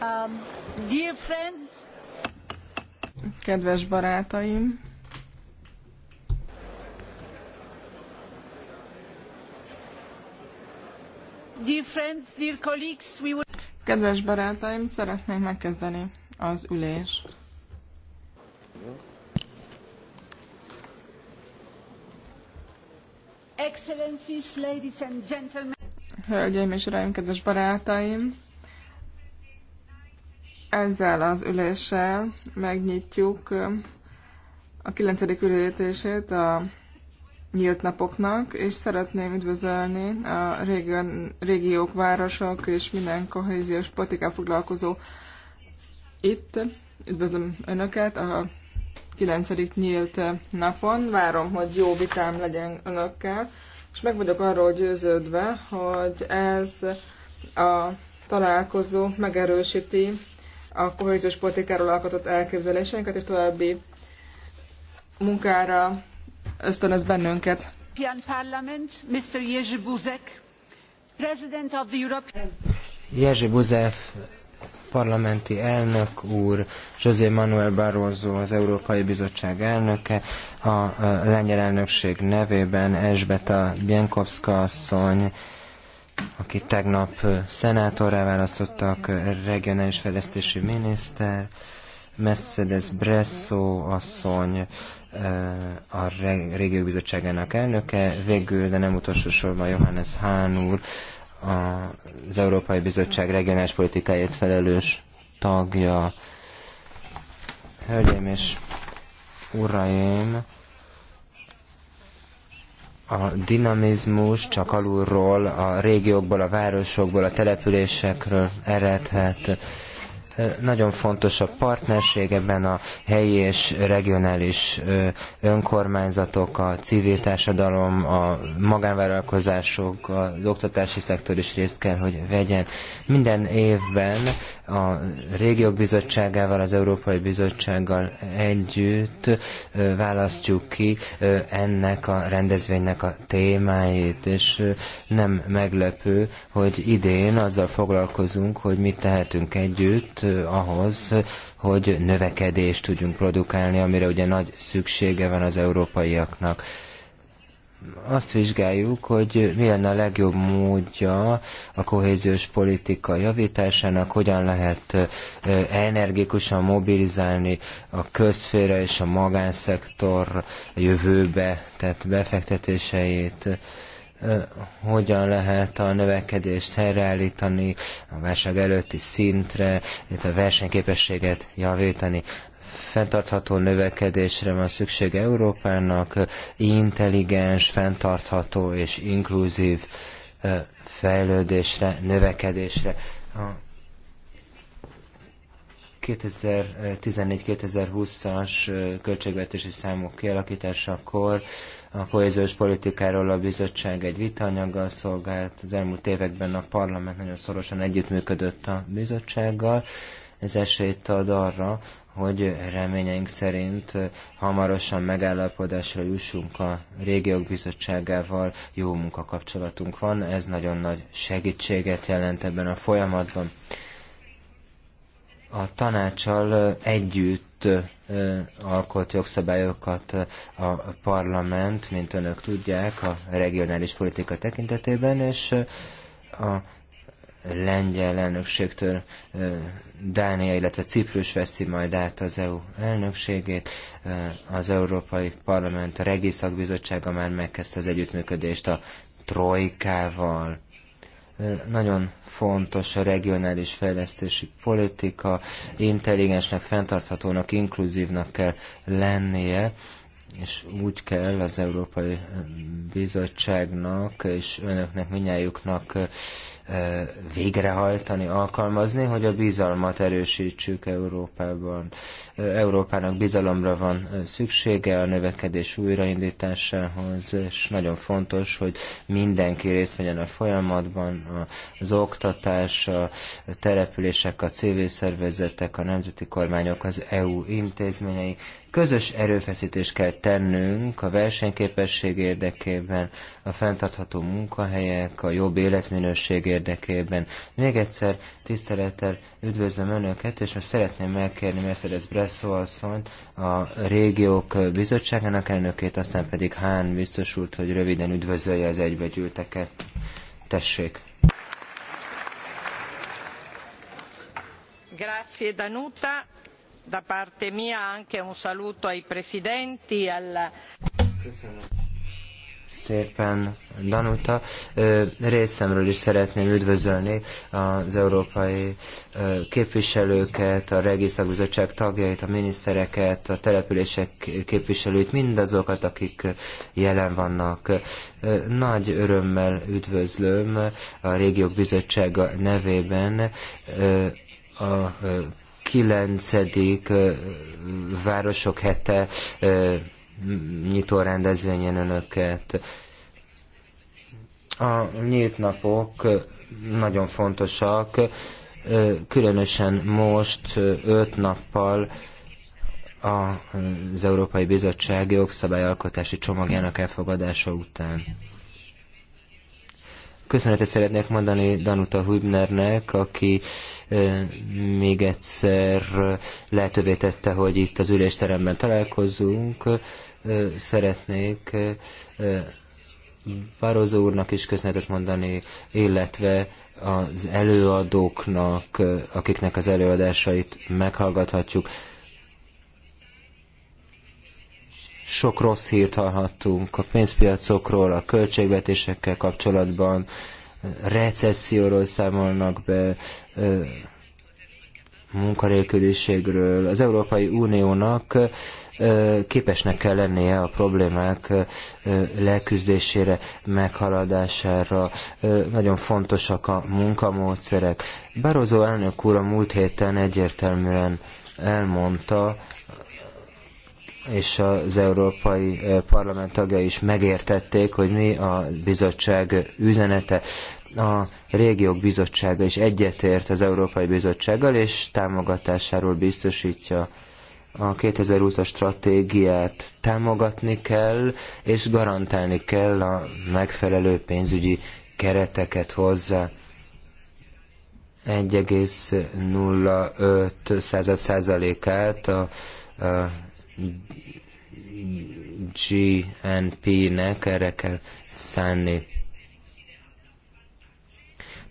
Um, kedves barátaim! Dear friends, dear colleagues, we would... Kedves barátaim, szeretnénk megkezdeni az ülést. Excellencies, ladies and gentlemen. Hölgyeim és uraim, kedves barátaim! ezzel az üléssel megnyitjuk a 9. ülését a nyílt napoknak, és szeretném üdvözölni a régen, régiók, városok és minden kohéziós politikával foglalkozó itt. Üdvözlöm Önöket a 9. nyílt napon. Várom, hogy jó vitám legyen Önökkel, és meg vagyok arról győződve, hogy ez a találkozó megerősíti a kohéziós politikáról alkotott elképzeléseinket, és további munkára ösztönöz bennünket. Mr. Jerzy Buzek, President of the European... Jerzy Buzek, parlamenti elnök úr, José Manuel Barroso, az Európai Bizottság elnöke, a lengyel elnökség nevében Esbeta Bienkowska asszony, aki tegnap szenátorrá választottak, regionális fejlesztési miniszter, Mercedes Bresso asszony, a régió bizottságának elnöke, végül, de nem utolsó sorban Johannes Hán úr, az Európai Bizottság regionális politikáért felelős tagja. Hölgyeim és uraim, a dinamizmus csak alulról, a régiókból, a városokból, a településekről eredhet. Nagyon fontos a partnerség ebben a helyi és regionális önkormányzatok, a civil társadalom, a magánvállalkozások, az oktatási szektor is részt kell, hogy vegyen. Minden évben a régiók bizottságával, az Európai Bizottsággal együtt választjuk ki ennek a rendezvénynek a témáit, és nem meglepő, hogy idén azzal foglalkozunk, hogy mit tehetünk együtt ahhoz, hogy növekedést tudjunk produkálni, amire ugye nagy szüksége van az európaiaknak azt vizsgáljuk, hogy mi lenne a legjobb módja a kohéziós politika javításának, hogyan lehet energikusan mobilizálni a közféra és a magánszektor jövőbe, tehát befektetéseit hogyan lehet a növekedést helyreállítani a válság előtti szintre, illetve a versenyképességet javítani. Fentartható növekedésre van szükség Európának, intelligens, fenntartható és inkluzív fejlődésre, növekedésre. A 2014-2020-as költségvetési számok kialakításakor a kohéziós politikáról a bizottság egy vitanyaggal szolgált. Az elmúlt években a parlament nagyon szorosan együttműködött a bizottsággal. Ez esélyt ad arra, hogy reményeink szerint hamarosan megállapodásra jussunk a régiók bizottságával, jó munkakapcsolatunk van, ez nagyon nagy segítséget jelent ebben a folyamatban. A tanácsal együtt most alkot jogszabályokat a parlament, mint önök tudják, a regionális politika tekintetében, és a lengyel elnökségtől Dánia, illetve Ciprus veszi majd át az EU elnökségét. Az Európai Parlament Regi Szakbizottsága már megkezdte az együttműködést a Trojkával. Nagyon fontos a regionális fejlesztési politika, intelligensnek, fenntarthatónak, inkluzívnak kell lennie, és úgy kell az Európai Bizottságnak és önöknek minnyájuknak végrehajtani, alkalmazni, hogy a bizalmat erősítsük Európában. Európának bizalomra van szüksége a növekedés újraindításához, és nagyon fontos, hogy mindenki részt vegyen a folyamatban, az oktatás, a települések, a civil szervezetek, a nemzeti kormányok, az EU intézményei, Közös erőfeszítést kell tennünk a versenyképesség érdekében, a fenntartható munkahelyek, a jobb életminőség érdekében. Még egyszer tisztelettel üdvözlöm Önöket, és most szeretném megkérni Mercedes Bresso asszonyt, a régiók bizottságának elnökét, aztán pedig Hán biztos úr, hogy röviden üdvözölje az egybegyűlteket. Tessék! Grazie Danuta da parte mia anche un saluto ai presidenti, e alla. Szépen, Danuta. Részemről is szeretném üdvözölni az európai képviselőket, a Regiszakbizottság tagjait, a minisztereket, a települések képviselőit, mindazokat, akik jelen vannak. Nagy örömmel üdvözlöm a Régiók Bizottsága nevében a kilencedik Városok hete nyitó rendezvényen önöket. A nyílt napok nagyon fontosak, különösen most öt nappal az Európai Bizottság jogszabályalkotási csomagjának elfogadása után. Köszönetet szeretnék mondani Danuta Hübnernek, aki még egyszer lehetővé tette, hogy itt az ülésteremben találkozzunk. Szeretnék Barozó úrnak is köszönetet mondani, illetve az előadóknak, akiknek az előadásait meghallgathatjuk. sok rossz hírt hallhattunk a pénzpiacokról, a költségvetésekkel kapcsolatban, recesszióról számolnak be, munkanélküliségről. Az Európai Uniónak képesnek kell lennie a problémák leküzdésére, meghaladására. Nagyon fontosak a munkamódszerek. Barozó elnök úr a múlt héten egyértelműen elmondta, és az Európai Parlament tagjai is megértették, hogy mi a bizottság üzenete. A régiók bizottsága is egyetért az Európai Bizottsággal, és támogatásáról biztosítja a 2020-as stratégiát támogatni kell, és garantálni kell a megfelelő pénzügyi kereteket hozzá. 1,05 százalékát a GNP-nek erre kell szánni.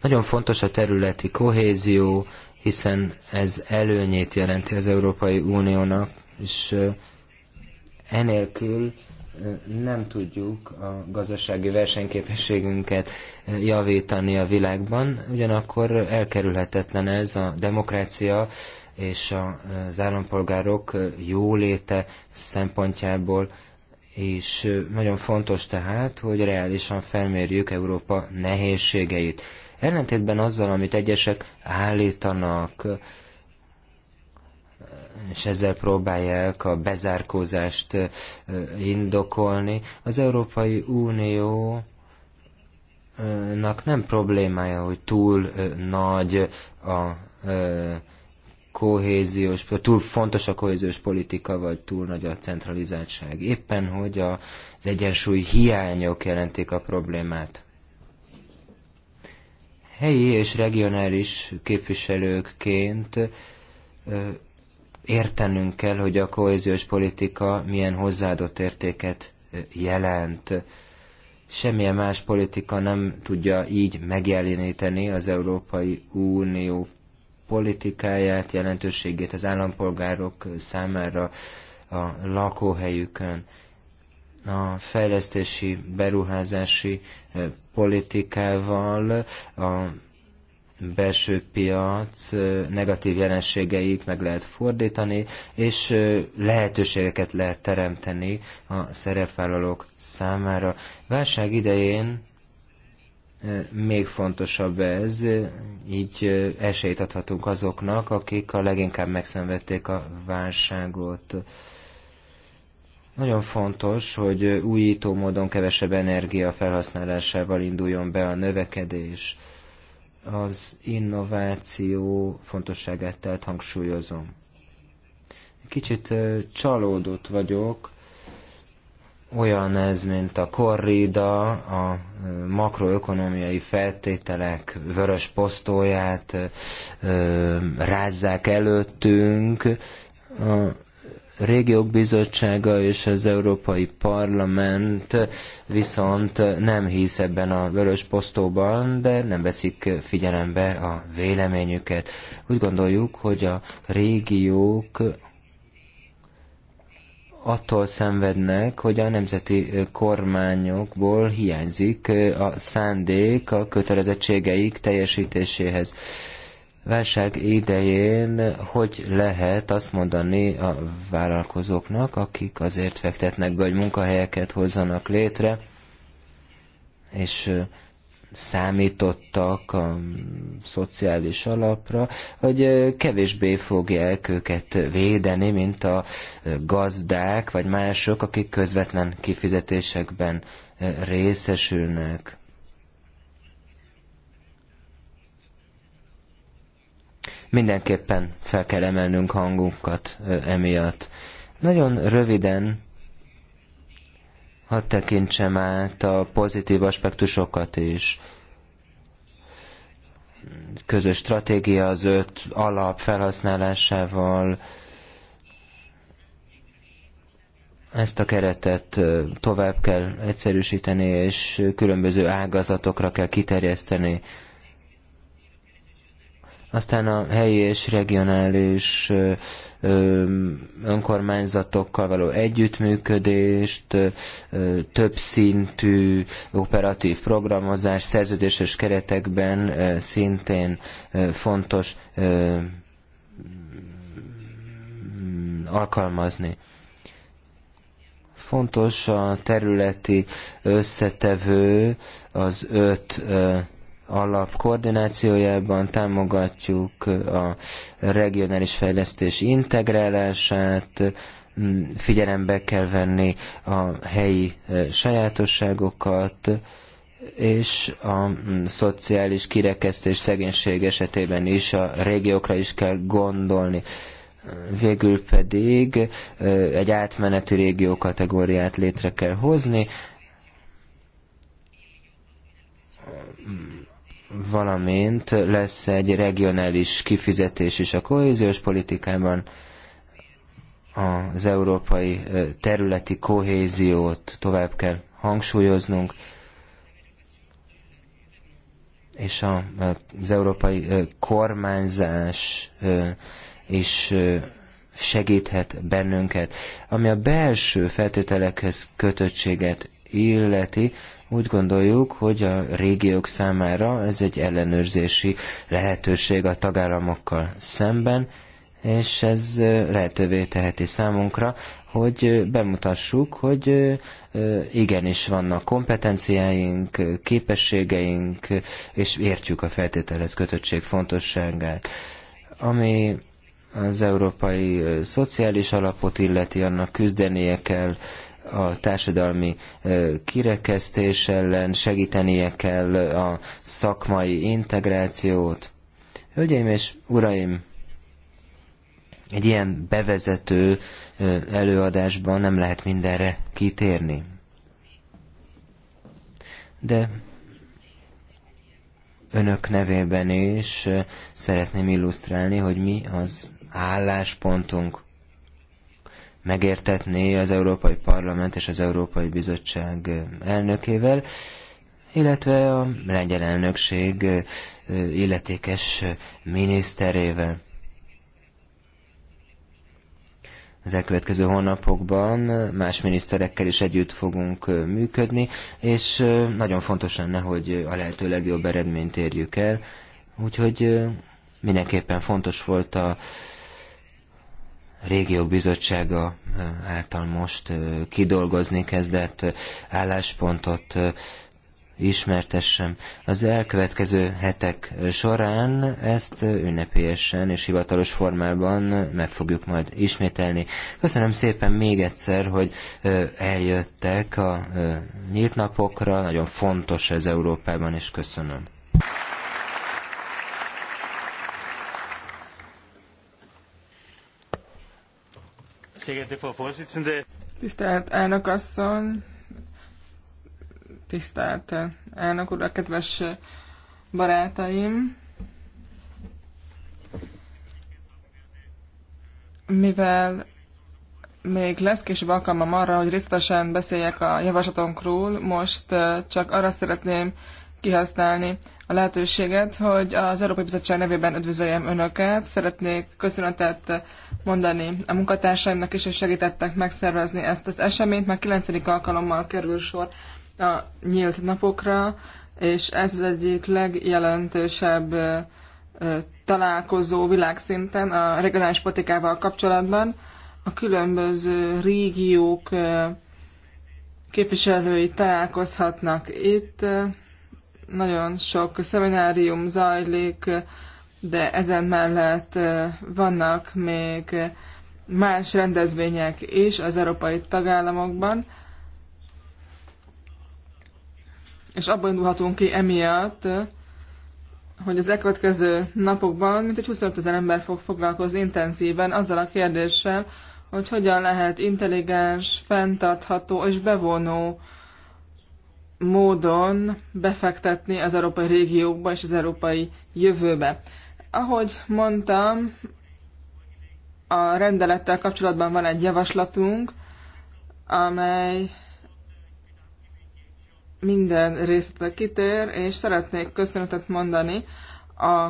Nagyon fontos a területi kohézió, hiszen ez előnyét jelenti az Európai Uniónak, és enélkül nem tudjuk a gazdasági versenyképességünket javítani a világban, ugyanakkor elkerülhetetlen ez a demokrácia és az állampolgárok jóléte szempontjából és nagyon fontos tehát, hogy reálisan felmérjük Európa nehézségeit. Ellentétben azzal, amit egyesek állítanak, és ezzel próbálják a bezárkózást indokolni, az Európai Unió nak nem problémája, hogy túl nagy a kohéziós, túl fontos a kohéziós politika, vagy túl nagy a centralizáltság. Éppen, hogy az egyensúly hiányok jelentik a problémát. Helyi és regionális képviselőkként értenünk kell, hogy a kohéziós politika milyen hozzáadott értéket jelent. Semmilyen más politika nem tudja így megjeleníteni az Európai Unió politikáját, jelentőségét az állampolgárok számára a lakóhelyükön. A fejlesztési, beruházási politikával a belső piac negatív jelenségeit meg lehet fordítani, és lehetőségeket lehet teremteni a szerepvállalók számára. Válság idején még fontosabb ez, így esélyt adhatunk azoknak, akik a leginkább megszenvedték a válságot. Nagyon fontos, hogy újító módon kevesebb energia felhasználásával induljon be a növekedés. Az innováció fontosságát tehát hangsúlyozom. Kicsit csalódott vagyok, olyan ez, mint a korrida, a makroökonomiai feltételek vörös posztóját rázzák előttünk. A régiók bizottsága és az Európai Parlament viszont nem hisz ebben a vörös posztóban, de nem veszik figyelembe a véleményüket. Úgy gondoljuk, hogy a régiók attól szenvednek, hogy a nemzeti kormányokból hiányzik a szándék a kötelezettségeik teljesítéséhez. Válság idején hogy lehet azt mondani a vállalkozóknak, akik azért fektetnek be, hogy munkahelyeket hozzanak létre, és számítottak a szociális alapra, hogy kevésbé fogják őket védeni, mint a gazdák vagy mások, akik közvetlen kifizetésekben részesülnek. Mindenképpen fel kell emelnünk hangunkat emiatt. Nagyon röviden Hadd tekintsem át a pozitív aspektusokat is. Közös stratégia az öt alap felhasználásával, ezt a keretet tovább kell egyszerűsíteni, és különböző ágazatokra kell kiterjeszteni. Aztán a helyi és regionális önkormányzatokkal való együttműködést, többszintű operatív programozás, szerződéses keretekben szintén fontos alkalmazni fontos a területi összetevő, az öt alap koordinációjában támogatjuk a regionális fejlesztés integrálását, figyelembe kell venni a helyi e, sajátosságokat, és a szociális kirekesztés, szegénység esetében is a régiókra is kell gondolni. Végül pedig e, egy átmeneti régió kategóriát létre kell hozni, valamint lesz egy regionális kifizetés is a kohéziós politikában, az európai területi kohéziót tovább kell hangsúlyoznunk, és az európai kormányzás is segíthet bennünket. Ami a belső feltételekhez kötöttséget illeti, úgy gondoljuk, hogy a régiók számára ez egy ellenőrzési lehetőség a tagállamokkal szemben, és ez lehetővé teheti számunkra, hogy bemutassuk, hogy igenis vannak kompetenciáink, képességeink, és értjük a feltételez kötöttség fontosságát. Ami az európai szociális alapot illeti, annak küzdenie kell a társadalmi kirekesztés ellen, segítenie kell a szakmai integrációt. Hölgyeim és uraim, egy ilyen bevezető előadásban nem lehet mindenre kitérni. De önök nevében is szeretném illusztrálni, hogy mi az álláspontunk megértetni az Európai Parlament és az Európai Bizottság elnökével, illetve a lengyel elnökség illetékes miniszterével. az elkövetkező hónapokban más miniszterekkel is együtt fogunk működni, és nagyon fontos lenne, hogy a lehető legjobb eredményt érjük el. Úgyhogy mindenképpen fontos volt a régiók bizottsága által most kidolgozni kezdett álláspontot ismertessem. Az elkövetkező hetek során ezt ünnepélyesen és hivatalos formában meg fogjuk majd ismételni. Köszönöm szépen még egyszer, hogy eljöttek a nyílt napokra, nagyon fontos ez Európában, és köszönöm. sehr Frau Vorsitzende. Tisztelt elnök asszony, tisztelt elnök úr, kedves barátaim! Mivel még lesz később alkalmam arra, hogy részletesen beszéljek a javaslatunkról, most csak arra szeretném kihasználni a lehetőséget, hogy az Európai Bizottság nevében üdvözöljem Önöket. Szeretnék köszönetet mondani a munkatársaimnak is, hogy segítettek megszervezni ezt az eseményt. Már 9. alkalommal kerül sor a nyílt napokra, és ez az egyik legjelentősebb találkozó világszinten a regionális politikával kapcsolatban. A különböző régiók képviselői találkozhatnak itt nagyon sok szeminárium zajlik, de ezen mellett vannak még más rendezvények is az európai tagállamokban, és abban indulhatunk ki emiatt, hogy az elkövetkező napokban mintegy 25 ezer ember fog foglalkozni intenzíven azzal a kérdéssel, hogy hogyan lehet intelligens, fenntartható és bevonó módon befektetni az európai régiókba és az európai jövőbe. Ahogy mondtam, a rendelettel kapcsolatban van egy javaslatunk, amely minden részletre kitér, és szeretnék köszönetet mondani a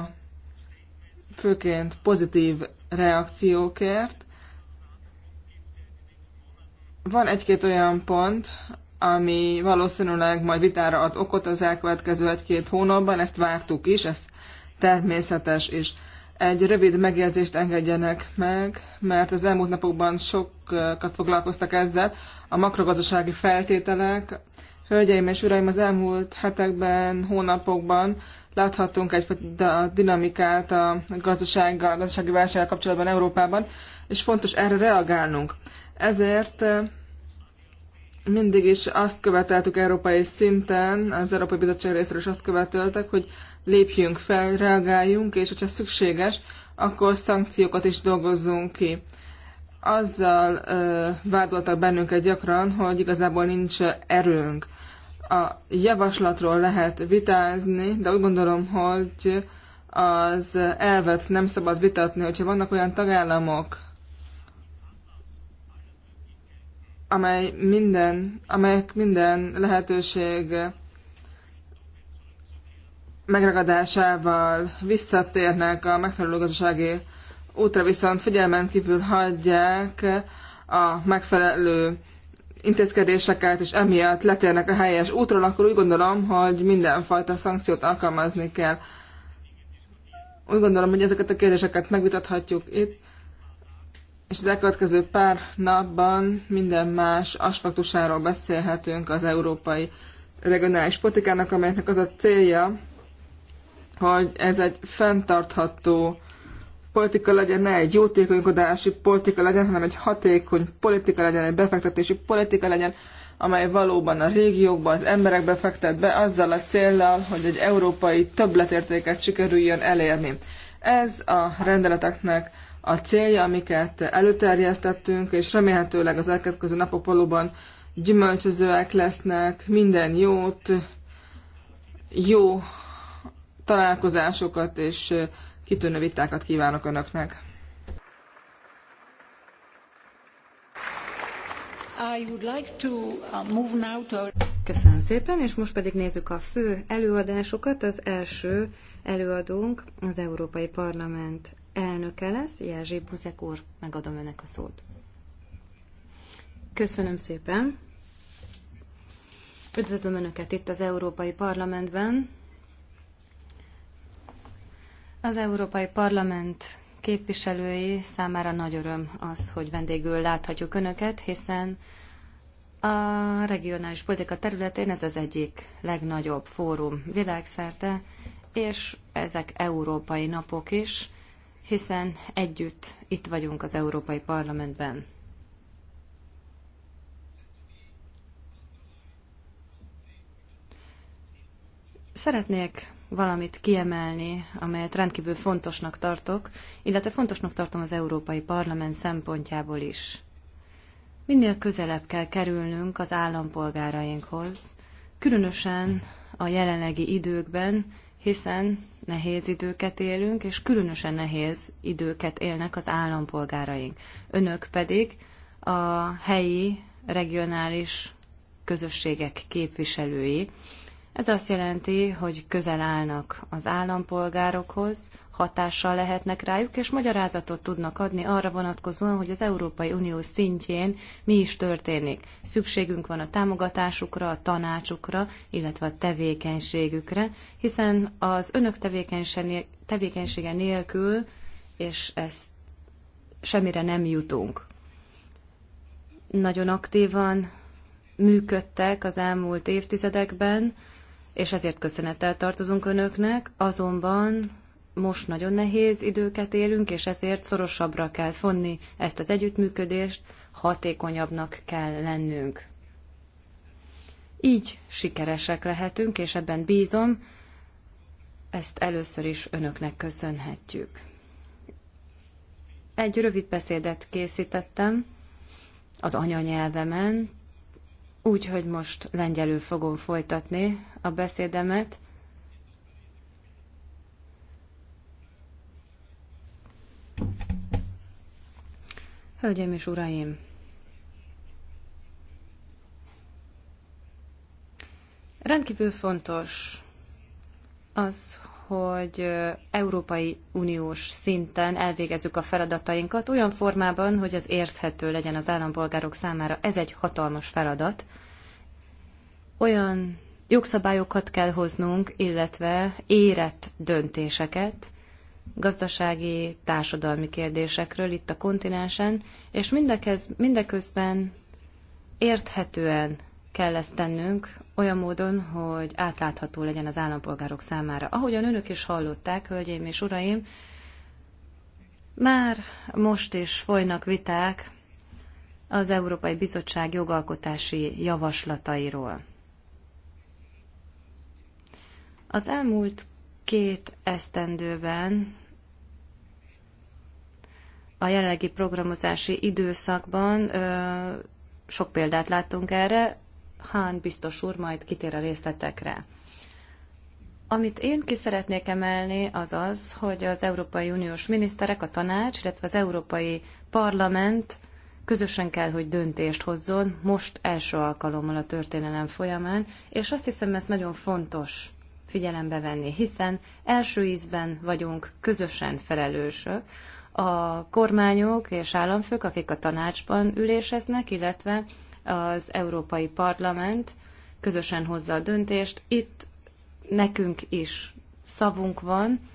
főként pozitív reakciókért. Van egy-két olyan pont, ami valószínűleg majd vitára ad okot az elkövetkező egy-két hónapban, ezt vártuk is, ez természetes is. Egy rövid megjegyzést engedjenek meg, mert az elmúlt napokban sokat foglalkoztak ezzel, a makrogazdasági feltételek. Hölgyeim és uraim, az elmúlt hetekben, hónapokban láthattunk egy dinamikát a gazdasággal, a gazdasági válsággal kapcsolatban Európában, és fontos erre reagálnunk. Ezért mindig is azt követeltük európai szinten, az Európai Bizottság részéről is azt követeltek, hogy lépjünk fel, reagáljunk, és hogyha szükséges, akkor szankciókat is dolgozzunk ki. Azzal ö, vádoltak bennünket gyakran, hogy igazából nincs erőnk. A javaslatról lehet vitázni, de úgy gondolom, hogy az elvet nem szabad vitatni, hogyha vannak olyan tagállamok, amely minden, amelyek minden lehetőség megragadásával visszatérnek a megfelelő gazdasági útra, viszont figyelmen kívül hagyják a megfelelő intézkedéseket, és emiatt letérnek a helyes útról, akkor úgy gondolom, hogy mindenfajta szankciót alkalmazni kell. Úgy gondolom, hogy ezeket a kérdéseket megvitathatjuk itt, és az elkövetkező pár napban minden más aspektusáról beszélhetünk az európai regionális politikának, amelynek az a célja, hogy ez egy fenntartható politika legyen, ne egy jótékonykodási politika legyen, hanem egy hatékony politika legyen, egy befektetési politika legyen, amely valóban a régiókba, az emberekbe fektet be, azzal a céllal, hogy egy európai többletértéket sikerüljön elérni. Ez a rendeleteknek a célja, amiket előterjesztettünk, és remélhetőleg az elkövetkező napok valóban gyümölcsözőek lesznek, minden jót, jó találkozásokat és kitűnő vitákat kívánok Önöknek. I would like to uh, move now to... Köszönöm szépen, és most pedig nézzük a fő előadásokat. Az első előadónk az Európai Parlament elnöke lesz, Jerzy Buzek úr, megadom önnek a szót. Köszönöm szépen. Üdvözlöm Önöket itt az Európai Parlamentben. Az Európai Parlament képviselői számára nagy öröm az, hogy vendégül láthatjuk Önöket, hiszen a regionális politika területén ez az egyik legnagyobb fórum világszerte, és ezek európai napok is, hiszen együtt itt vagyunk az Európai Parlamentben. Szeretnék valamit kiemelni, amelyet rendkívül fontosnak tartok, illetve fontosnak tartom az Európai Parlament szempontjából is. Minél közelebb kell kerülnünk az állampolgárainkhoz, különösen a jelenlegi időkben, hiszen nehéz időket élünk, és különösen nehéz időket élnek az állampolgáraink. Önök pedig a helyi, regionális közösségek képviselői. Ez azt jelenti, hogy közel állnak az állampolgárokhoz, hatással lehetnek rájuk, és magyarázatot tudnak adni arra vonatkozóan, hogy az Európai Unió szintjén mi is történik. Szükségünk van a támogatásukra, a tanácsukra, illetve a tevékenységükre, hiszen az önök tevékenysége nélkül, és ezt semmire nem jutunk. Nagyon aktívan működtek az elmúlt évtizedekben, és ezért köszönettel tartozunk önöknek, azonban most nagyon nehéz időket élünk, és ezért szorosabbra kell fonni ezt az együttműködést, hatékonyabbnak kell lennünk. Így sikeresek lehetünk, és ebben bízom, ezt először is önöknek köszönhetjük. Egy rövid beszédet készítettem az anyanyelvemen, úgyhogy most lengyelül fogom folytatni a beszédemet. Hölgyeim és Uraim! Rendkívül fontos az, hogy Európai Uniós szinten elvégezzük a feladatainkat olyan formában, hogy az érthető legyen az állampolgárok számára. Ez egy hatalmas feladat. Olyan jogszabályokat kell hoznunk, illetve érett döntéseket, gazdasági, társadalmi kérdésekről itt a kontinensen, és mindekez, mindeközben érthetően kell ezt tennünk olyan módon, hogy átlátható legyen az állampolgárok számára. Ahogyan önök is hallották, hölgyeim és uraim, már most is folynak viták az Európai Bizottság jogalkotási javaslatairól. Az elmúlt két esztendőben a jelenlegi programozási időszakban ö, sok példát láttunk erre, Hán biztos úr majd kitér a részletekre. Amit én ki szeretnék emelni, az az, hogy az Európai Uniós miniszterek, a tanács, illetve az Európai Parlament közösen kell, hogy döntést hozzon most első alkalommal a történelem folyamán, és azt hiszem ez nagyon fontos figyelembe venni, hiszen első ízben vagyunk közösen felelősök, a kormányok és államfők, akik a tanácsban üléseznek, illetve az Európai Parlament közösen hozza a döntést. Itt nekünk is szavunk van,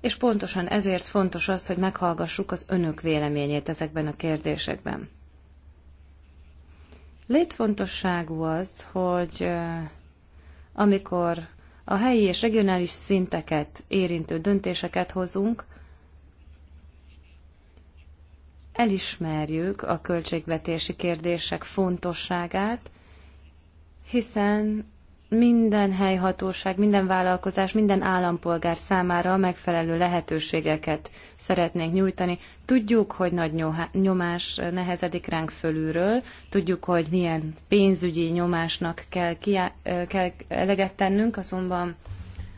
és pontosan ezért fontos az, hogy meghallgassuk az önök véleményét ezekben a kérdésekben. Létfontosságú az, hogy eh, amikor a helyi és regionális szinteket érintő döntéseket hozunk, elismerjük a költségvetési kérdések fontosságát, hiszen minden helyhatóság, minden vállalkozás, minden állampolgár számára megfelelő lehetőségeket szeretnénk nyújtani. Tudjuk, hogy nagy nyomás nehezedik ránk fölülről, tudjuk, hogy milyen pénzügyi nyomásnak kell, kiá- kell eleget tennünk, azonban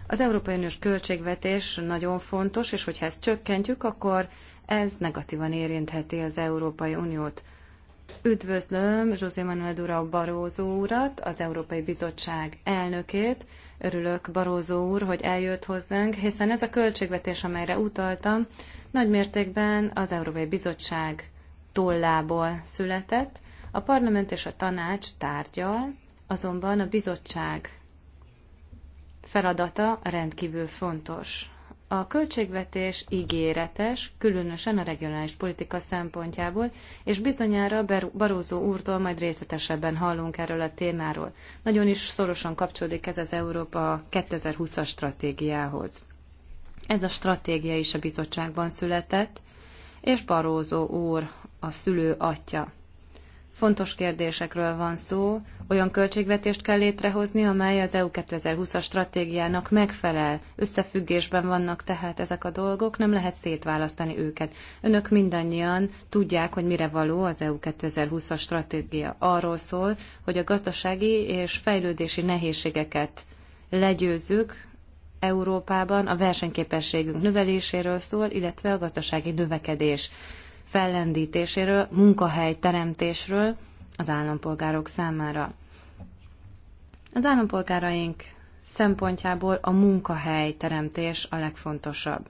az Európai Uniós költségvetés nagyon fontos, és hogyha ezt csökkentjük, akkor ez negatívan érintheti az Európai Uniót. Üdvözlöm José Manuel Durao Barózó urat, az Európai Bizottság elnökét. Örülök, Barózó úr, hogy eljött hozzánk, hiszen ez a költségvetés, amelyre utaltam, nagy mértékben az Európai Bizottság tollából született. A parlament és a tanács tárgyal, azonban a bizottság feladata rendkívül fontos. A költségvetés ígéretes, különösen a regionális politika szempontjából, és bizonyára Barózó úrtól majd részletesebben hallunk erről a témáról. Nagyon is szorosan kapcsolódik ez az Európa 2020-as stratégiához. Ez a stratégia is a bizottságban született, és Barózó úr a szülő atya. Fontos kérdésekről van szó, olyan költségvetést kell létrehozni, amely az EU 2020-as stratégiának megfelel. Összefüggésben vannak tehát ezek a dolgok, nem lehet szétválasztani őket. Önök mindannyian tudják, hogy mire való az EU 2020-as stratégia. Arról szól, hogy a gazdasági és fejlődési nehézségeket legyőzzük, Európában a versenyképességünk növeléséről szól, illetve a gazdasági növekedés fellendítéséről, munkahelyteremtésről az állampolgárok számára. Az állampolgáraink szempontjából a munkahelyteremtés a legfontosabb.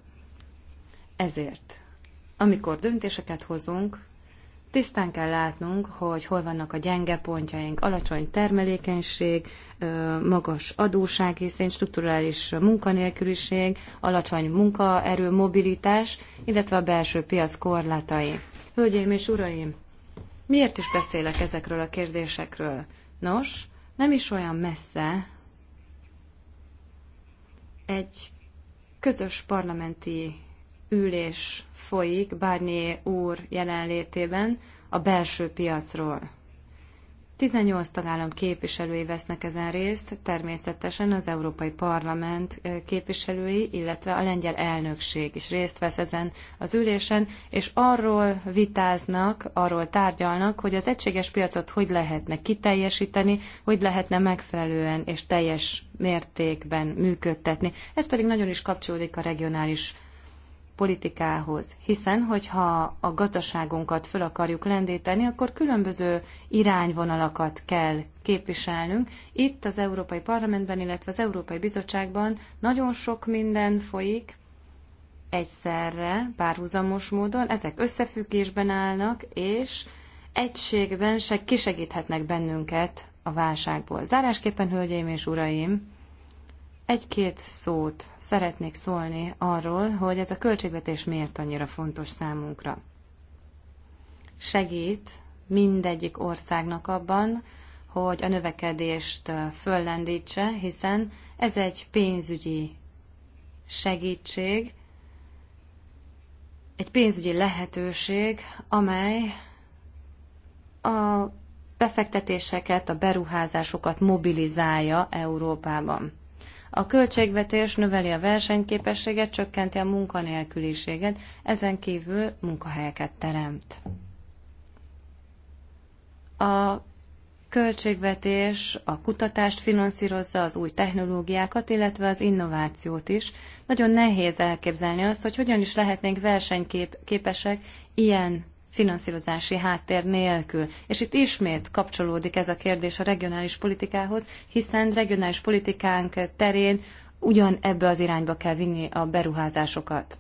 Ezért, amikor döntéseket hozunk, Tisztán kell látnunk, hogy hol vannak a gyenge pontjaink, alacsony termelékenység, magas adóság, hiszen strukturális munkanélküliség, alacsony munkaerő mobilitás, illetve a belső piac korlátai. Hölgyeim és uraim, miért is beszélek ezekről a kérdésekről? Nos, nem is olyan messze egy közös parlamenti ülés folyik Barnier úr jelenlétében a belső piacról. 18 tagállam képviselői vesznek ezen részt, természetesen az Európai Parlament képviselői, illetve a lengyel elnökség is részt vesz ezen az ülésen, és arról vitáznak, arról tárgyalnak, hogy az egységes piacot hogy lehetne kiteljesíteni, hogy lehetne megfelelően és teljes mértékben működtetni. Ez pedig nagyon is kapcsolódik a regionális politikához. Hiszen, hogyha a gazdaságunkat föl akarjuk lendíteni, akkor különböző irányvonalakat kell képviselnünk. Itt az Európai Parlamentben, illetve az Európai Bizottságban nagyon sok minden folyik egyszerre, párhuzamos módon, ezek összefüggésben állnak, és egységben se kisegíthetnek bennünket a válságból. Zárásképpen, hölgyeim és uraim, egy-két szót szeretnék szólni arról, hogy ez a költségvetés miért annyira fontos számunkra. Segít mindegyik országnak abban, hogy a növekedést föllendítse, hiszen ez egy pénzügyi segítség, egy pénzügyi lehetőség, amely a befektetéseket, a beruházásokat mobilizálja Európában. A költségvetés növeli a versenyképességet, csökkenti a munkanélküliséget, ezen kívül munkahelyeket teremt. A költségvetés a kutatást finanszírozza, az új technológiákat, illetve az innovációt is. Nagyon nehéz elképzelni azt, hogy hogyan is lehetnénk versenyképesek ilyen finanszírozási háttér nélkül. És itt ismét kapcsolódik ez a kérdés a regionális politikához, hiszen regionális politikánk terén ugyan ebbe az irányba kell vinni a beruházásokat.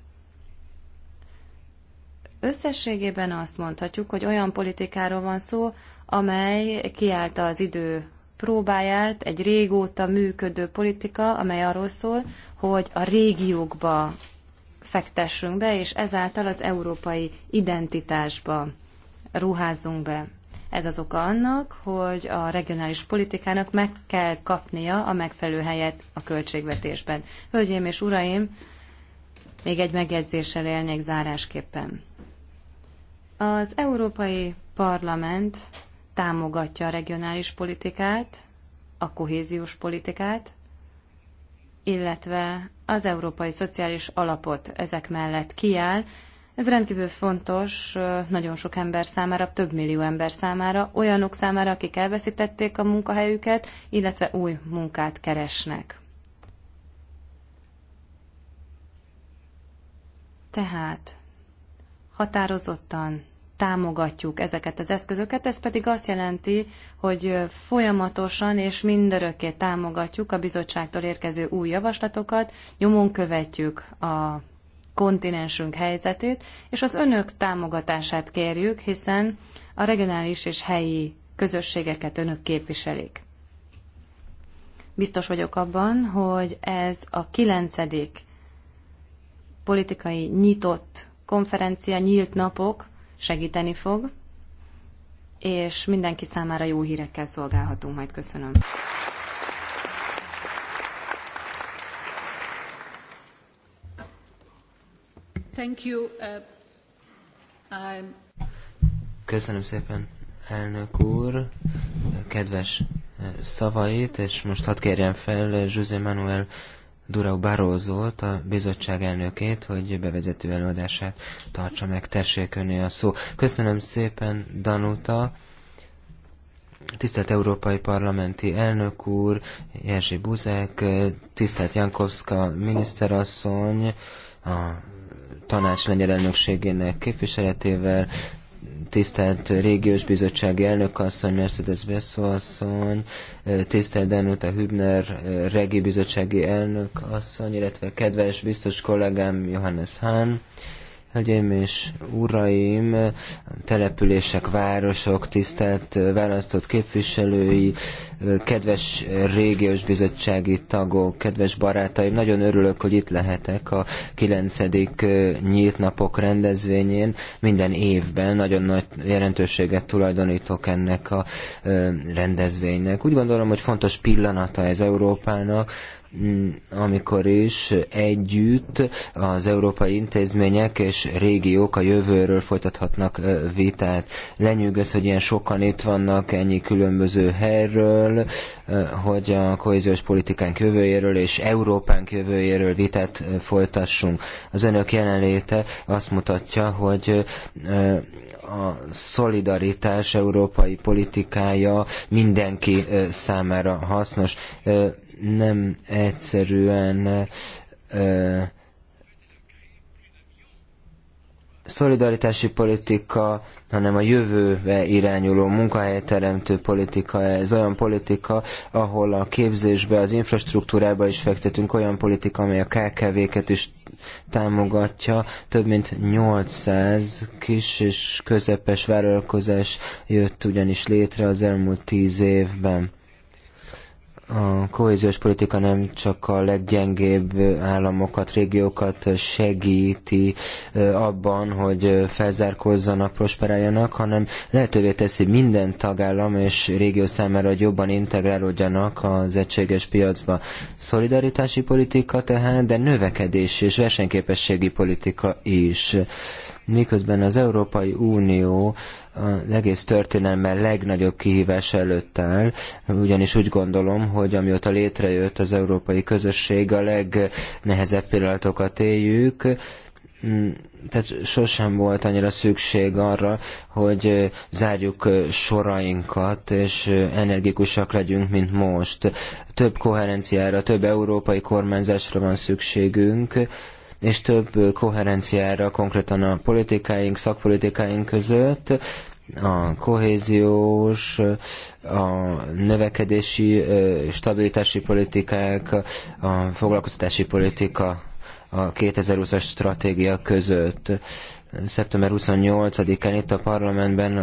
Összességében azt mondhatjuk, hogy olyan politikáról van szó, amely kiállta az idő próbáját, egy régóta működő politika, amely arról szól, hogy a régiókba fektessünk be, és ezáltal az európai identitásba ruházunk be. Ez az oka annak, hogy a regionális politikának meg kell kapnia a megfelelő helyet a költségvetésben. Hölgyeim és uraim, még egy megjegyzéssel élnék zárásképpen. Az Európai Parlament támogatja a regionális politikát, a kohéziós politikát, illetve az Európai Szociális Alapot ezek mellett kiáll. Ez rendkívül fontos nagyon sok ember számára, több millió ember számára, olyanok számára, akik elveszítették a munkahelyüket, illetve új munkát keresnek. Tehát határozottan támogatjuk ezeket az eszközöket, ez pedig azt jelenti, hogy folyamatosan és mindörökké támogatjuk a bizottságtól érkező új javaslatokat, nyomon követjük a kontinensünk helyzetét, és az önök támogatását kérjük, hiszen a regionális és helyi közösségeket önök képviselik. Biztos vagyok abban, hogy ez a kilencedik politikai nyitott konferencia, nyílt napok, segíteni fog, és mindenki számára jó hírekkel szolgálhatunk majd. Köszönöm. Thank you. Uh, Köszönöm szépen, elnök úr, kedves eh, szavait, és most hadd kérjem fel eh, José Manuel Durau Barózolt, a bizottság elnökét, hogy bevezető előadását tartsa meg. Tessék öné a szó. Köszönöm szépen, Danuta. Tisztelt Európai Parlamenti Elnök úr, Jerzy Buzek, tisztelt Jankowska miniszterasszony, a tanács lengyel elnökségének képviseletével, tisztelt régiós bizottsági asszony, Mercedes Besszó asszony, tisztelt Danuta Hübner, régi bizottsági asszony, illetve kedves biztos kollégám Johannes Hahn, Hölgyeim és uraim, települések, városok, tisztelt választott képviselői, kedves régiós bizottsági tagok, kedves barátaim, nagyon örülök, hogy itt lehetek a 9. nyílt napok rendezvényén. Minden évben nagyon nagy jelentőséget tulajdonítok ennek a rendezvénynek. Úgy gondolom, hogy fontos pillanata ez Európának, Mm, amikor is együtt az európai intézmények és régiók a jövőről folytathatnak vitát. Lenyűgöz, hogy ilyen sokan itt vannak ennyi különböző helyről, hogy a kohéziós politikánk jövőjéről és Európánk jövőjéről vitát folytassunk. Az önök jelenléte azt mutatja, hogy a szolidaritás európai politikája mindenki számára hasznos nem egyszerűen szolidaritási politika, hanem a jövőbe irányuló munkahelyteremtő politika. Ez olyan politika, ahol a képzésbe, az infrastruktúrába is fektetünk, olyan politika, amely a KKV-ket is támogatja. Több mint 800 kis és közepes vállalkozás jött ugyanis létre az elmúlt 10 évben a kohéziós politika nem csak a leggyengébb államokat, régiókat segíti abban, hogy felzárkózzanak, prosperáljanak, hanem lehetővé teszi minden tagállam és régió számára, hogy jobban integrálódjanak az egységes piacba. Szolidaritási politika tehát, de növekedés és versenyképességi politika is miközben az Európai Unió az egész történelme legnagyobb kihívás előtt áll, ugyanis úgy gondolom, hogy amióta létrejött az európai közösség, a legnehezebb pillanatokat éljük, mm, tehát sosem volt annyira szükség arra, hogy zárjuk sorainkat, és energikusak legyünk, mint most. Több koherenciára, több európai kormányzásra van szükségünk, és több koherenciára konkrétan a politikáink, szakpolitikáink között, a kohéziós, a növekedési, stabilitási politikák, a foglalkoztatási politika a 2020-as stratégia között. Szeptember 28-án itt a parlamentben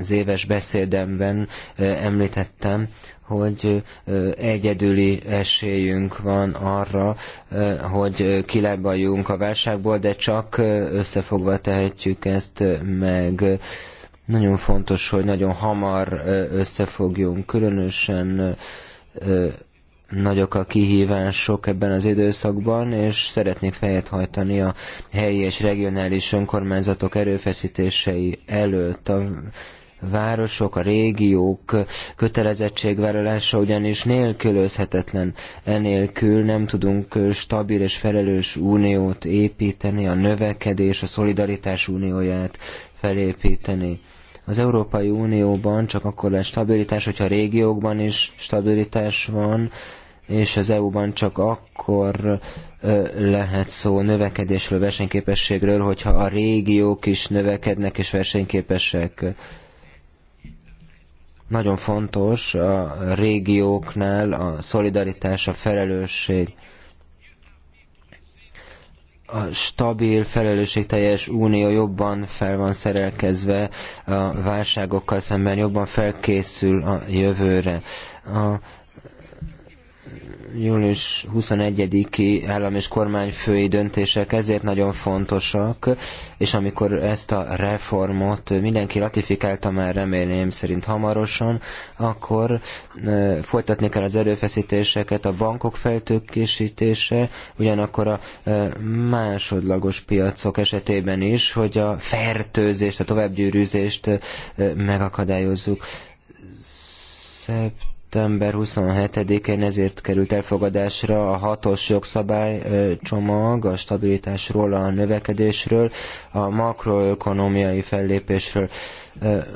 az éves beszédemben említettem hogy egyedüli esélyünk van arra, hogy kilábaljunk a válságból, de csak összefogva tehetjük ezt meg. Nagyon fontos, hogy nagyon hamar összefogjunk, különösen nagyok a kihívások ebben az időszakban, és szeretnék fejet hajtani a helyi és regionális önkormányzatok erőfeszítései előtt. A városok, a régiók kötelezettségvállalása ugyanis nélkülözhetetlen. Enélkül nem tudunk stabil és felelős uniót építeni, a növekedés, a szolidaritás unióját felépíteni az Európai Unióban csak akkor lesz stabilitás, hogyha a régiókban is stabilitás van, és az EU-ban csak akkor ö, lehet szó növekedésről, versenyképességről, hogyha a régiók is növekednek és versenyképesek. Nagyon fontos a régióknál a szolidaritás, a felelősség a stabil, felelősségteljes unió jobban fel van szerelkezve a válságokkal szemben, jobban felkészül a jövőre. A június 21-i állam és kormányfői döntések ezért nagyon fontosak, és amikor ezt a reformot mindenki ratifikálta már remélném szerint hamarosan, akkor folytatni kell az erőfeszítéseket a bankok feltőkésítése, ugyanakkor a másodlagos piacok esetében is, hogy a fertőzést, a továbbgyűrűzést megakadályozzuk. Szeptember szeptember 27-én ezért került elfogadásra a hatos jogszabálycsomag a stabilitásról, a növekedésről, a makroökonomiai fellépésről.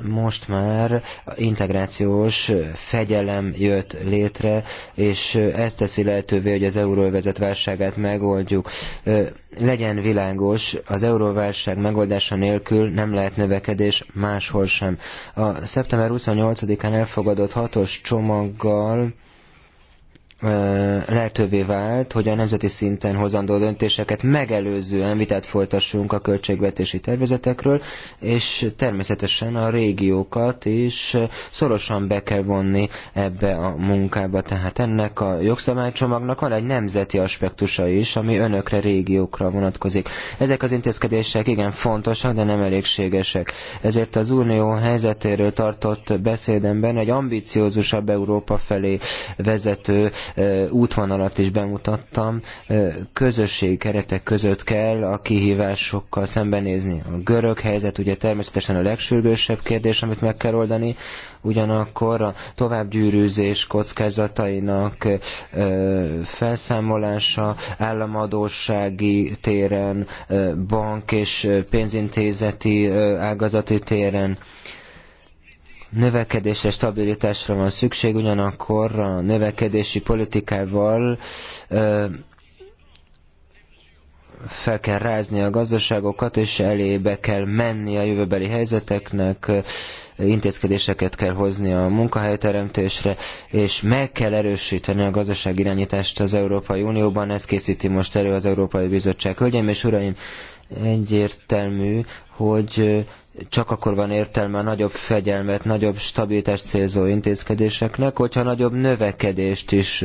Most már integrációs fegyelem jött létre, és ez teszi lehetővé, hogy az euróvezet válságát megoldjuk legyen világos, az euróválság megoldása nélkül nem lehet növekedés máshol sem. A szeptember 28-án elfogadott hatos csomaggal lehetővé vált, hogy a nemzeti szinten hozandó döntéseket megelőzően vitát folytassunk a költségvetési tervezetekről, és természetesen a régiókat is szorosan be kell vonni ebbe a munkába. Tehát ennek a jogszabálycsomagnak van egy nemzeti aspektusa is, ami önökre, régiókra vonatkozik. Ezek az intézkedések igen fontosak, de nem elégségesek. Ezért az Unió helyzetéről tartott beszédemben egy ambiciózusabb Európa felé vezető útvonalat is bemutattam. Közösség keretek között kell a kihívásokkal szembenézni. A görög helyzet ugye természetesen a legsürgősebb kérdés, amit meg kell oldani, ugyanakkor a továbbgyűrűzés kockázatainak felszámolása államadósági téren, bank és pénzintézeti ágazati téren, növekedésre, stabilitásra van szükség, ugyanakkor a növekedési politikával fel kell rázni a gazdaságokat, és elébe kell menni a jövőbeli helyzeteknek, intézkedéseket kell hozni a munkahelyteremtésre, és meg kell erősíteni a irányítást az Európai Unióban, ezt készíti most elő az Európai Bizottság. Hölgyeim és uraim, egyértelmű, hogy csak akkor van értelme a nagyobb fegyelmet, nagyobb stabilitást célzó intézkedéseknek, hogyha nagyobb növekedést is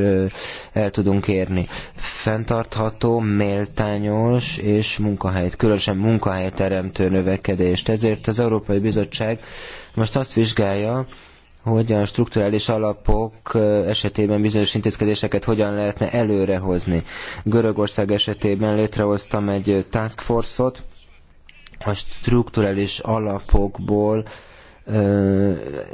el tudunk érni. Fentartható, méltányos és munkahelyet, különösen munkahelyteremtő növekedést. Ezért az Európai Bizottság most azt vizsgálja, hogy a strukturális alapok esetében bizonyos intézkedéseket hogyan lehetne előrehozni. Görögország esetében létrehoztam egy task force-ot, a strukturális alapokból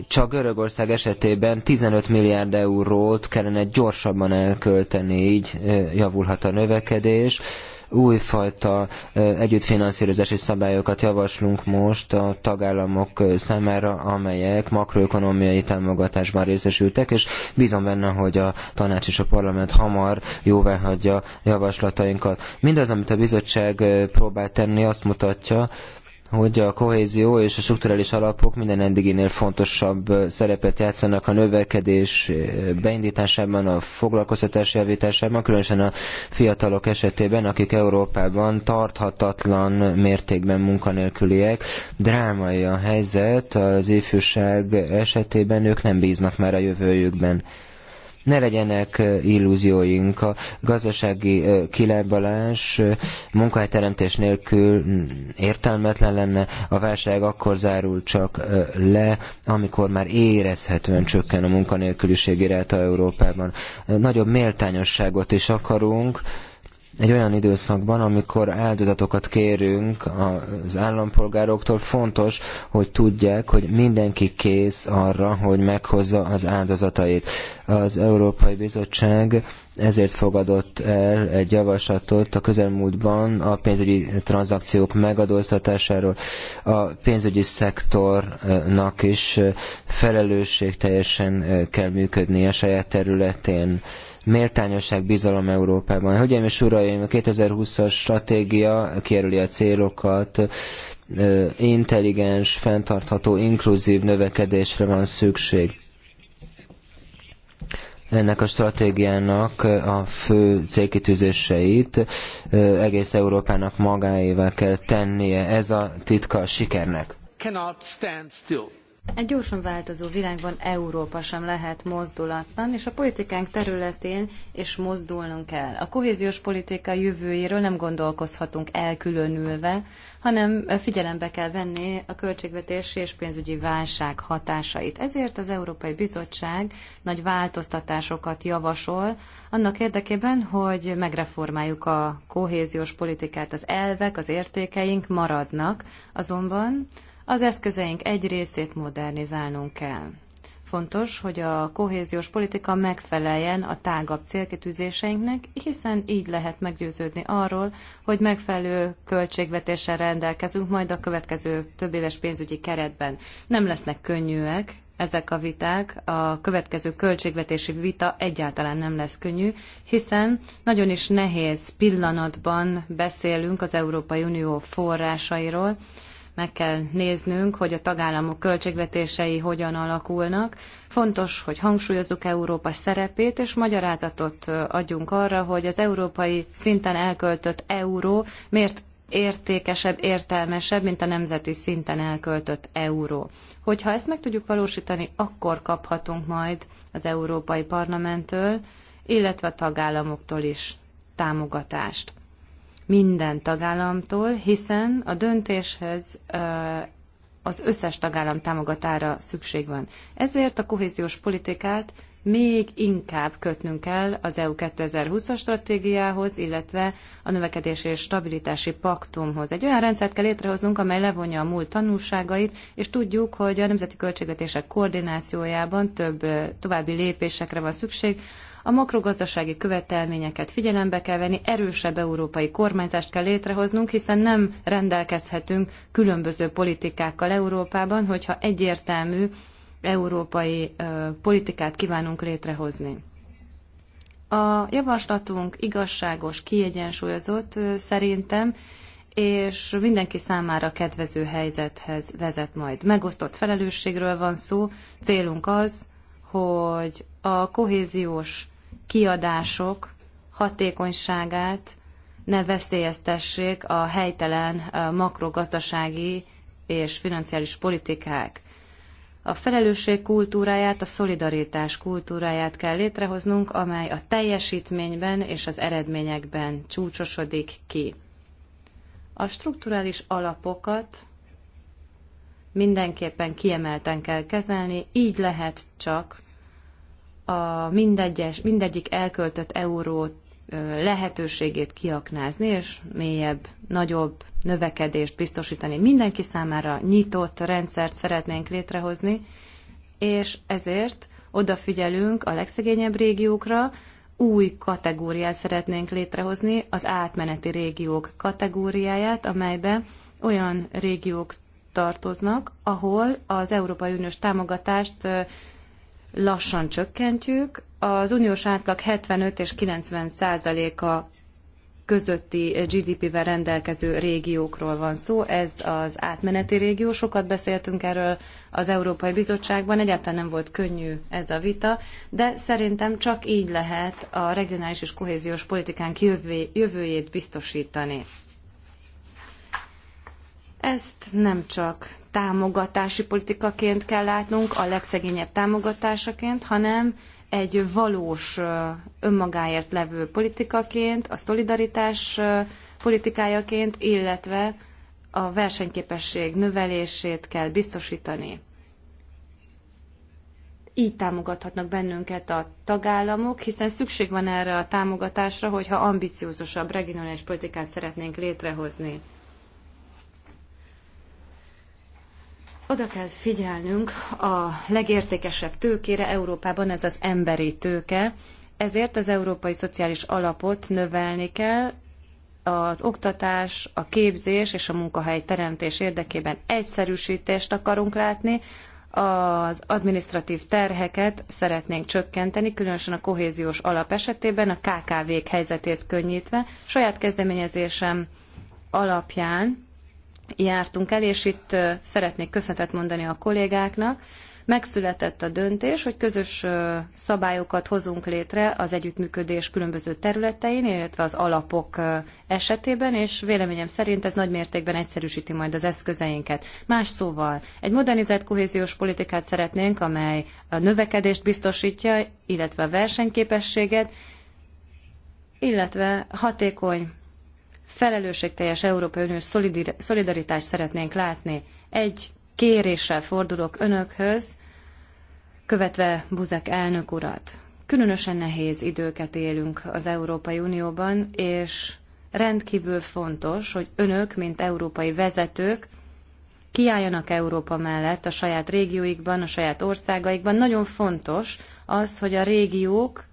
csak Görögország esetében 15 milliárd eurót kellene gyorsabban elkölteni, így javulhat a növekedés. Újfajta együttfinanszírozási szabályokat javaslunk most a tagállamok számára, amelyek makroökonomiai támogatásban részesültek, és bízom benne, hogy a tanács és a parlament hamar jóvá hagyja javaslatainkat. Mindaz, amit a bizottság próbál tenni, azt mutatja, hogy a kohézió és a strukturális alapok minden eddiginél fontosabb szerepet játszanak a növekedés beindításában, a foglalkoztatás javításában, különösen a fiatalok esetében, akik Európában tarthatatlan mértékben munkanélküliek. Drámai a helyzet, az ifjúság esetében ők nem bíznak már a jövőjükben. Ne legyenek illúzióink. A gazdasági kilábalás munkahelyteremtés nélkül értelmetlen lenne. A válság akkor zárul csak le, amikor már érezhetően csökken a munkanélküliség iráta Európában. Nagyobb méltányosságot is akarunk, egy olyan időszakban, amikor áldozatokat kérünk az állampolgároktól, fontos, hogy tudják, hogy mindenki kész arra, hogy meghozza az áldozatait. Az Európai Bizottság ezért fogadott el egy javaslatot a közelmúltban a pénzügyi tranzakciók megadóztatásáról. A pénzügyi szektornak is teljesen kell működnie a saját területén méltányosság, bizalom Európában. Hölgyeim és uraim, a 2020-as stratégia kijelöli a célokat, intelligens, fenntartható, inkluzív növekedésre van szükség ennek a stratégiának a fő célkitűzéseit egész Európának magáévá kell tennie. Ez a titka a sikernek. Cannot stand still egy gyorsan változó világban Európa sem lehet mozdulatlan, és a politikánk területén is mozdulnunk kell. A kohéziós politika jövőjéről nem gondolkozhatunk elkülönülve, hanem figyelembe kell venni a költségvetési és pénzügyi válság hatásait. Ezért az Európai Bizottság nagy változtatásokat javasol annak érdekében, hogy megreformáljuk a kohéziós politikát. Az elvek, az értékeink maradnak, azonban az eszközeink egy részét modernizálnunk kell. Fontos, hogy a kohéziós politika megfeleljen a tágabb célkitűzéseinknek, hiszen így lehet meggyőződni arról, hogy megfelelő költségvetéssel rendelkezünk majd a következő többéves pénzügyi keretben. Nem lesznek könnyűek ezek a viták, a következő költségvetési vita egyáltalán nem lesz könnyű, hiszen nagyon is nehéz pillanatban beszélünk az Európai Unió forrásairól, meg kell néznünk, hogy a tagállamok költségvetései hogyan alakulnak. Fontos, hogy hangsúlyozzuk Európa szerepét, és magyarázatot adjunk arra, hogy az európai szinten elköltött euró miért értékesebb, értelmesebb, mint a nemzeti szinten elköltött euró. Hogyha ezt meg tudjuk valósítani, akkor kaphatunk majd az Európai Parlamenttől, illetve a tagállamoktól is támogatást minden tagállamtól, hiszen a döntéshez az összes tagállam támogatára szükség van. Ezért a kohéziós politikát még inkább kötnünk kell az EU 2020-as stratégiához, illetve a növekedési és stabilitási paktumhoz. Egy olyan rendszert kell létrehoznunk, amely levonja a múlt tanulságait, és tudjuk, hogy a nemzeti költségvetések koordinációjában több további lépésekre van szükség, a makrogazdasági követelményeket figyelembe kell venni, erősebb európai kormányzást kell létrehoznunk, hiszen nem rendelkezhetünk különböző politikákkal Európában, hogyha egyértelmű európai politikát kívánunk létrehozni. A javaslatunk igazságos, kiegyensúlyozott szerintem, és mindenki számára kedvező helyzethez vezet majd. Megosztott felelősségről van szó, célunk az, hogy a kohéziós kiadások hatékonyságát ne veszélyeztessék a helytelen makrogazdasági és financiális politikák. A felelősség kultúráját, a szolidaritás kultúráját kell létrehoznunk, amely a teljesítményben és az eredményekben csúcsosodik ki. A strukturális alapokat mindenképpen kiemelten kell kezelni, így lehet csak a mindegyes, mindegyik elköltött euró lehetőségét kiaknázni, és mélyebb, nagyobb növekedést biztosítani. Mindenki számára nyitott rendszert szeretnénk létrehozni, és ezért odafigyelünk a legszegényebb régiókra, új kategóriát szeretnénk létrehozni, az átmeneti régiók kategóriáját, amelybe olyan régiók tartoznak, ahol az Európai Uniós támogatást lassan csökkentjük. Az uniós átlag 75 és 90 százaléka közötti GDP-vel rendelkező régiókról van szó. Ez az átmeneti régió. Sokat beszéltünk erről az Európai Bizottságban, egyáltalán nem volt könnyű ez a vita, de szerintem csak így lehet a regionális és kohéziós politikánk jövő, jövőjét biztosítani. Ezt nem csak támogatási politikaként kell látnunk, a legszegényebb támogatásaként, hanem egy valós önmagáért levő politikaként, a szolidaritás politikájaként, illetve a versenyképesség növelését kell biztosítani. Így támogathatnak bennünket a tagállamok, hiszen szükség van erre a támogatásra, hogyha ambiciózusabb regionális politikát szeretnénk létrehozni. Oda kell figyelnünk a legértékesebb tőkére Európában, ez az emberi tőke, ezért az Európai Szociális Alapot növelni kell, az oktatás, a képzés és a munkahely teremtés érdekében egyszerűsítést akarunk látni, az administratív terheket szeretnénk csökkenteni, különösen a kohéziós alap esetében, a KKV-k helyzetét könnyítve. Saját kezdeményezésem alapján jártunk el, és itt szeretnék köszönetet mondani a kollégáknak. Megszületett a döntés, hogy közös szabályokat hozunk létre az együttműködés különböző területein, illetve az alapok esetében, és véleményem szerint ez nagy mértékben egyszerűsíti majd az eszközeinket. Más szóval, egy modernizált kohéziós politikát szeretnénk, amely a növekedést biztosítja, illetve a versenyképességet, illetve hatékony felelősségteljes Európai Uniós szolidaritást szeretnénk látni. Egy kéréssel fordulok önökhöz, követve Buzek elnök urat. Különösen nehéz időket élünk az Európai Unióban, és rendkívül fontos, hogy önök, mint európai vezetők, kiálljanak Európa mellett a saját régióikban, a saját országaikban. Nagyon fontos az, hogy a régiók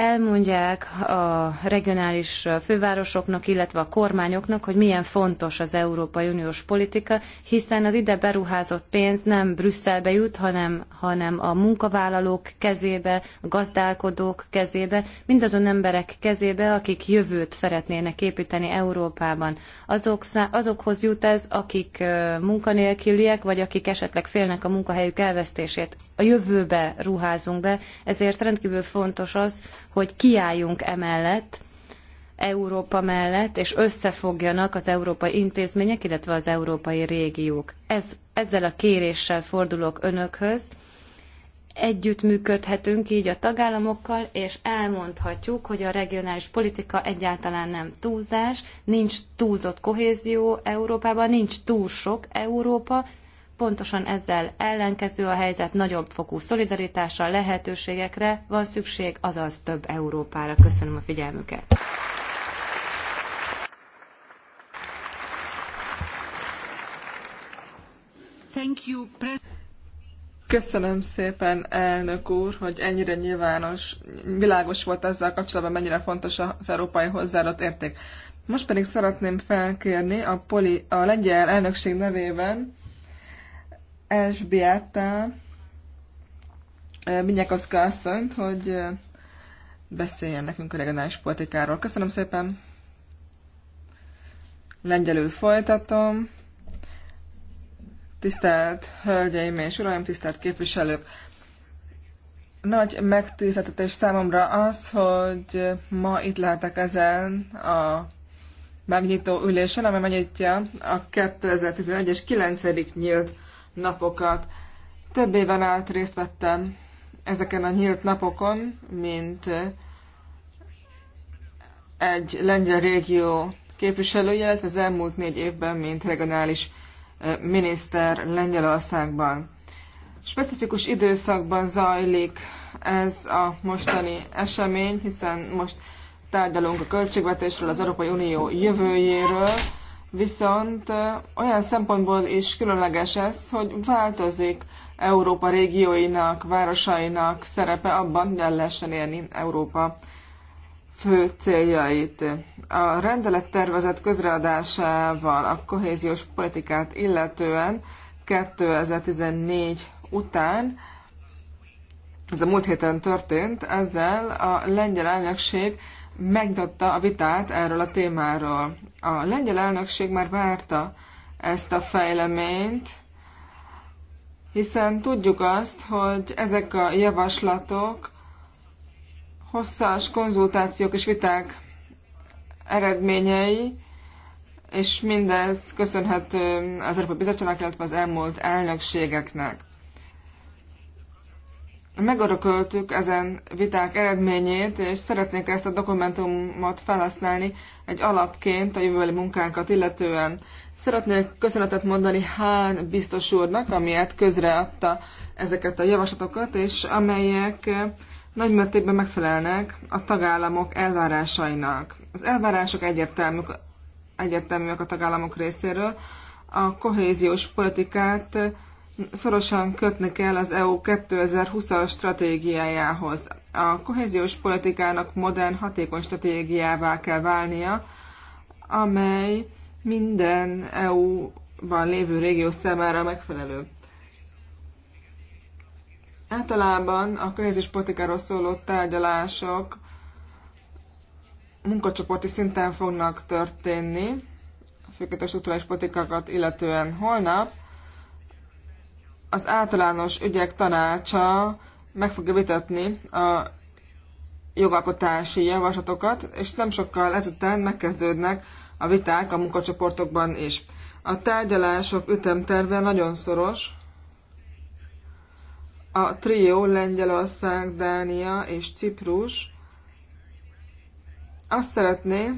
elmondják a regionális fővárosoknak, illetve a kormányoknak, hogy milyen fontos az Európai Uniós politika, hiszen az ide beruházott pénz nem Brüsszelbe jut, hanem, hanem a munkavállalók kezébe, a gazdálkodók kezébe, mindazon emberek kezébe, akik jövőt szeretnének építeni Európában. Azok, azokhoz jut ez, akik munkanélküliek, vagy akik esetleg félnek a munkahelyük elvesztését. A jövőbe ruházunk be, ezért rendkívül fontos az, hogy kiálljunk emellett, Európa mellett, és összefogjanak az európai intézmények, illetve az európai régiók. Ez, ezzel a kéréssel fordulok önökhöz. Együttműködhetünk így a tagállamokkal, és elmondhatjuk, hogy a regionális politika egyáltalán nem túlzás, nincs túlzott kohézió Európában, nincs túl sok Európa, pontosan ezzel ellenkező a helyzet, nagyobb fokú szolidaritásra, lehetőségekre van szükség, azaz több Európára. Köszönöm a figyelmüket. Köszönöm szépen, elnök úr, hogy ennyire nyilvános, világos volt ezzel kapcsolatban, mennyire fontos az európai hozzáadott érték. Most pedig szeretném felkérni a, poli, a lengyel elnökség nevében Elsbiáta eh, eh, Minyakovszka asszonyt, hogy eh, beszéljen nekünk a regionális politikáról. Köszönöm szépen! Lengyelül folytatom. Tisztelt Hölgyeim és Uraim, tisztelt képviselők! Nagy megtiszteltetés számomra az, hogy ma itt lehetek ezen a megnyitó ülésen, amely megnyitja a 2011-es 9. nyílt napokat. Több éven át részt vettem ezeken a nyílt napokon, mint egy lengyel régió képviselője, illetve az elmúlt négy évben, mint regionális miniszter Lengyelországban. Specifikus időszakban zajlik ez a mostani esemény, hiszen most tárgyalunk a költségvetésről, az Európai Unió jövőjéről, viszont olyan szempontból is különleges ez, hogy változik Európa régióinak, városainak szerepe abban, hogy el lehessen élni Európa fő céljait. A rendelettervezet közreadásával a kohéziós politikát illetően 2014 után, ez a múlt héten történt, ezzel a lengyel elnökség megnyitotta a vitát erről a témáról. A lengyel elnökség már várta ezt a fejleményt, hiszen tudjuk azt, hogy ezek a javaslatok hosszas konzultációk és viták eredményei, és mindez köszönhető az Európai Bizottságnak, illetve az elmúlt elnökségeknek megörököltük ezen viták eredményét, és szeretnék ezt a dokumentumot felhasználni egy alapként a jövőbeli munkánkat illetően. Szeretnék köszönetet mondani Hán biztos úrnak, amiért közreadta ezeket a javaslatokat, és amelyek nagy mértékben megfelelnek a tagállamok elvárásainak. Az elvárások egyértelműek, egyértelműek a tagállamok részéről, a kohéziós politikát szorosan kötni kell az EU 2020-as stratégiájához. A kohéziós politikának modern, hatékony stratégiává kell válnia, amely minden EU-ban lévő régió számára megfelelő. Általában a kohéziós politikáról szóló tárgyalások munkacsoporti szinten fognak történni, főként a struktúrális politikákat illetően holnap, az általános ügyek tanácsa meg fogja vitatni a jogalkotási javaslatokat, és nem sokkal ezután megkezdődnek a viták a munkacsoportokban is. A tárgyalások ütemterve nagyon szoros. A trió Lengyelország, Dánia és Ciprus azt szeretné,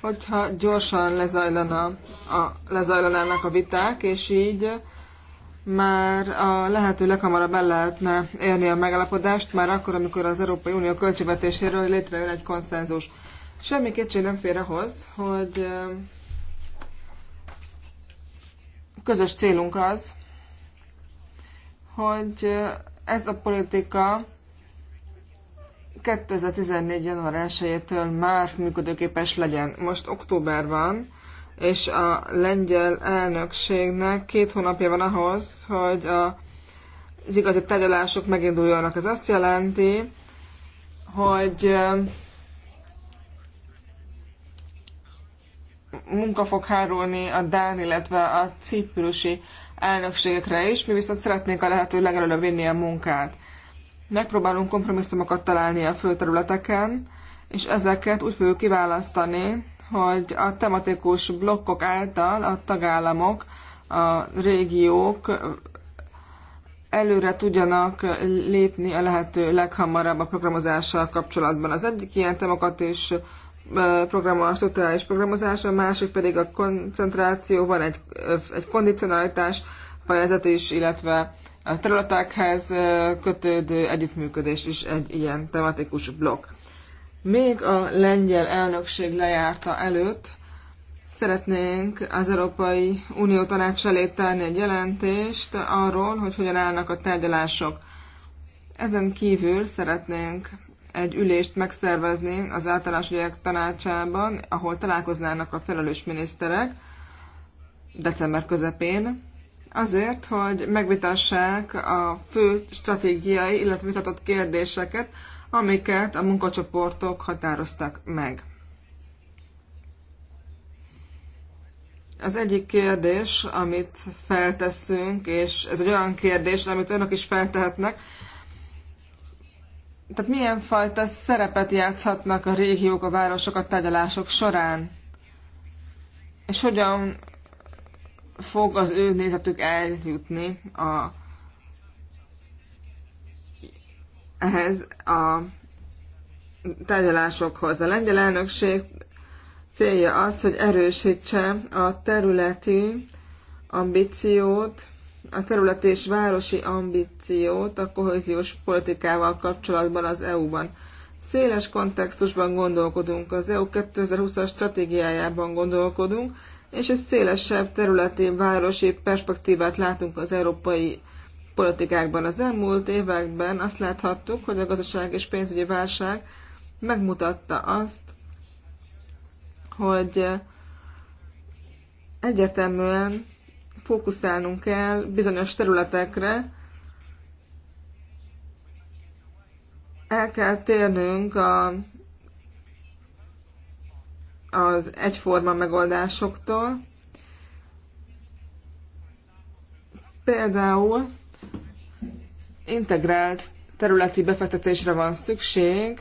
hogyha gyorsan lezajlana a, lezajlanának a viták, és így már a lehető leghamarabb el lehetne érni a megállapodást, már akkor, amikor az Európai Unió költségvetéséről létrejön egy konszenzus. Semmi kétség nem fér ahhoz, hogy közös célunk az, hogy ez a politika 2014. január 1-től már működőképes legyen. Most október van, és a lengyel elnökségnek két hónapja van ahhoz, hogy a, az igazi tegyalások meginduljanak. Ez azt jelenti, hogy munka fog hárulni a Dán, illetve a ciprusi elnökségekre is, mi viszont szeretnénk a lehető legelőbb vinni a munkát. Megpróbálunk kompromisszumokat találni a főterületeken, és ezeket úgy fogjuk kiválasztani, hogy a tematikus blokkok által a tagállamok, a régiók előre tudjanak lépni a lehető leghamarabb a programozással kapcsolatban. Az egyik ilyen temakat is programozás, a programozás, a másik pedig a koncentráció, van egy, egy kondicionalitás fejezet is, illetve a területekhez kötődő együttműködés is egy ilyen tematikus blokk. Még a lengyel elnökség lejárta előtt szeretnénk az Európai Unió tanács elé tenni egy jelentést arról, hogy hogyan állnak a tárgyalások. Ezen kívül szeretnénk egy ülést megszervezni az általános ügyek tanácsában, ahol találkoznának a felelős miniszterek december közepén, azért, hogy megvitassák a fő stratégiai, illetve vitatott kérdéseket, amiket a munkacsoportok határoztak meg. Az egyik kérdés, amit felteszünk, és ez egy olyan kérdés, amit önök is feltehetnek, tehát milyen fajta szerepet játszhatnak a régiók, a városok a tárgyalások során? És hogyan fog az ő nézetük eljutni a ehhez a tárgyalásokhoz. A lengyel elnökség célja az, hogy erősítse a területi ambíciót, a terület és városi ambíciót a kohéziós politikával kapcsolatban az EU-ban. Széles kontextusban gondolkodunk, az EU 2020-as stratégiájában gondolkodunk, és egy szélesebb területi városi perspektívát látunk az Európai politikákban. Az elmúlt években azt láthattuk, hogy a gazdaság és pénzügyi válság megmutatta azt, hogy egyeteműen fókuszálnunk kell bizonyos területekre, el kell térnünk a, az egyforma megoldásoktól. Például integrált területi befektetésre van szükség.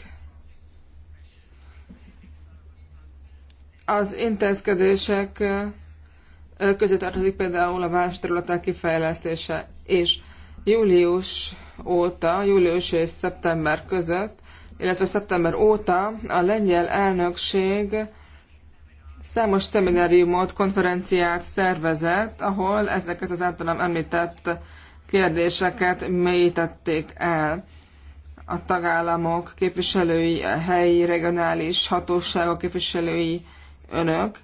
Az intézkedések közé tartozik például a más területek kifejlesztése, és július óta, július és szeptember között, illetve szeptember óta a lengyel elnökség számos szemináriumot, konferenciát szervezett, ahol ezeket az általam említett kérdéseket mélyítették el. A tagállamok képviselői, a helyi, regionális hatóságok képviselői, önök.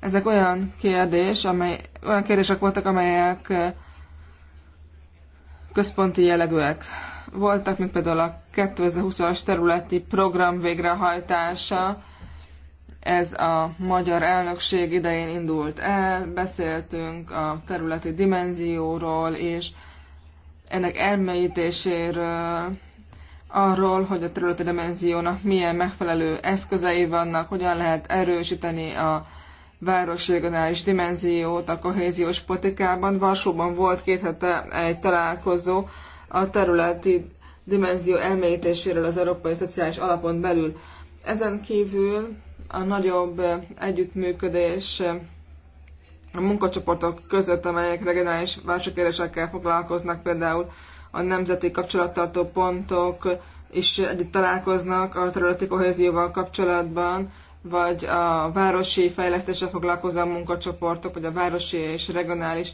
Ezek olyan kérdés, amely, olyan kérdések voltak, amelyek központi jellegűek voltak, mint például a 2020-as területi program végrehajtása. Ez a magyar elnökség idején indult el, beszéltünk a területi dimenzióról, és ennek elmélyítéséről, arról, hogy a területi dimenziónak milyen megfelelő eszközei vannak, hogyan lehet erősíteni a városregionális dimenziót a kohéziós politikában. Varsóban volt két hete egy találkozó a területi dimenzió elmélyítéséről az Európai Szociális Alapon belül. Ezen kívül a nagyobb együttműködés a munkacsoportok között, amelyek regionális válságkérdésekkel foglalkoznak, például a nemzeti kapcsolattartó pontok is együtt találkoznak a területi kohézióval kapcsolatban, vagy a városi fejlesztéssel foglalkozó munkacsoportok, vagy a városi és regionális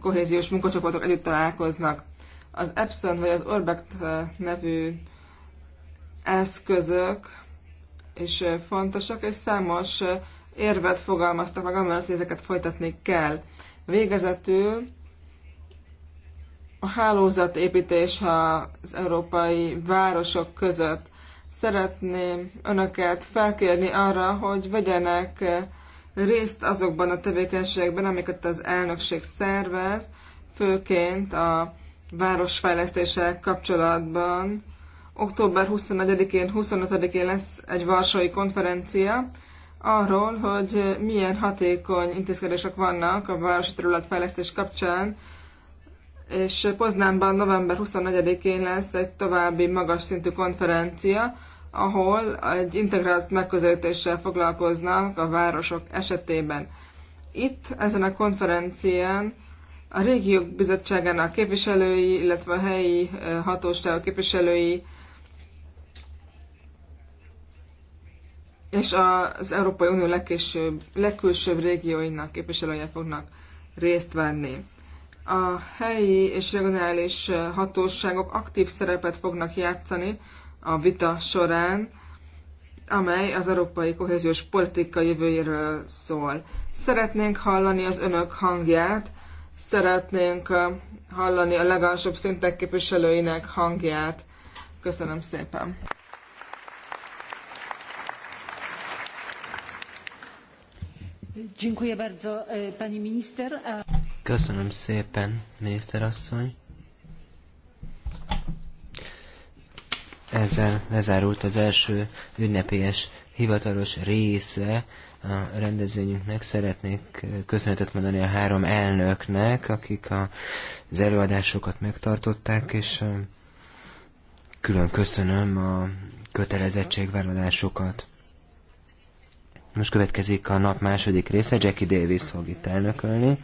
kohéziós munkacsoportok együtt találkoznak. Az Epson vagy az Orbect nevű eszközök és fontosak, és számos érvet fogalmaztak meg, amellett, hogy ezeket folytatni kell. Végezetül a hálózatépítés az európai városok között. Szeretném önöket felkérni arra, hogy vegyenek részt azokban a tevékenységekben, amiket az elnökség szervez, főként a városfejlesztéssel kapcsolatban. Október 24-én, 25-én lesz egy varsói konferencia, arról, hogy milyen hatékony intézkedések vannak a városi területfejlesztés kapcsán, és Poznánban november 24-én lesz egy további magas szintű konferencia, ahol egy integrált megközelítéssel foglalkoznak a városok esetében. Itt, ezen a konferencián a régiók bizottságának képviselői, illetve a helyi eh, hatóságok képviselői és az Európai Unió legkésőbb, legkülsőbb régióinak képviselője fognak részt venni. A helyi és regionális hatóságok aktív szerepet fognak játszani a vita során, amely az európai kohéziós politika jövőjéről szól. Szeretnénk hallani az önök hangját, szeretnénk hallani a legalsóbb szintek képviselőinek hangját. Köszönöm szépen! E, köszönöm szépen, miniszterasszony. Ezzel lezárult az első ünnepélyes hivatalos része a rendezvényünknek. Szeretnék e, köszönetet mondani a három elnöknek, akik az előadásokat megtartották, és e, külön köszönöm a kötelezettségvállalásokat. Most következik a nap második része, Jackie Davis fog itt elnökölni.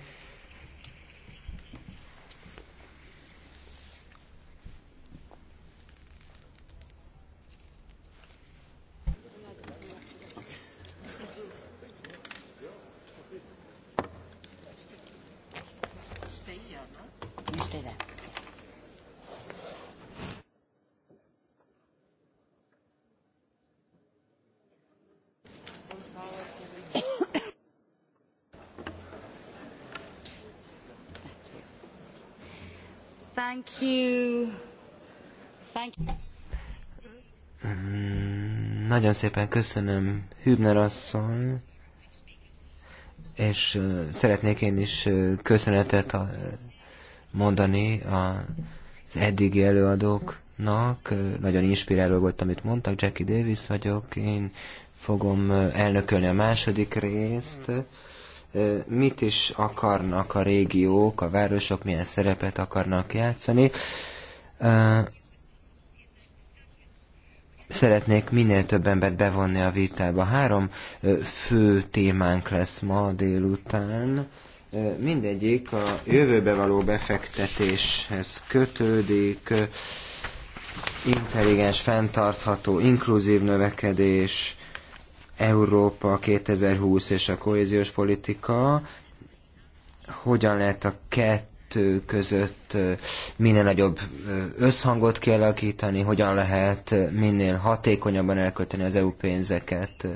Nagyon szépen köszönöm Hübner asszony, és szeretnék én is köszönetet mondani az eddigi előadóknak. Nagyon inspiráló volt, amit mondtak. Jackie Davis vagyok, én fogom elnökölni a második részt. Mit is akarnak a régiók, a városok, milyen szerepet akarnak játszani Szeretnék minél több embert bevonni a vitába. Három fő témánk lesz ma délután. Mindegyik a jövőbe való befektetéshez kötődik, intelligens, fenntartható, inkluzív növekedés, Európa 2020 és a kohéziós politika, hogyan lehet a kettő kettő között minél nagyobb összhangot kialakítani, hogyan lehet minél hatékonyabban elkölteni az EU pénzeket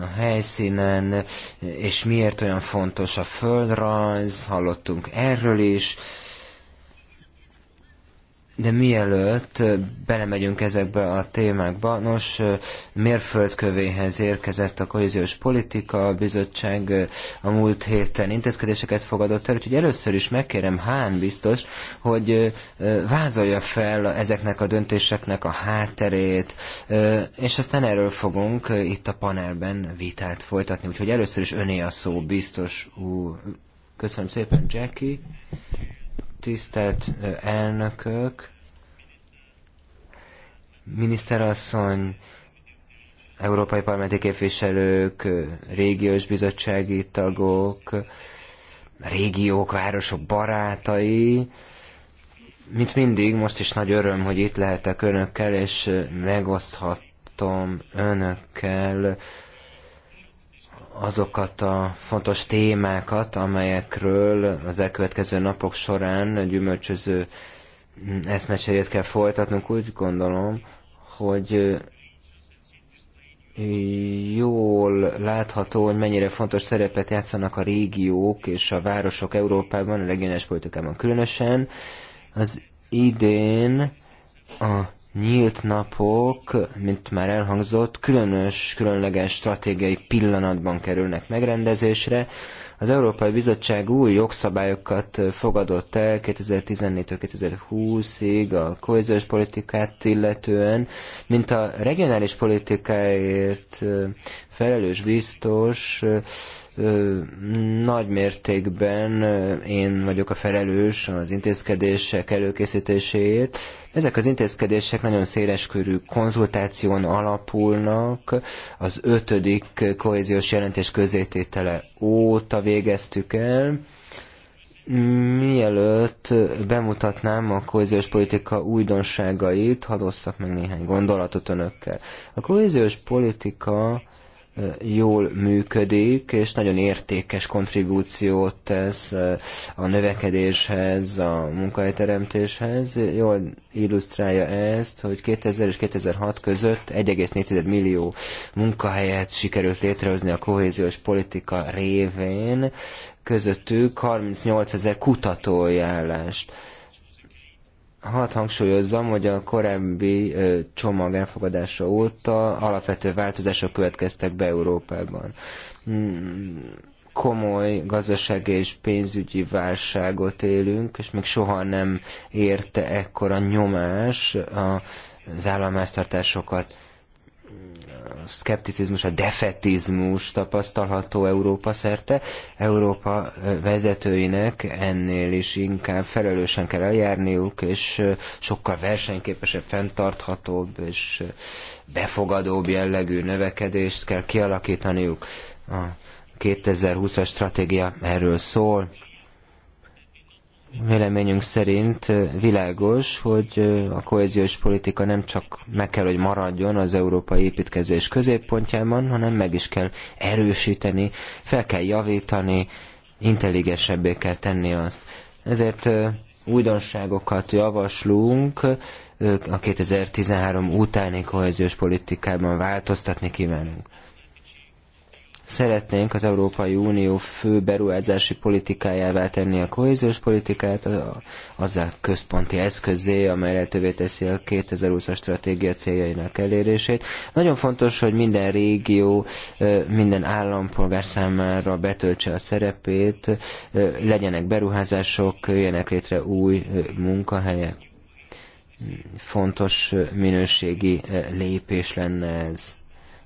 a helyszínen, és miért olyan fontos a földrajz, hallottunk erről is, de mielőtt belemegyünk ezekbe a témákba, nos, mérföldkövéhez érkezett a kohéziós politika, a bizottság a múlt héten intézkedéseket fogadott el, úgyhogy először is megkérem Hán biztos, hogy vázolja fel ezeknek a döntéseknek a hátterét, és aztán erről fogunk itt a panelben vitát folytatni, úgyhogy először is öné a szó, biztos úr. Köszönöm szépen, Jackie tisztelt elnökök, miniszterasszony, európai parlamenti képviselők, régiós bizottsági tagok, régiók, városok barátai. Mint mindig, most is nagy öröm, hogy itt lehetek önökkel, és megoszthatom önökkel azokat a fontos témákat, amelyekről az elkövetkező napok során gyümölcsöző eszmecserét kell folytatnunk. Úgy gondolom, hogy jól látható, hogy mennyire fontos szerepet játszanak a régiók és a városok Európában, a regionális politikában különösen. Az idén a nyílt napok, mint már elhangzott, különös, különleges stratégiai pillanatban kerülnek megrendezésre. Az Európai Bizottság új jogszabályokat fogadott el 2014-2020-ig a kohéziós politikát illetően, mint a regionális politikáért felelős biztos nagy mértékben én vagyok a felelős az intézkedések előkészítéséért. Ezek az intézkedések nagyon széleskörű konzultáción alapulnak. Az ötödik kohéziós jelentés közététele óta végeztük el. Mielőtt bemutatnám a kohéziós politika újdonságait, hadd osszak meg néhány gondolatot önökkel. A kohéziós politika jól működik, és nagyon értékes kontribúciót tesz a növekedéshez, a munkahelyteremtéshez. Jól illusztrálja ezt, hogy 2000 és 2006 között 1,4 millió munkahelyet sikerült létrehozni a kohéziós politika révén, közöttük 38 ezer kutatói állást hadd hangsúlyozzam, hogy a korábbi csomag elfogadása óta alapvető változások következtek be Európában. Mm, komoly gazdasági és pénzügyi válságot élünk, és még soha nem érte ekkora nyomás az államháztartásokat szkepticizmus, a defetizmus tapasztalható Európa szerte. Európa vezetőinek ennél is inkább felelősen kell eljárniuk, és sokkal versenyképesebb, fenntarthatóbb és befogadóbb jellegű növekedést kell kialakítaniuk. A 2020-as stratégia erről szól Véleményünk szerint világos, hogy a kohéziós politika nem csak meg kell, hogy maradjon az európai építkezés középpontjában, hanem meg is kell erősíteni, fel kell javítani, intelligensebbé kell tenni azt. Ezért újdonságokat javaslunk, a 2013 utáni kohéziós politikában változtatni kívánunk. Szeretnénk az Európai Unió fő beruházási politikájává tenni a kohéziós politikát, a központi eszközé, amely lehetővé teszi a 2020-as stratégia céljainak elérését. Nagyon fontos, hogy minden régió, minden állampolgár számára betöltse a szerepét, legyenek beruházások, jöjjenek létre új munkahelyek fontos minőségi lépés lenne ez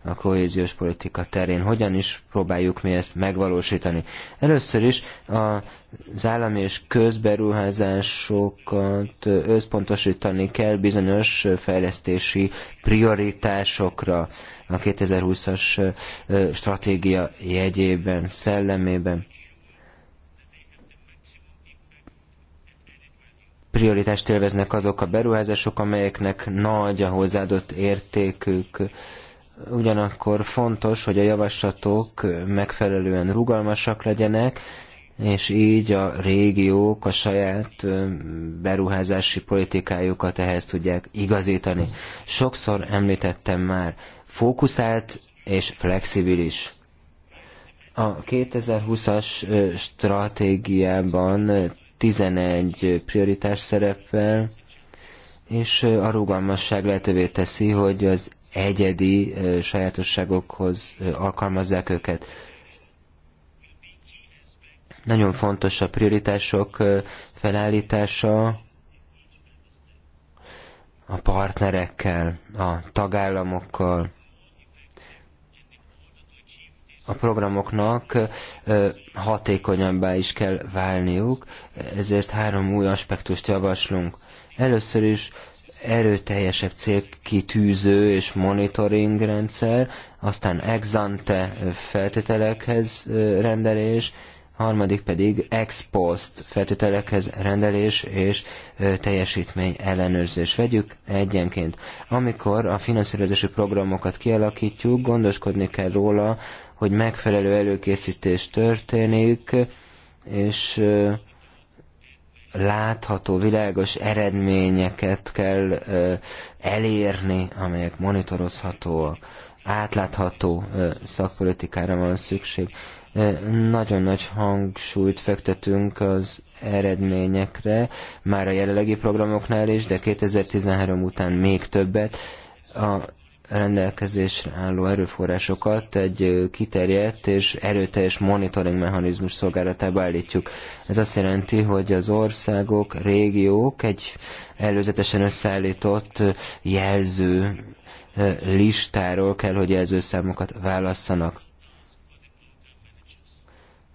a kohéziós politika terén. Hogyan is próbáljuk mi ezt megvalósítani? Először is az állami és közberuházásokat összpontosítani kell bizonyos fejlesztési prioritásokra a 2020-as stratégia jegyében, szellemében. prioritást élveznek azok a beruházások, amelyeknek nagy a hozzáadott értékük ugyanakkor fontos, hogy a javaslatok megfelelően rugalmasak legyenek, és így a régiók a saját beruházási politikájukat ehhez tudják igazítani. Sokszor említettem már, fókuszált és flexibilis. A 2020-as stratégiában 11 prioritás szerepel, és a rugalmasság lehetővé teszi, hogy az egyedi sajátosságokhoz alkalmazzák őket. Nagyon fontos a prioritások felállítása a partnerekkel, a tagállamokkal, a programoknak hatékonyabbá is kell válniuk, ezért három új aspektust javaslunk. Először is erőteljesebb célkitűző és monitoring rendszer, aztán exante feltételekhez rendelés, harmadik pedig ex post feltételekhez rendelés és teljesítmény ellenőrzés. Vegyük egyenként. Amikor a finanszírozási programokat kialakítjuk, gondoskodni kell róla, hogy megfelelő előkészítés történik, és látható, világos eredményeket kell elérni, amelyek monitorozhatóak, átlátható szakpolitikára van szükség. Nagyon nagy hangsúlyt fektetünk az eredményekre, már a jelenlegi programoknál is, de 2013 után még többet. A rendelkezésre álló erőforrásokat egy kiterjedt és erőteljes monitoring mechanizmus szolgálatába állítjuk. Ez azt jelenti, hogy az országok, régiók egy előzetesen összeállított jelző listáról kell, hogy jelzőszámokat válasszanak.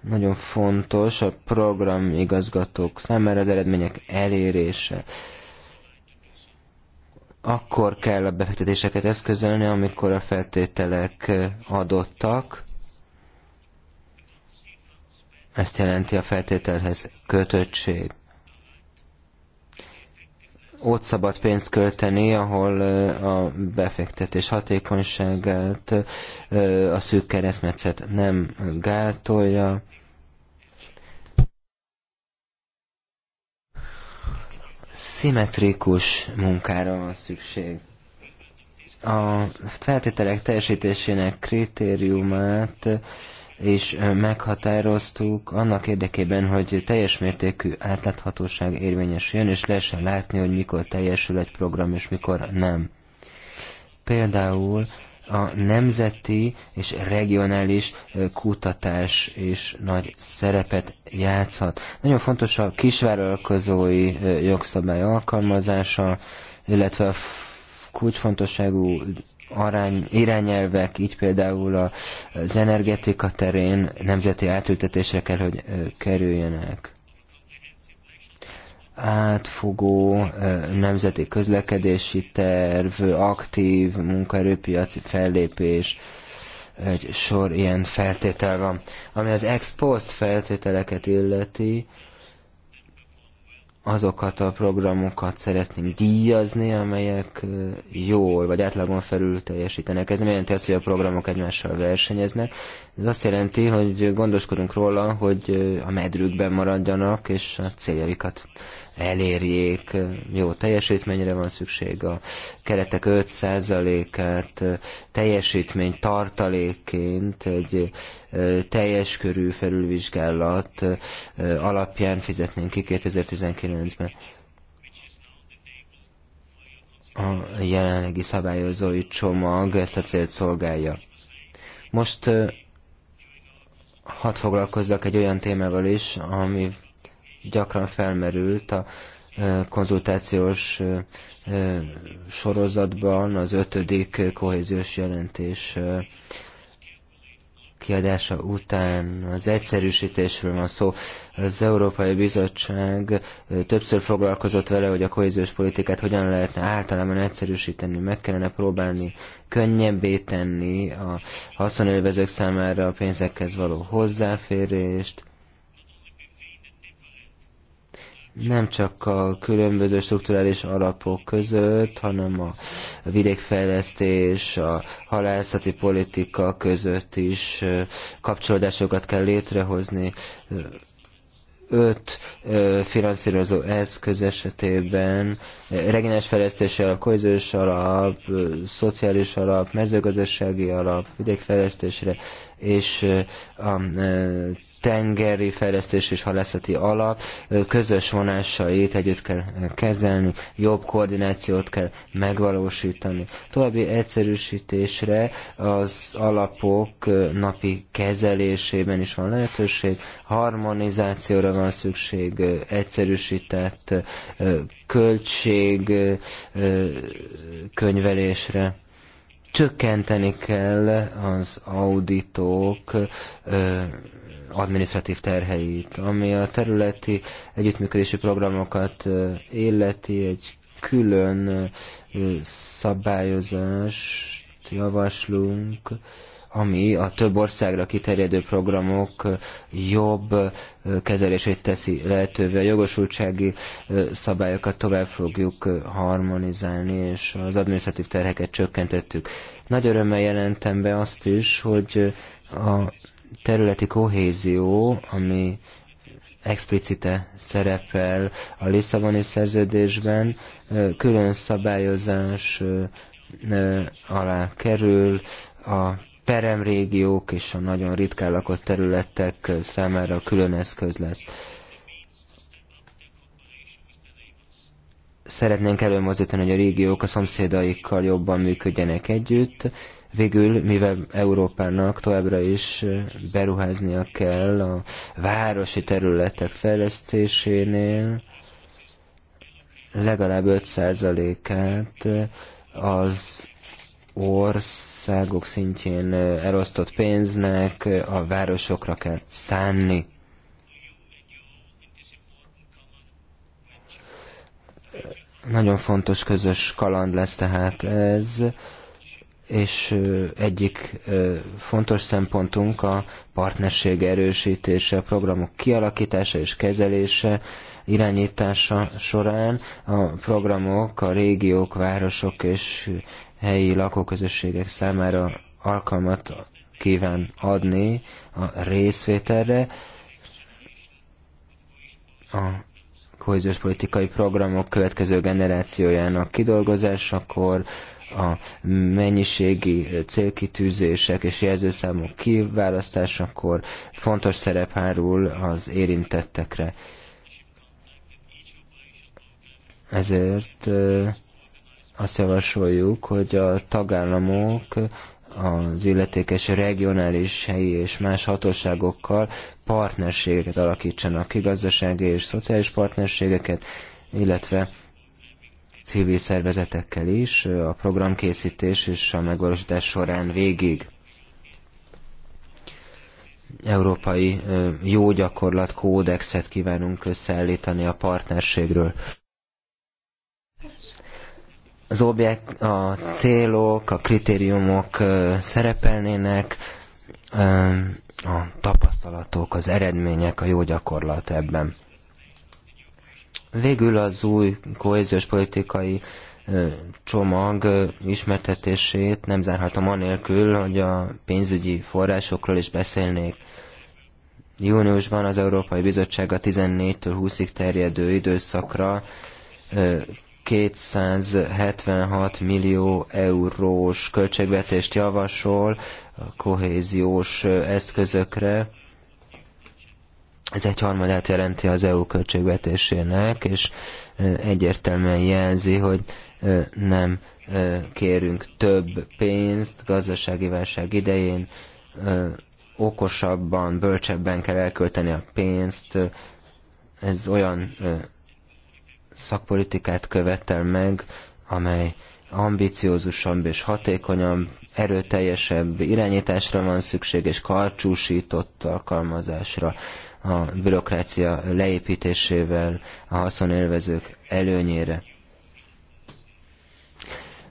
Nagyon fontos a programigazgatók számára az eredmények elérése akkor kell a befektetéseket eszközölni, amikor a feltételek adottak. Ezt jelenti a feltételhez kötöttség. Ott szabad pénzt költeni, ahol a befektetés hatékonyságát a szűk keresztmetszet nem gátolja. szimmetrikus munkára van szükség. A feltételek teljesítésének kritériumát és meghatároztuk annak érdekében, hogy teljes mértékű átláthatóság érvényesüljön, és lehessen látni, hogy mikor teljesül egy program, és mikor nem. Például a nemzeti és regionális kutatás is nagy szerepet játszhat. Nagyon fontos a kisvállalkozói jogszabály alkalmazása, illetve a kulcsfontosságú arány, irányelvek, így például az energetika terén nemzeti átültetésre kell, hogy kerüljenek átfogó nemzeti közlekedési terv, aktív munkaerőpiaci fellépés, egy sor ilyen feltétel van. Ami az ex post feltételeket illeti, azokat a programokat szeretnénk díjazni, amelyek jól vagy átlagon felül teljesítenek. Ez nem jelenti azt, hogy a programok egymással versenyeznek. Ez azt jelenti, hogy gondoskodunk róla, hogy a medrükben maradjanak, és a céljaikat elérjék, jó teljesítményre van szükség, a keretek 5%-át teljesítmény tartalékként egy teljes körű felülvizsgálat alapján fizetnénk ki 2019-ben a jelenlegi szabályozói csomag ezt a célt szolgálja. Most hadd foglalkozzak egy olyan témával is, ami gyakran felmerült a e, konzultációs e, e, sorozatban az ötödik kohéziós jelentés kiadása után az egyszerűsítésről van szó. Az Európai Bizottság többször foglalkozott vele, hogy a kohéziós politikát hogyan lehetne általában egyszerűsíteni, meg kellene próbálni könnyebbé tenni a haszonélvezők számára a pénzekhez való hozzáférést, nem csak a különböző strukturális alapok között, hanem a vidékfejlesztés, a halászati politika között is kapcsolódásokat kell létrehozni. Öt finanszírozó eszköz esetében regionális fejlesztési alap, kohéziós alap, szociális alap, mezőgazdasági alap, vidékfejlesztésre és a tengeri fejlesztés és halászati alap közös vonásait együtt kell kezelni, jobb koordinációt kell megvalósítani. További egyszerűsítésre az alapok napi kezelésében is van lehetőség, harmonizációra van szükség, egyszerűsített költség könyvelésre csökkenteni kell az auditok administratív terheit, ami a területi együttműködési programokat illeti egy külön szabályozást javaslunk, ami a több országra kiterjedő programok jobb kezelését teszi lehetővé. A jogosultsági szabályokat tovább fogjuk harmonizálni, és az adminisztratív terheket csökkentettük. Nagy örömmel jelentem be azt is, hogy a területi kohézió, ami explicite szerepel a Lisszaboni szerződésben, külön szabályozás alá kerül, a peremrégiók és a nagyon ritkán lakott területek számára külön eszköz lesz. Szeretnénk előmozdítani, hogy a régiók a szomszédaikkal jobban működjenek együtt. Végül, mivel Európának továbbra is beruháznia kell a városi területek fejlesztésénél, legalább 5%-át az országok szintjén elosztott pénznek a városokra kell szánni. Nagyon fontos közös kaland lesz tehát ez, és egyik fontos szempontunk a partnerség erősítése, a programok kialakítása és kezelése, irányítása során a programok a régiók, városok és helyi lakóközösségek számára alkalmat kíván adni a részvételre a kohéziós politikai programok következő generációjának kidolgozásakor, a mennyiségi célkitűzések és jelzőszámok kiválasztásakor fontos szerep hárul az érintettekre. Ezért azt javasoljuk, hogy a tagállamok az illetékes regionális, helyi és más hatóságokkal partnerségeket alakítsanak ki, gazdasági és szociális partnerségeket, illetve civil szervezetekkel is a programkészítés és a megvalósítás során végig. Európai jó gyakorlat kódexet kívánunk összeállítani a partnerségről az objekt, a célok, a kritériumok szerepelnének, a tapasztalatok, az eredmények, a jó gyakorlat ebben. Végül az új kohéziós politikai csomag ismertetését nem zárhatom anélkül, hogy a pénzügyi forrásokról is beszélnék. Júniusban az Európai Bizottság a 14-től 20-ig terjedő időszakra 276 millió eurós költségvetést javasol a kohéziós eszközökre. Ez egy harmadát jelenti az EU költségvetésének, és egyértelműen jelzi, hogy nem kérünk több pénzt gazdasági válság idején, okosabban, bölcsebben kell elkölteni a pénzt. Ez olyan szakpolitikát követel meg, amely ambiciózusabb és hatékonyabb, erőteljesebb irányításra van szükség, és karcsúsított alkalmazásra a bürokrácia leépítésével a haszonélvezők előnyére.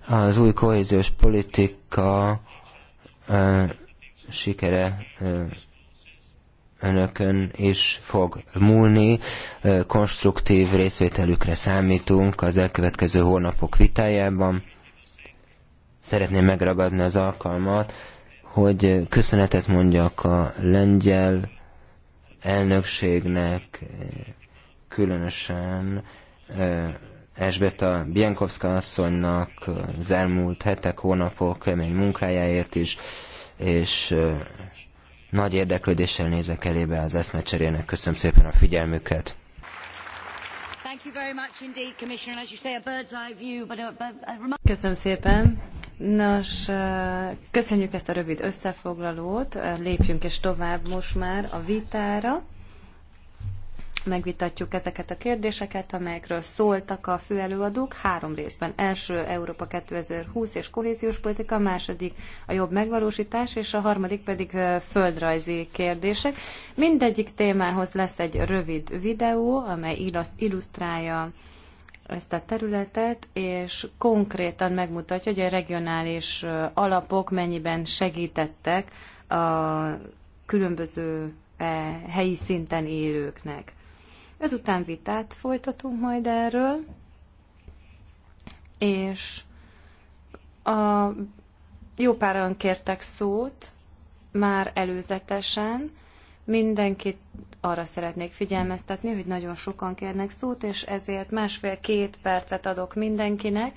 Az új kohéziós politika e, sikere önökön is fog múlni. Konstruktív részvételükre számítunk az elkövetkező hónapok vitájában. Szeretném megragadni az alkalmat, hogy köszönetet mondjak a lengyel elnökségnek, különösen Esbeta Bienkowska asszonynak az elmúlt hetek, hónapok kemény munkájáért is, és nagy érdeklődéssel nézek elébe az eszmecserének. Köszönöm szépen a figyelmüket. Uh, uh, Köszönöm szépen. Nos, uh, köszönjük ezt a rövid összefoglalót, lépjünk és tovább most már a vitára megvitatjuk ezeket a kérdéseket, amelyekről szóltak a főelőadók három részben. Első Európa 2020 és kohéziós politika, második a jobb megvalósítás, és a harmadik pedig földrajzi kérdések. Mindegyik témához lesz egy rövid videó, amely illusztrálja ezt a területet, és konkrétan megmutatja, hogy a regionális alapok mennyiben segítettek a különböző e, helyi szinten élőknek. Ezután vitát folytatunk majd erről, és a jó páran kértek szót már előzetesen. Mindenkit arra szeretnék figyelmeztetni, hogy nagyon sokan kérnek szót, és ezért másfél-két percet adok mindenkinek,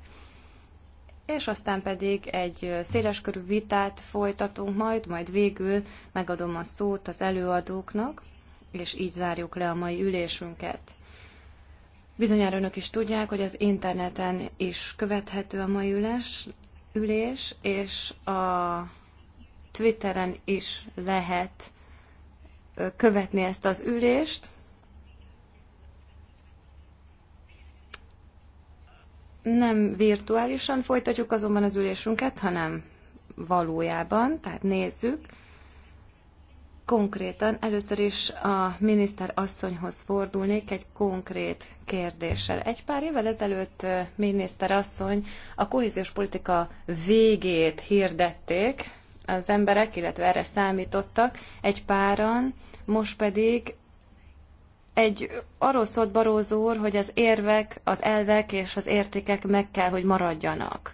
és aztán pedig egy széleskörű vitát folytatunk majd, majd végül megadom a szót az előadóknak, és így zárjuk le a mai ülésünket. Bizonyára önök is tudják, hogy az interneten is követhető a mai ülés, ülés és a Twitteren is lehet követni ezt az ülést. Nem virtuálisan folytatjuk azonban az ülésünket, hanem valójában, tehát nézzük konkrétan először is a miniszter asszonyhoz fordulnék egy konkrét kérdéssel. Egy pár évvel ezelőtt miniszter asszony a kohéziós politika végét hirdették az emberek, illetve erre számítottak egy páran, most pedig egy arról szólt Barózó úr, hogy az érvek, az elvek és az értékek meg kell, hogy maradjanak.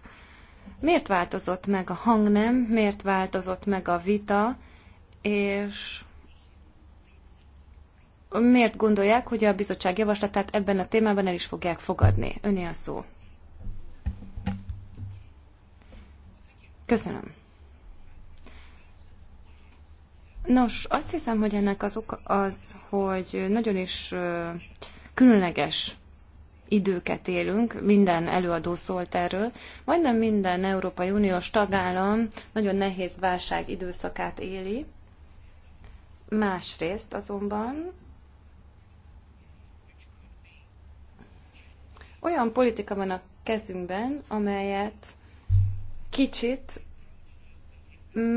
Miért változott meg a hangnem, miért változott meg a vita, és miért gondolják, hogy a bizottság javaslatát ebben a témában el is fogják fogadni? Öné a szó. Köszönöm. Nos, azt hiszem, hogy ennek az oka az, hogy nagyon is különleges időket élünk, minden előadó szólt erről. Majdnem minden Európai Uniós tagállam nagyon nehéz válság időszakát éli, Másrészt azonban olyan politika van a kezünkben, amelyet kicsit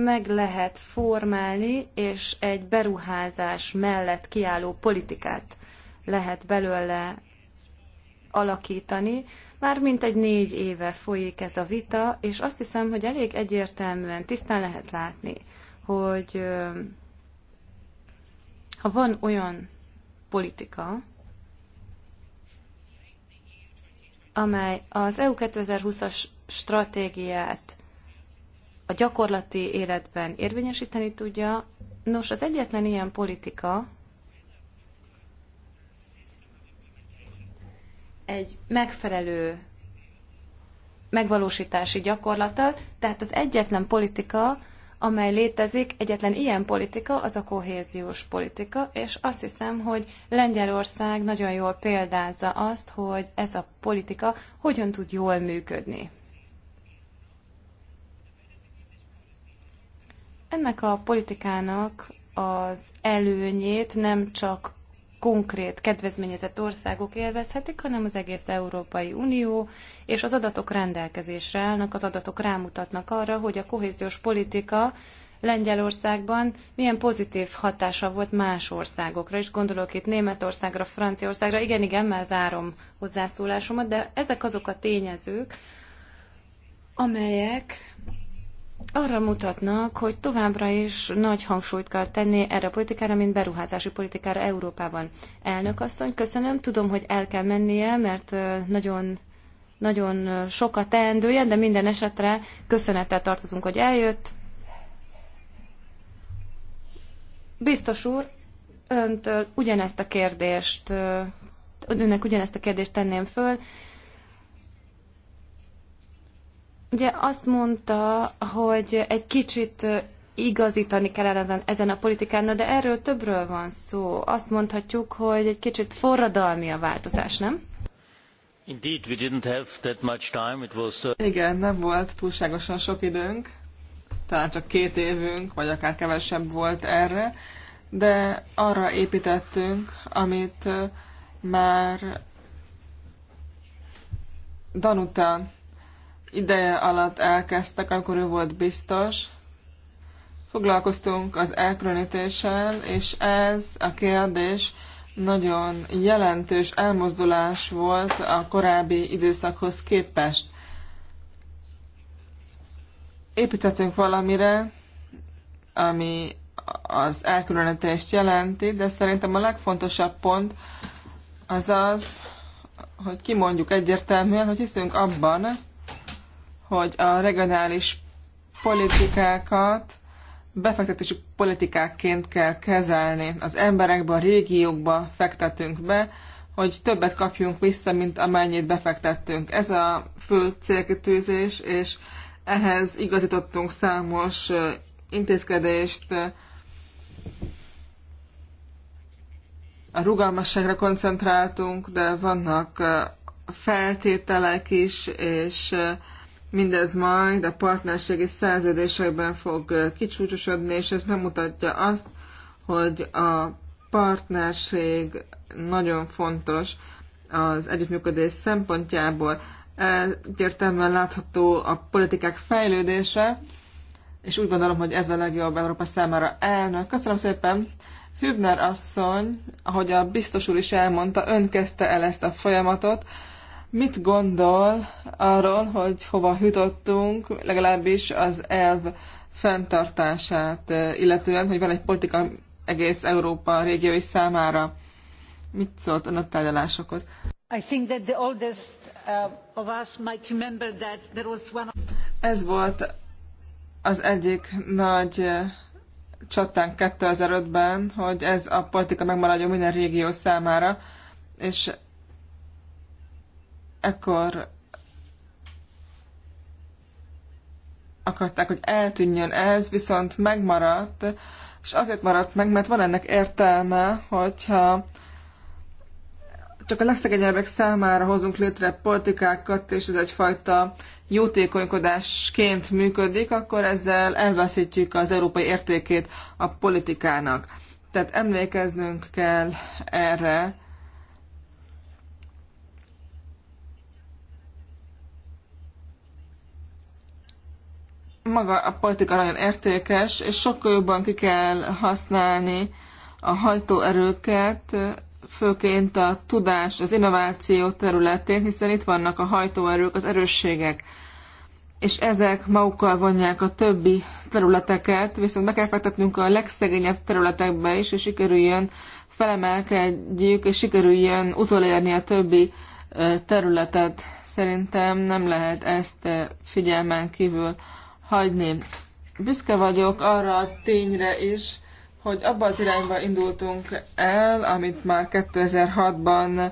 meg lehet formálni, és egy beruházás mellett kiálló politikát lehet belőle alakítani. Már mint egy négy éve folyik ez a vita, és azt hiszem, hogy elég egyértelműen tisztán lehet látni, hogy ha van olyan politika, amely az EU 2020-as stratégiát a gyakorlati életben érvényesíteni tudja, nos, az egyetlen ilyen politika, egy megfelelő megvalósítási gyakorlattal, tehát az egyetlen politika, amely létezik, egyetlen ilyen politika az a kohéziós politika, és azt hiszem, hogy Lengyelország nagyon jól példázza azt, hogy ez a politika hogyan tud jól működni. Ennek a politikának az előnyét nem csak konkrét kedvezményezett országok élvezhetik, hanem az egész Európai Unió, és az adatok rendelkezésre állnak, az adatok rámutatnak arra, hogy a kohéziós politika Lengyelországban milyen pozitív hatása volt más országokra, és gondolok itt Németországra, Franciaországra, igen, igen, már zárom hozzászólásomat, de ezek azok a tényezők, amelyek arra mutatnak, hogy továbbra is nagy hangsúlyt kell tenni erre a politikára, mint beruházási politikára Európában. Elnök asszony, köszönöm, tudom, hogy el kell mennie, mert nagyon nagyon sok a teendője, de minden esetre köszönettel tartozunk, hogy eljött. Biztos úr, öntől ugyanezt a kérdést, önnek ugyanezt a kérdést tenném föl, Ugye azt mondta, hogy egy kicsit igazítani kell ezen, ezen a politikán, de erről többről van szó. Azt mondhatjuk, hogy egy kicsit forradalmi a változás, nem? Indeed, we didn't have that much time. It was, uh... Igen, nem volt túlságosan sok időnk. Talán csak két évünk, vagy akár kevesebb volt erre. De arra építettünk, amit már Danután ideje alatt elkezdtek, akkor ő volt biztos. Foglalkoztunk az elkülönítéssel, és ez a kérdés nagyon jelentős elmozdulás volt a korábbi időszakhoz képest. Építettünk valamire, ami az elkülönítést jelenti, de szerintem a legfontosabb pont az az, hogy kimondjuk egyértelműen, hogy hiszünk abban, hogy a regionális politikákat befektetési politikákként kell kezelni. Az emberekbe, a régiókba fektetünk be, hogy többet kapjunk vissza, mint amennyit befektettünk. Ez a fő célkitűzés, és ehhez igazítottunk számos intézkedést, a rugalmasságra koncentráltunk, de vannak feltételek is, és Mindez majd a partnerségi szerződésekben fog kicsúcsosodni, és ez megmutatja azt, hogy a partnerség nagyon fontos az együttműködés szempontjából. Egyértelműen látható a politikák fejlődése, és úgy gondolom, hogy ez a legjobb Európa számára elnök. Köszönöm szépen! Hübner asszony, ahogy a biztos úr is elmondta, ön kezdte el ezt a folyamatot, Mit gondol arról, hogy hova jutottunk, legalábbis az elv fenntartását, eh, illetően, hogy van egy politika egész Európa régiói számára. Mit szólt a tárgyalásokhoz? I think that the oldest eh, of us might remember that there was one Ez volt az egyik nagy eh, csatánk 2005-ben, hogy ez a politika megmaradjon minden régió számára, és ekkor akarták, hogy eltűnjön ez, viszont megmaradt, és azért maradt meg, mert van ennek értelme, hogyha csak a legszegényebbek számára hozunk létre politikákat, és ez egyfajta jótékonykodásként működik, akkor ezzel elveszítjük az európai értékét a politikának. Tehát emlékeznünk kell erre, maga a politika nagyon értékes, és sokkal jobban ki kell használni a hajtóerőket, főként a tudás, az innováció területén, hiszen itt vannak a hajtóerők, az erősségek, és ezek magukkal vonják a többi területeket, viszont meg kell fektetnünk a legszegényebb területekbe is, és sikerüljön felemelkedjük, és sikerüljön utolérni a többi területet. Szerintem nem lehet ezt figyelmen kívül hagyni. Büszke vagyok arra a tényre is, hogy abba az irányba indultunk el, amit már 2006-ban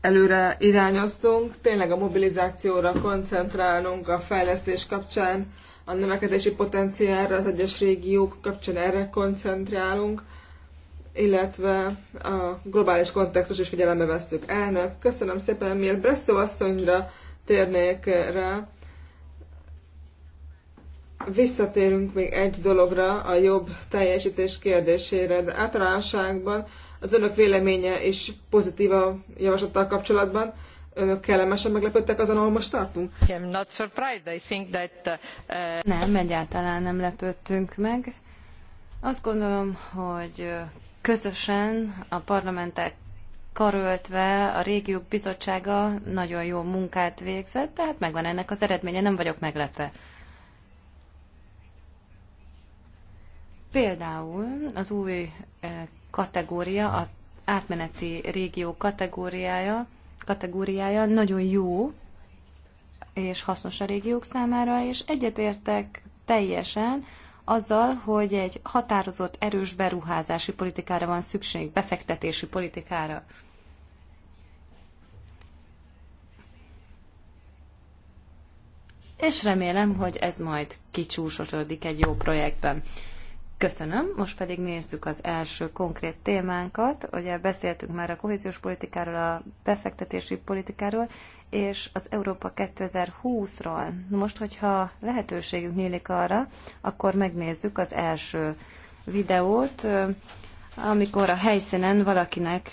előre irányoztunk. Tényleg a mobilizációra koncentrálunk a fejlesztés kapcsán, a növekedési potenciálra az egyes régiók kapcsán erre koncentrálunk, illetve a globális kontextus is figyelembe vesztük. Elnök, köszönöm szépen, miért Bresszó asszonyra térnék rá, Visszatérünk még egy dologra, a jobb teljesítés kérdésére, de általánosságban az önök véleménye is pozitív a javaslattal kapcsolatban. Önök kellemesen meglepődtek azon, ahol most tartunk? I'm not surprised. I think that, uh... Nem, egyáltalán nem lepődtünk meg. Azt gondolom, hogy közösen a parlamentek karöltve a régiók bizottsága nagyon jó munkát végzett, tehát megvan ennek az eredménye, nem vagyok meglepve. Például az új eh, kategória, a átmeneti régió kategóriája, kategóriája nagyon jó és hasznos a régiók számára, és egyetértek teljesen azzal, hogy egy határozott, erős beruházási politikára van szükség, befektetési politikára. És remélem, hogy ez majd kicsúsosodik egy jó projektben. Köszönöm, most pedig nézzük az első konkrét témánkat. Ugye beszéltünk már a kohéziós politikáról, a befektetési politikáról, és az Európa 2020-ról. Most, hogyha lehetőségünk nyílik arra, akkor megnézzük az első videót, amikor a helyszínen valakinek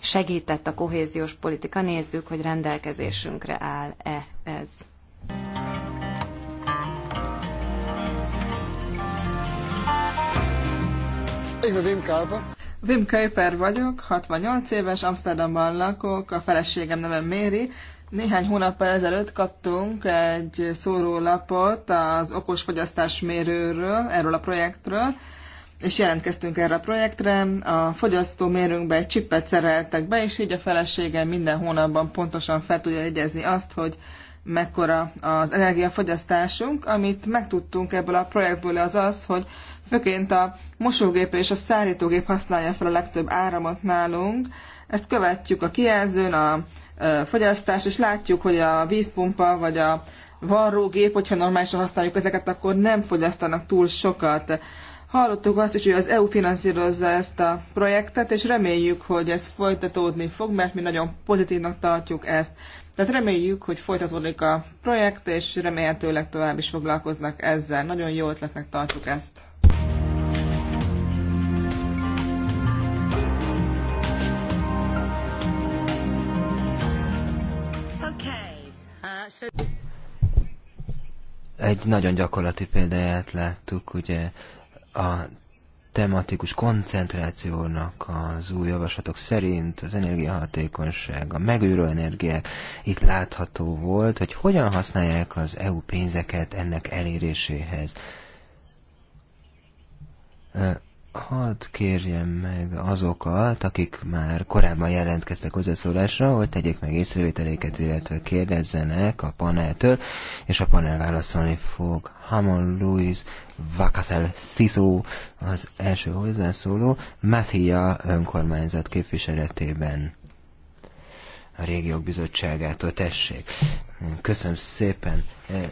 segített a kohéziós politika. Nézzük, hogy rendelkezésünkre áll-e ez. Én a Wim Kuiper. Wim Kuiper vagyok, 68 éves, Amsterdamban lakok, a feleségem neve Méri. Néhány hónappal ezelőtt kaptunk egy szórólapot az okos fogyasztás mérőről, erről a projektről, és jelentkeztünk erre a projektre. A fogyasztó mérőnkbe egy csippet szereltek be, és így a feleségem minden hónapban pontosan fel tudja jegyezni azt, hogy mekkora az energiafogyasztásunk. Amit megtudtunk ebből a projektből az az, hogy Főként a mosógép és a szárítógép használja fel a legtöbb áramot nálunk. Ezt követjük a kijelzőn, a fogyasztás, és látjuk, hogy a vízpumpa vagy a varrógép, hogyha normálisan használjuk ezeket, akkor nem fogyasztanak túl sokat. Hallottuk azt is, hogy az EU finanszírozza ezt a projektet, és reméljük, hogy ez folytatódni fog, mert mi nagyon pozitívnak tartjuk ezt. Tehát reméljük, hogy folytatódik a projekt, és remélhetőleg tovább is foglalkoznak ezzel. Nagyon jó ötletnek tartjuk ezt. Egy nagyon gyakorlati példáját láttuk, ugye a tematikus koncentrációnak az új javaslatok szerint az energiahatékonyság, a megőrő energiák itt látható volt, hogy hogyan használják az EU pénzeket ennek eléréséhez hadd kérjem meg azokat, akik már korábban jelentkeztek hozzászólásra, hogy tegyék meg észrevételéket, illetve kérdezzenek a paneltől, és a panel válaszolni fog. Hamon Louis, Vakatel Sziszó az első hozzászóló, Mathia önkormányzat képviseletében a régiók bizottságától tessék. Köszönöm szépen. Eh,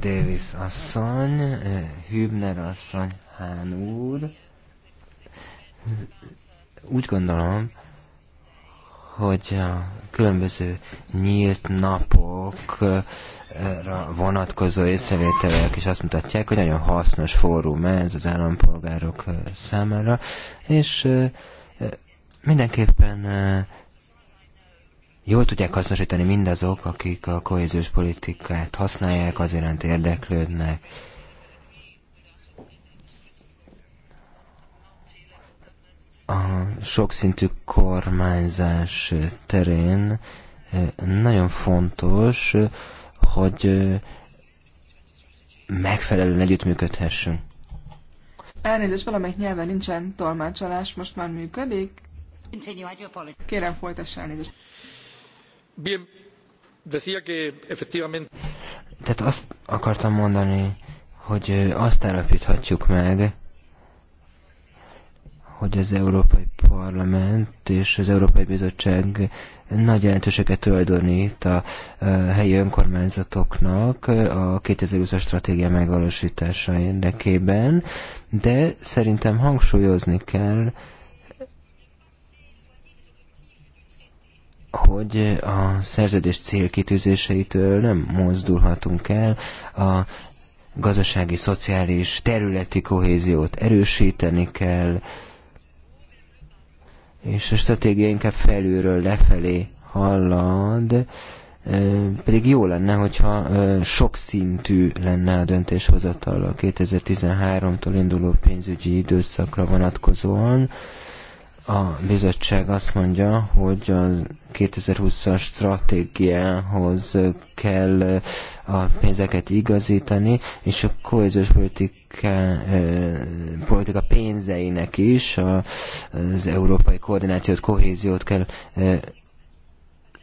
Davis asszony, eh, Hübner asszony, Hán úr. Úgy gondolom, hogy a különböző nyílt napokra vonatkozó észrevételek is azt mutatják, hogy nagyon hasznos fórum ez az állampolgárok számára, és mindenképpen jól tudják hasznosítani mindazok, akik a kohéziós politikát használják, az iránt érdeklődnek. a sokszintű kormányzás terén eh, nagyon fontos, hogy eh, megfelelően együttműködhessünk. Elnézést, valamelyik nyelven nincsen tolmácsolás, most már működik. Kérem, folytassa elnézést. Bien, decía que efectivamente... Tehát azt akartam mondani, hogy eh, azt állapíthatjuk meg, hogy az Európai Parlament és az Európai Bizottság nagy jelentőséget tulajdonít a helyi önkormányzatoknak a 2020-as stratégia megvalósítása érdekében, de szerintem hangsúlyozni kell, hogy a szerződés célkitűzéseitől nem mozdulhatunk el, a gazdasági, szociális, területi kohéziót erősíteni kell, és a stratégia inkább felülről lefelé hallad, pedig jó lenne, hogyha sokszintű lenne a döntéshozatal a 2013-tól induló pénzügyi időszakra vonatkozóan, a bizottság azt mondja, hogy a 2020-as stratégiához kell uh, a pénzeket igazítani, és a kohéziós politika, uh, politika pénzeinek is az európai koordinációt, kohéziót kell uh,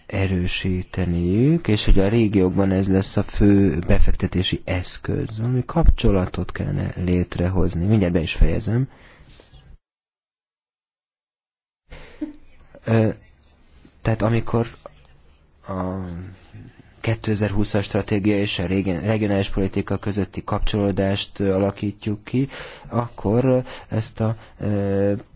erősíteniük, és hogy a régiókban ez lesz a fő befektetési eszköz, ami kapcsolatot kellene létrehozni. Mindjárt be is fejezem. Tehát amikor a 2020-as stratégia és a regionális politika közötti kapcsolódást alakítjuk ki, akkor ezt a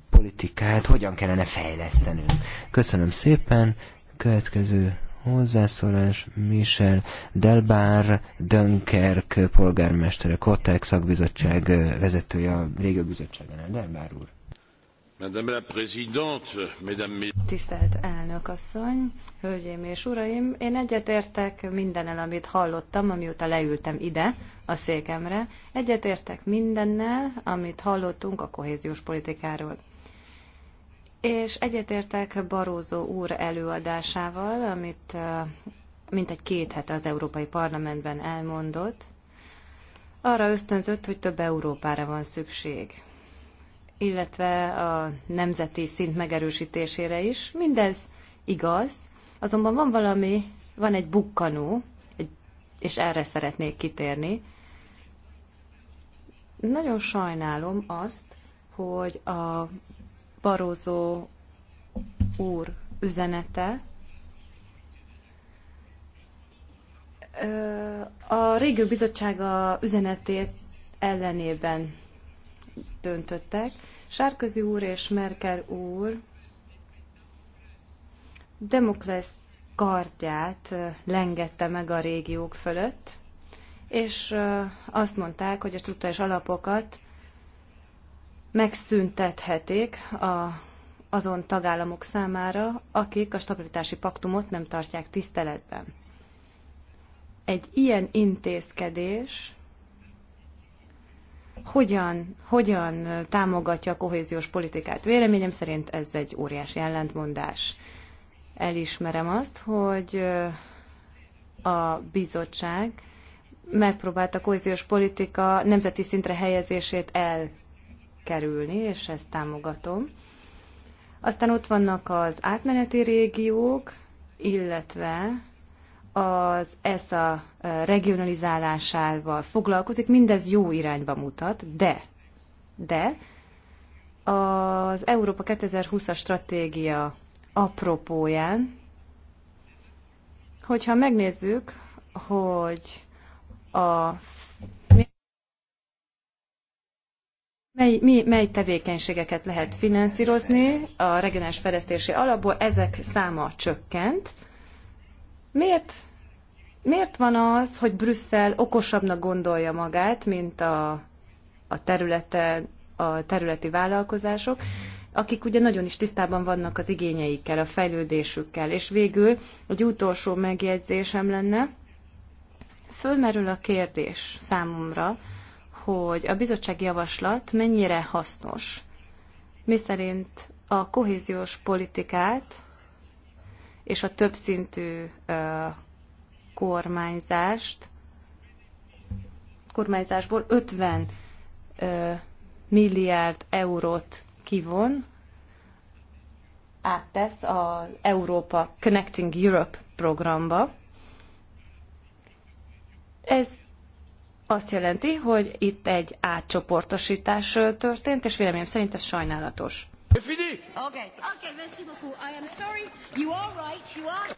politikát hogyan kellene fejlesztenünk. Köszönöm szépen, következő hozzászólás Michel Delbar Dönkerk polgármestere, Kotex szakbizottság vezetője a régió bizottságánál. Delbar úr. Tisztelt elnök asszony, hölgyeim és uraim, én egyetértek mindennel, amit hallottam, amióta leültem ide a székemre. Egyetértek mindennel, amit hallottunk a kohéziós politikáról. És egyetértek Barózó úr előadásával, amit mintegy két hete az Európai Parlamentben elmondott. Arra ösztönzött, hogy több Európára van szükség illetve a nemzeti szint megerősítésére is. Mindez igaz, azonban van valami, van egy bukkanó, és erre szeretnék kitérni. Nagyon sajnálom azt, hogy a Barózó úr üzenete a régió bizottsága üzenetét ellenében döntöttek. Sárközi úr és Merkel úr Demoklesz kardját lengette meg a régiók fölött, és azt mondták, hogy a struktúrás alapokat megszüntethetik a, azon tagállamok számára, akik a stabilitási paktumot nem tartják tiszteletben. Egy ilyen intézkedés hogyan, hogyan támogatja a kohéziós politikát. Véleményem szerint ez egy óriási ellentmondás. Elismerem azt, hogy a bizottság megpróbálta a kohéziós politika nemzeti szintre helyezését elkerülni, és ezt támogatom. Aztán ott vannak az átmeneti régiók, illetve az ESA eh, regionalizálásával foglalkozik, mindez jó irányba mutat, de, de az Európa 2020-as stratégia apropóján, hogyha megnézzük, hogy a Mely, mi, mely tevékenységeket lehet finanszírozni a regionális fejlesztési alapból, ezek száma csökkent, Miért, miért van az, hogy Brüsszel okosabbnak gondolja magát, mint a, a, területe, a területi vállalkozások, akik ugye nagyon is tisztában vannak az igényeikkel, a fejlődésükkel. És végül egy utolsó megjegyzésem lenne, fölmerül a kérdés számomra, hogy a bizottság javaslat mennyire hasznos, miszerint a kohéziós politikát és a többszintű kormányzást, kormányzásból 50 milliárd eurót kivon, áttesz az Európa Connecting Europe programba. Ez azt jelenti, hogy itt egy átcsoportosítás történt, és véleményem szerint ez sajnálatos. Fini! Okay, okay, merci beaucoup. I am sorry. You are right, you are...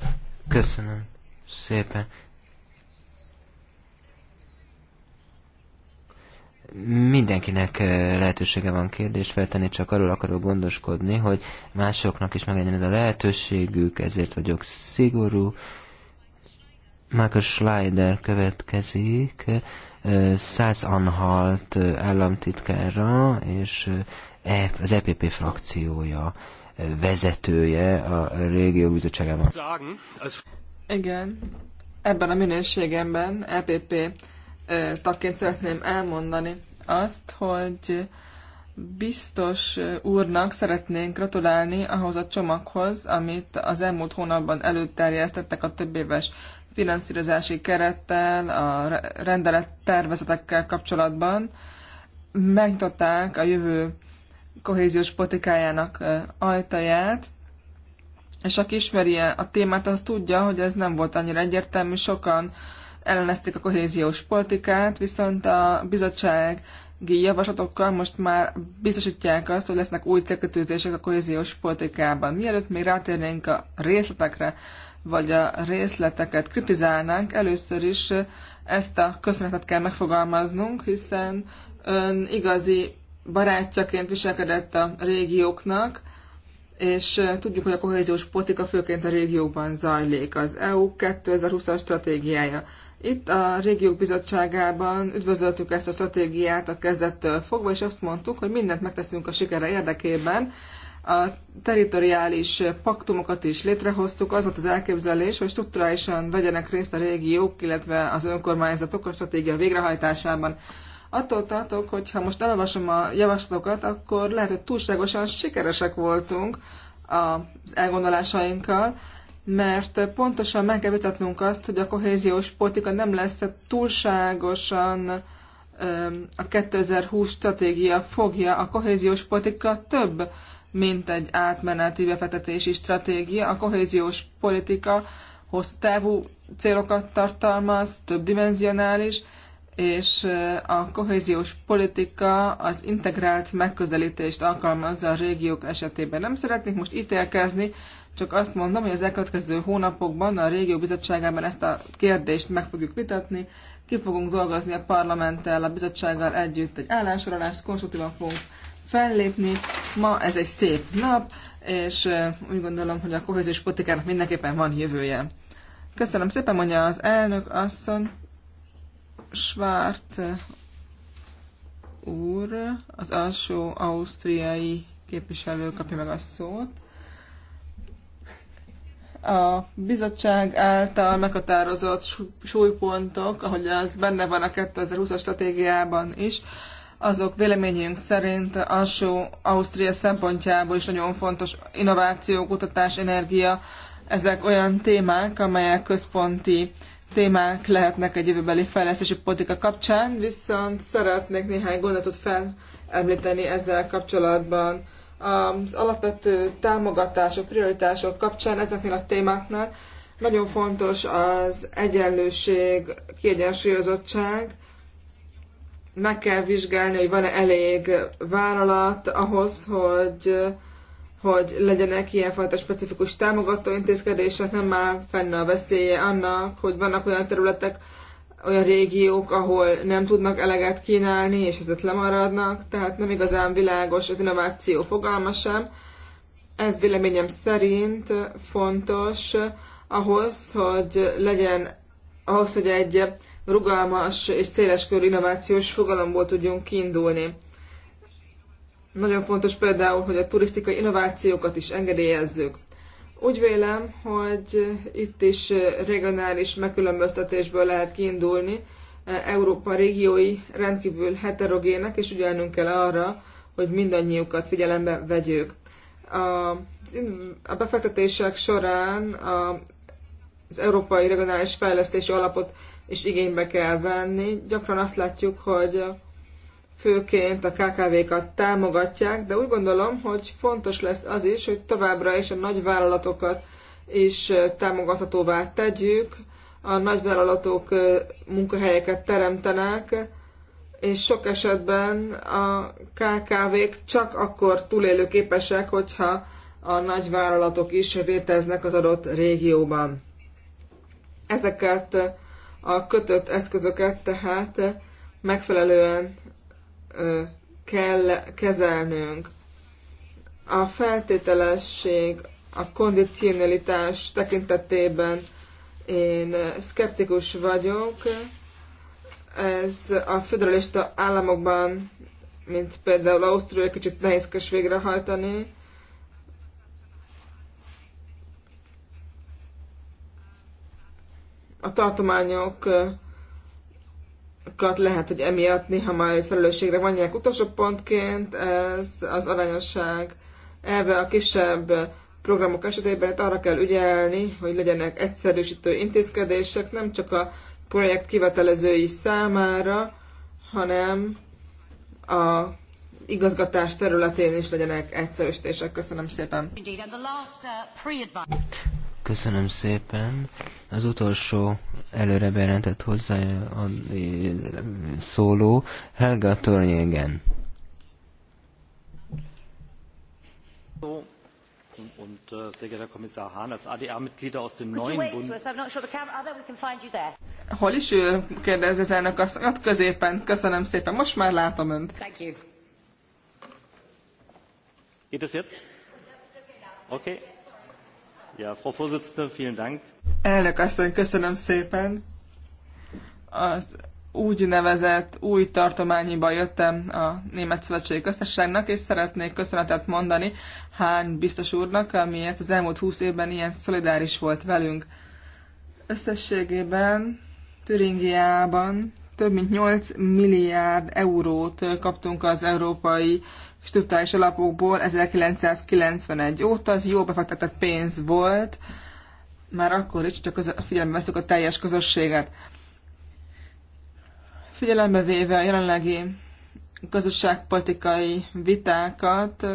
Köszönöm szépen. Mindenkinek eh, lehetősége van kérdést feltenni, csak arról akarok gondoskodni, hogy másoknak is meglegyen ez a lehetőségük, ezért vagyok szigorú. Michael Schleider következik, eh, száz anhalt eh, államtitkára, és E az EPP frakciója e, vezetője a régió bizottságában. Igen, ebben a minőségemben EPP e, tagként szeretném elmondani azt, hogy biztos úrnak szeretnénk gratulálni ahhoz a csomaghoz, amit az elmúlt hónapban előterjesztettek a éves finanszírozási kerettel, a rendelet tervezetekkel kapcsolatban. Megnyitották a jövő kohéziós politikájának ajtaját, és aki ismeri e a témát, az tudja, hogy ez nem volt annyira egyértelmű, sokan ellenezték a kohéziós politikát, viszont a bizottság javaslatokkal most már biztosítják azt, hogy lesznek új tekötőzések a kohéziós politikában. Mielőtt még rátérnénk a részletekre, vagy a részleteket kritizálnánk, először is ezt a köszönetet kell megfogalmaznunk, hiszen ön igazi barátjaként viselkedett a régióknak, és tudjuk, hogy a kohéziós politika főként a régióban zajlik, az EU 2020-as stratégiája. Itt a régiók bizottságában üdvözöltük ezt a stratégiát a kezdettől fogva, és azt mondtuk, hogy mindent megteszünk a sikere érdekében. A teritoriális paktumokat is létrehoztuk, az volt az elképzelés, hogy strukturálisan vegyenek részt a régiók, illetve az önkormányzatok a stratégia végrehajtásában. Attól tartok, hogy ha most elolvasom a javaslatokat, akkor lehet, hogy túlságosan sikeresek voltunk az elgondolásainkkal, mert pontosan meg kell vitatnunk azt, hogy a kohéziós politika nem lesz túlságosan a 2020 stratégia fogja. A kohéziós politika több, mint egy átmeneti befektetési stratégia. A kohéziós politika hosszú távú célokat tartalmaz, több dimenzionális, és eh, a kohéziós politika az integrált megközelítést alkalmazza a régiók esetében. Nem szeretnék most ítélkezni, csak azt mondom, hogy az elkövetkező hónapokban a régió bizottságában ezt a kérdést meg fogjuk vitatni, ki fogunk dolgozni a parlamenttel, a bizottsággal együtt egy állásorolást, konstruktívan fogunk fellépni. Ma ez egy szép nap, és eh, úgy gondolom, hogy a kohéziós politikának mindenképpen van jövője. Köszönöm szépen, mondja az elnök asszony. Schwarz úr, az alsó ausztriai képviselő kapja meg a szót. A bizottság által meghatározott súlypontok, ahogy az benne van a 2020-as stratégiában is, azok véleményünk szerint alsó Ausztria szempontjából is nagyon fontos innováció, kutatás, energia, ezek olyan témák, amelyek központi témák lehetnek egy jövőbeli fejlesztési politika kapcsán, viszont szeretnék néhány gondolatot felemlíteni ezzel kapcsolatban. Az alapvető támogatások, prioritások kapcsán ezeknél a témáknál nagyon fontos az egyenlőség, kiegyensúlyozottság. Meg kell vizsgálni, hogy van-e elég vállalat ahhoz, hogy hogy legyenek ilyenfajta specifikus támogató intézkedések, nem már fenn a veszélye annak, hogy vannak olyan területek, olyan régiók, ahol nem tudnak eleget kínálni, és ezért lemaradnak, tehát nem igazán világos az innováció fogalma sem. Ez véleményem szerint fontos ahhoz, hogy legyen, ahhoz, hogy egy rugalmas és széleskörű innovációs fogalomból tudjunk kiindulni. Nagyon fontos például, hogy a turisztikai innovációkat is engedélyezzük. Úgy vélem, hogy itt is regionális megkülönböztetésből lehet kiindulni. Európa régiói rendkívül heterogének, és ugyanunk kell arra, hogy mindannyiukat figyelembe vegyük. A befektetések során az Európai Regionális Fejlesztési Alapot is igénybe kell venni. Gyakran azt látjuk, hogy főként a KKV-kat támogatják, de úgy gondolom, hogy fontos lesz az is, hogy továbbra is a nagyvállalatokat is támogathatóvá tegyük, a nagyvállalatok munkahelyeket teremtenek, és sok esetben a KKV-k csak akkor túlélőképesek, hogyha a nagyvállalatok is léteznek az adott régióban. Ezeket a kötött eszközöket tehát megfelelően kell kezelnünk. A feltételesség, a kondicionalitás tekintetében én szkeptikus vagyok. Ez a federalista államokban, mint például Ausztria, kicsit nehézkes végrehajtani. A tartományok lehet, hogy emiatt néha majd felelősségre vonják. Utolsó pontként ez az arányosság elve a kisebb programok esetében itt arra kell ügyelni, hogy legyenek egyszerűsítő intézkedések, nem csak a projekt kivetelezői számára, hanem a igazgatás területén is legyenek egyszerűsítések. Köszönöm szépen. Köszönöm szépen. Az utolsó előre bejelentett hozzá a szóló Helga Tornyégen. und äh, sehr geehrter Kommissar Hahn, als ADR-Mitglieder aus dem neuen Bund... Hol is ül? kérdezi az elnök asszonyat. Középen. Köszönöm szépen. Most már látom önt. Thank you. Geht es jetzt? Okay. Ja, Frau Vorsitzende, vielen Dank. Elnök asszony, köszönöm szépen. Az úgynevezett új tartományiba jöttem a Német Szövetségi Köztársaságnak, és szeretnék köszönetet mondani Hán biztos úrnak, amiért az elmúlt húsz évben ilyen szolidáris volt velünk. Összességében Türingiában több mint 8 milliárd eurót kaptunk az Európai struktúrális alapokból 1991 óta, az jó befektetett pénz volt, már akkor is, csak figyelembe veszük a teljes közösséget. Figyelembe véve a jelenlegi gazdaságpolitikai vitákat,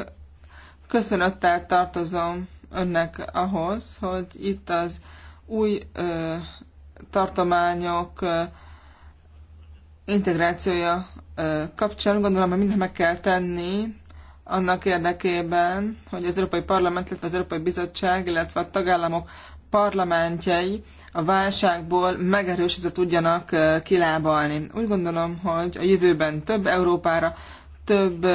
köszönöttel tartozom önnek ahhoz, hogy itt az új ö, tartományok ö, integrációja kapcsán gondolom, hogy mindent meg kell tenni annak érdekében, hogy az Európai Parlament, illetve az Európai Bizottság, illetve a tagállamok parlamentjei a válságból megerősítve tudjanak kilábalni. Úgy gondolom, hogy a jövőben több Európára, több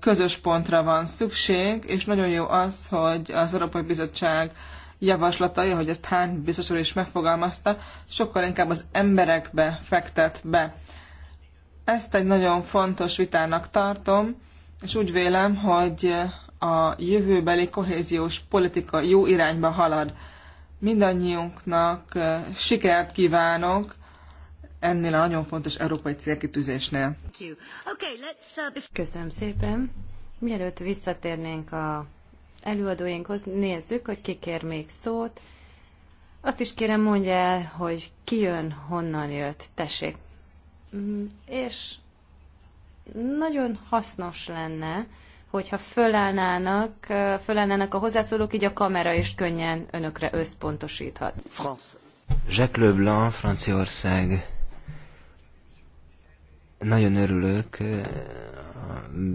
közös pontra van szükség, és nagyon jó az, hogy az Európai Bizottság javaslatai, hogy ezt hány biztos is megfogalmazta, sokkal inkább az emberekbe fektet be. Ezt egy nagyon fontos vitának tartom, és úgy vélem, hogy a jövőbeli kohéziós politika jó irányba halad. Mindannyiunknak sikert kívánok ennél a nagyon fontos európai célkitűzésnél. Uh, Köszönöm szépen. Mielőtt visszatérnénk a előadóinkhoz, nézzük, hogy ki kér még szót. Azt is kérem, mondja el, hogy ki jön, honnan jött. Tessék. Mm, és nagyon hasznos lenne, hogyha fölállnának, fölállnának a hozzászólók, így a kamera is könnyen önökre összpontosíthat. France. Jacques Leblanc, Franciaország. Nagyon örülök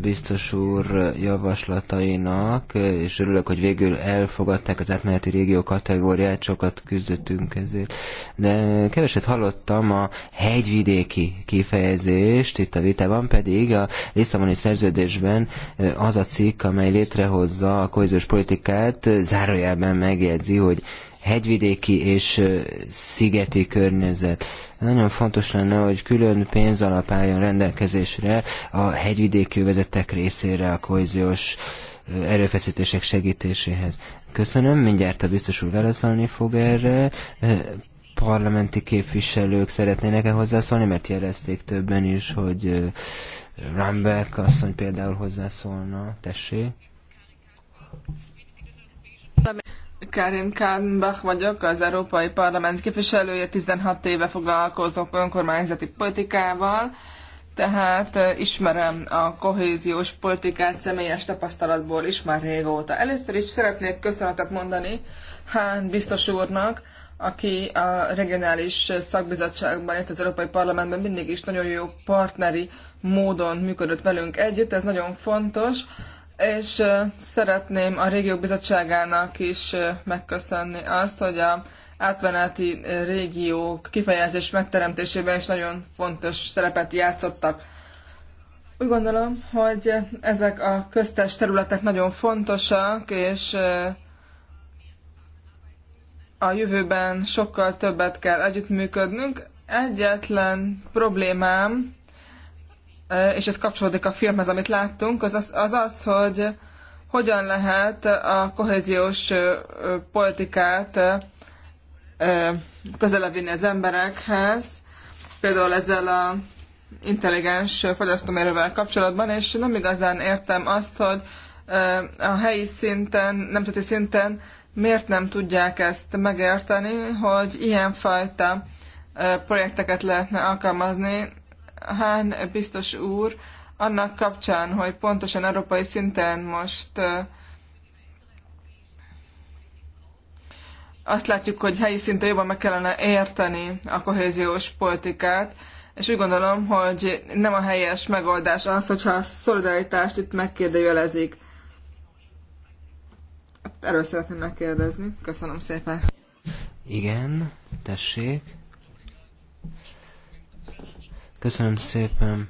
biztos úr javaslatainak, és örülök, hogy végül elfogadták az átmeneti régió kategóriát, sokat küzdöttünk ezért. De keveset hallottam a hegyvidéki kifejezést itt a vitában, pedig a Lisszaboni szerződésben eh, az a cikk, amely létrehozza a kohéziós politikát, eh, zárójelben megjegyzi, hogy hegyvidéki és szigeti környezet. Nagyon fontos lenne, hogy külön pénz alapáljon rendelkezésre a hegyvidéki övezetek részére a kohéziós erőfeszítések segítéséhez. Köszönöm, mindjárt a biztos úr válaszolni fog erre. Parlamenti képviselők szeretnének-e hozzászólni, mert jelezték többen is, hogy Rambek asszony például hozzászólna. Tessék! Karim Kahnbach vagyok, az Európai Parlament képviselője, 16 éve foglalkozok önkormányzati politikával, tehát ismerem a kohéziós politikát személyes tapasztalatból is már régóta. Először is szeretnék köszönetet mondani Hán biztos úrnak, aki a regionális szakbizottságban, itt az Európai Parlamentben mindig is nagyon jó partneri módon működött velünk együtt, ez nagyon fontos és szeretném a régiók bizottságának is megköszönni azt, hogy a átmeneti régiók kifejezés megteremtésében is nagyon fontos szerepet játszottak. Úgy gondolom, hogy ezek a köztes területek nagyon fontosak, és a jövőben sokkal többet kell együttműködnünk. Egyetlen problémám és ez kapcsolódik a filmhez, amit láttunk, az az, az, az hogy hogyan lehet a kohéziós politikát közelebb vinni az emberekhez, például ezzel a intelligens fogyasztómérővel kapcsolatban, és nem igazán értem azt, hogy a helyi szinten, nemzeti szinten miért nem tudják ezt megérteni, hogy ilyenfajta projekteket lehetne alkalmazni, Hán biztos úr, annak kapcsán, hogy pontosan európai szinten most azt látjuk, hogy helyi szinten jobban meg kellene érteni a kohéziós politikát, és úgy gondolom, hogy nem a helyes megoldás az, hogyha a szolidaritást itt megkérdőjelezik. Erről szeretném megkérdezni. Köszönöm szépen. Igen, tessék. Köszönöm szépen.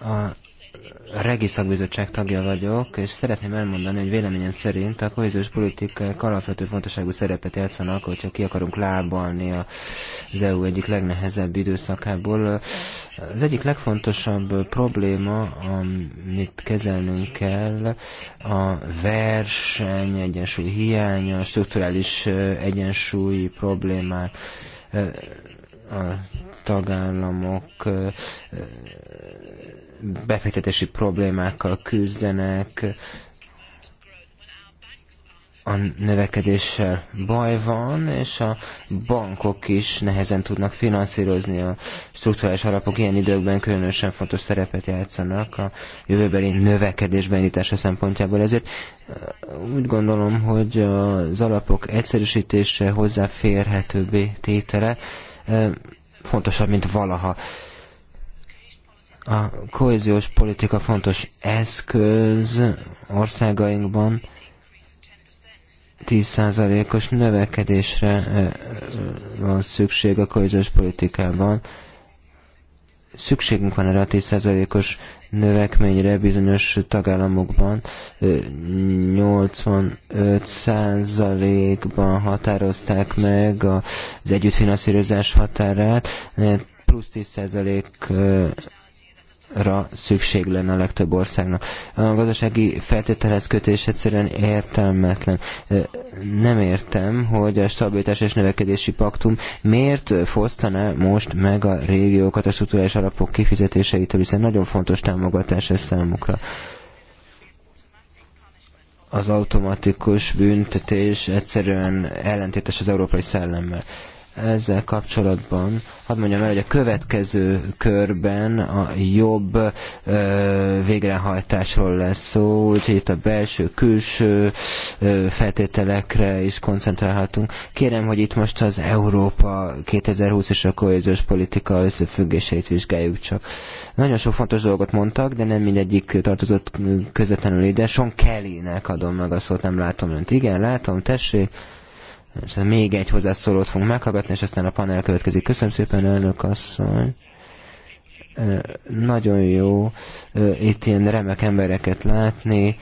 A Regi Szakbizottság tagja vagyok, és szeretném elmondani, hogy véleményem szerint a kohéziós politikák alapvető fontosságú szerepet játszanak, hogyha ki akarunk lábalni az EU egyik legnehezebb időszakából. Az egyik legfontosabb probléma, amit kezelnünk kell, a verseny, egyensúly hiánya, a strukturális egyensúlyi problémák a tagállamok befektetési problémákkal küzdenek, a növekedéssel baj van, és a bankok is nehezen tudnak finanszírozni a struktúrális alapok ilyen időkben különösen fontos szerepet játszanak a jövőbeli növekedés beindítása szempontjából. Ezért úgy gondolom, hogy az alapok egyszerűsítése, hozzáférhetőbbé tétele fontosabb, mint valaha. A kohéziós politika fontos eszköz országainkban 10%-os növekedésre van szükség a kohéziós politikában szükségünk van erre a 10%-os növekményre bizonyos tagállamokban 85%-ban határozták meg az együttfinanszírozás határát, plusz 10% ra szükség lenne a legtöbb országnak. A gazdasági feltételhez kötés egyszerűen értelmetlen. Nem értem, hogy a stabilitás és növekedési paktum miért fosztaná most meg a régiókat a struktúrális alapok kifizetéseitől, hiszen nagyon fontos támogatás ez számukra az automatikus büntetés egyszerűen ellentétes az európai szellemmel ezzel kapcsolatban hadd mondjam el, hogy a következő körben a jobb ö, végrehajtásról lesz szó, úgyhogy itt a belső-külső feltételekre is koncentrálhatunk. Kérem, hogy itt most az Európa 2020 és a kohéziós politika összefüggéseit vizsgáljuk csak. Nagyon sok fontos dolgot mondtak, de nem mindegyik tartozott közvetlenül ide. Son nek adom meg a szót, nem látom önt. Igen, látom, tessék. És még egy hozzászólót fogunk meghallgatni, és aztán a panel következik. Köszönöm szépen, elnök asszony. Nagyon jó itt ilyen remek embereket látni.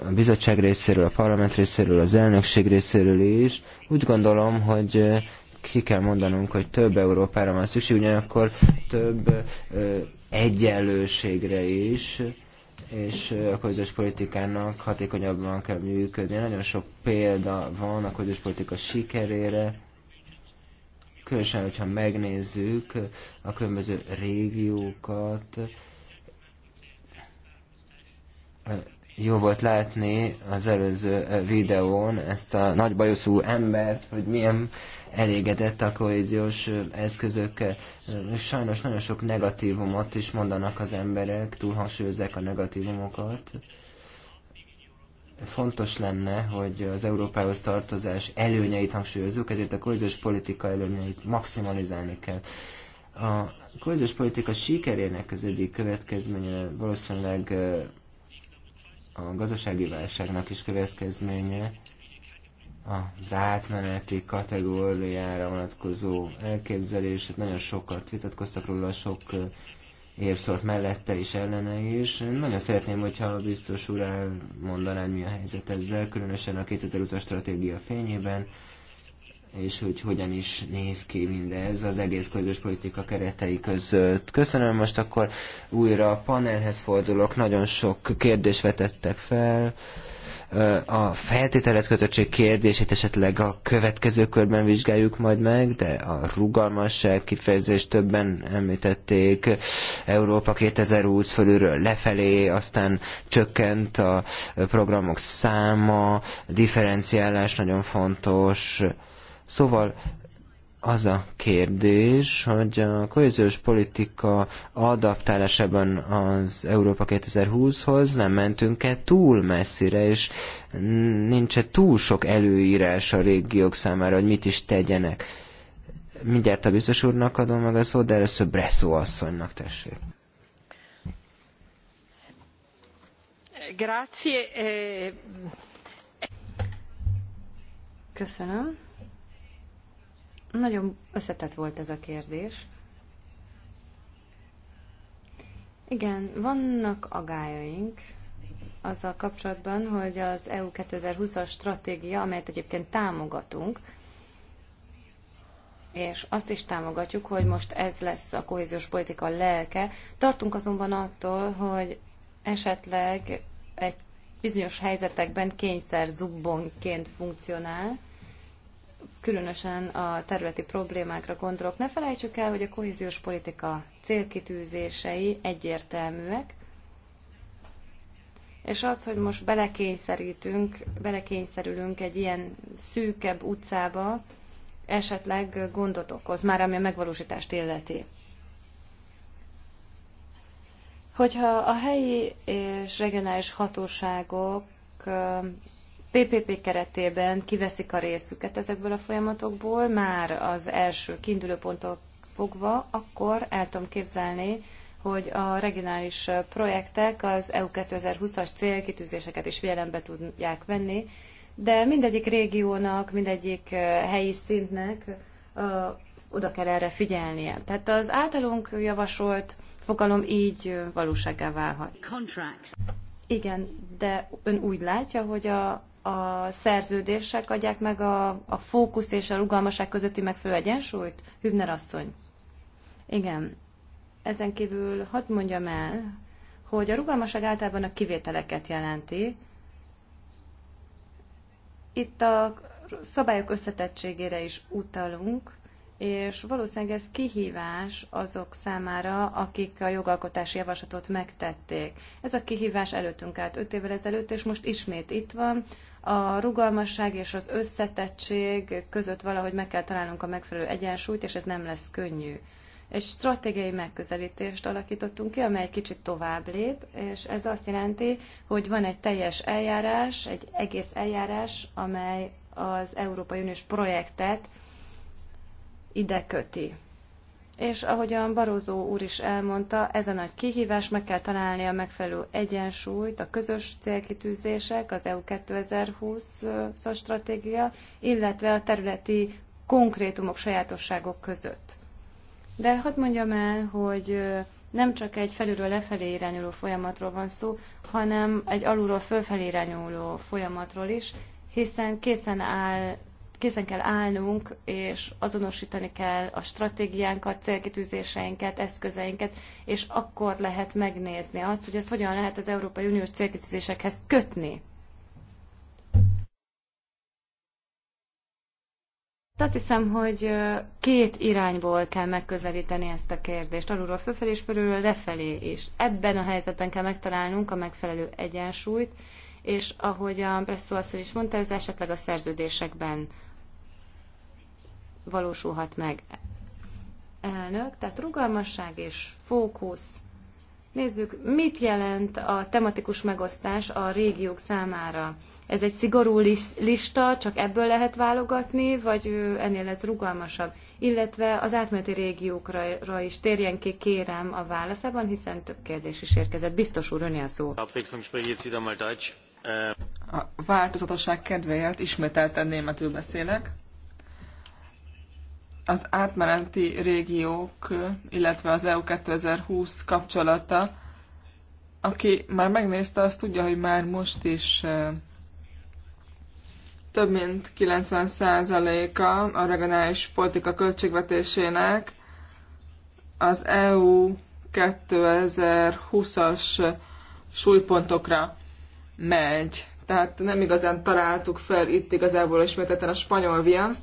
A bizottság részéről, a parlament részéről, az elnökség részéről is. Úgy gondolom, hogy ki kell mondanunk, hogy több Európára van szükség, ugyanakkor több egyenlőségre is és a közös politikának hatékonyabban kell működni. Nagyon sok példa van a közös politika sikerére, különösen, hogyha megnézzük a különböző régiókat, jó volt látni az előző eh, videón ezt a nagy bajoszú embert, hogy milyen elégedett a kohéziós eh, eszközökkel. Sajnos nagyon sok negatívumot is mondanak az emberek, túlhangsúlyozzák a negatívumokat. Fontos lenne, hogy az Európához tartozás előnyeit hangsúlyozzuk, ezért a kohéziós politika előnyeit maximalizálni kell. A kohéziós politika sikerének az egyik következménye valószínűleg eh, a gazdasági válságnak is következménye, az átmeneti kategóriára vonatkozó elképzelés, nagyon sokat vitatkoztak róla, sok érv mellette is ellene is. Nagyon szeretném, hogyha a biztos úr elmondaná, mi a helyzet ezzel, különösen a 2020-as stratégia fényében, és hogy hogyan is néz ki mindez az egész közös politika keretei között. Köszönöm, most akkor újra a panelhez fordulok, nagyon sok kérdést vetettek fel. A feltételez kötöttség kérdését esetleg a következő körben vizsgáljuk majd meg, de a rugalmasság kifejezést többen említették. Európa 2020 fölülről lefelé, aztán csökkent a programok száma, differenciálás nagyon fontos, Szóval az a kérdés, hogy a kohéziós politika adaptálásában az Európa 2020-hoz nem mentünk-e túl messzire, és nincs-e túl sok előírás a régiók számára, hogy mit is tegyenek. Mindjárt a biztos úrnak adom meg a szót, de először Bresszó asszonynak tessék. Grazie. Eh, Köszönöm. Nagyon összetett volt ez a kérdés. Igen, vannak agályaink azzal kapcsolatban, hogy az EU 2020-as stratégia, amelyet egyébként támogatunk, és azt is támogatjuk, hogy most ez lesz a kohéziós politika lelke. Tartunk azonban attól, hogy esetleg egy bizonyos helyzetekben kényszer zubbonként funkcionál, különösen a területi problémákra gondolok. Ne felejtsük el, hogy a kohéziós politika célkitűzései egyértelműek, és az, hogy most belekényszerítünk, belekényszerülünk egy ilyen szűkebb utcába, esetleg gondot okoz, már ami a megvalósítást illeti. Hogyha a helyi és regionális hatóságok PPP keretében kiveszik a részüket ezekből a folyamatokból, már az első kiindulóponttól fogva, akkor el tudom képzelni, hogy a regionális projektek az EU 2020-as célkitűzéseket is figyelembe tudják venni, de mindegyik régiónak, mindegyik eh, helyi szintnek ö, eh, oda kell erre figyelnie. Tehát az általunk javasolt fogalom így eh, valósággá válhat. Contracts. Igen, de ön úgy látja, hogy a a szerződések adják meg a, a fókusz és a rugalmaság közötti megfelelő egyensúlyt? Hübner asszony. Igen. Ezen kívül hadd mondjam el, hogy a rugalmaság általában a kivételeket jelenti. Itt a szabályok összetettségére is utalunk, és valószínűleg ez kihívás azok számára, akik a jogalkotási javaslatot megtették. Ez a kihívás előttünk állt öt évvel ezelőtt, és most ismét itt van a rugalmasság és az összetettség között valahogy meg kell találnunk a megfelelő egyensúlyt, és ez nem lesz könnyű. Egy stratégiai megközelítést alakítottunk ki, amely egy kicsit tovább lép, és ez azt jelenti, hogy van egy teljes eljárás, egy egész eljárás, amely az Európai Uniós projektet ide köti és ahogyan Barózó úr is elmondta, ez a nagy kihívás, meg kell találni a megfelelő egyensúlyt, a közös célkitűzések, az EU 2020 stratégia, illetve a területi konkrétumok, sajátosságok között. De hadd mondjam el, hogy nem csak egy felülről lefelé irányuló folyamatról van szó, hanem egy alulról fölfelé irányuló folyamatról is, hiszen készen áll készen kell állnunk, és azonosítani kell a stratégiánkat, célkitűzéseinket, eszközeinket, és akkor lehet megnézni azt, hogy ezt hogyan lehet az Európai Uniós célkitűzésekhez kötni. Azt hiszem, hogy két irányból kell megközelíteni ezt a kérdést, alulról fölfelé és fölülről lefelé is. Ebben a helyzetben kell megtalálnunk a megfelelő egyensúlyt, és ahogy a Bresszó asszony is mondta, ez esetleg a szerződésekben valósulhat meg. Elnök, tehát rugalmasság és fókusz. Nézzük, mit jelent a tematikus megosztás a régiók számára. Ez egy szigorú lista, csak ebből lehet válogatni, vagy ennél lesz rugalmasabb? Illetve az átmeneti régiókra is térjen ki, kérem a válaszában, hiszen több kérdés is érkezett. Biztos úr, önél szó. Äh. A változatosság kedvéért ismételten németül beszélek az átmeneti régiók, illetve az EU 2020 kapcsolata. Aki már megnézte, azt tudja, hogy már most is több mint 90%-a a regionális politika költségvetésének az EU 2020-as súlypontokra megy. Tehát nem igazán találtuk fel itt igazából ismételten a spanyol viaszt,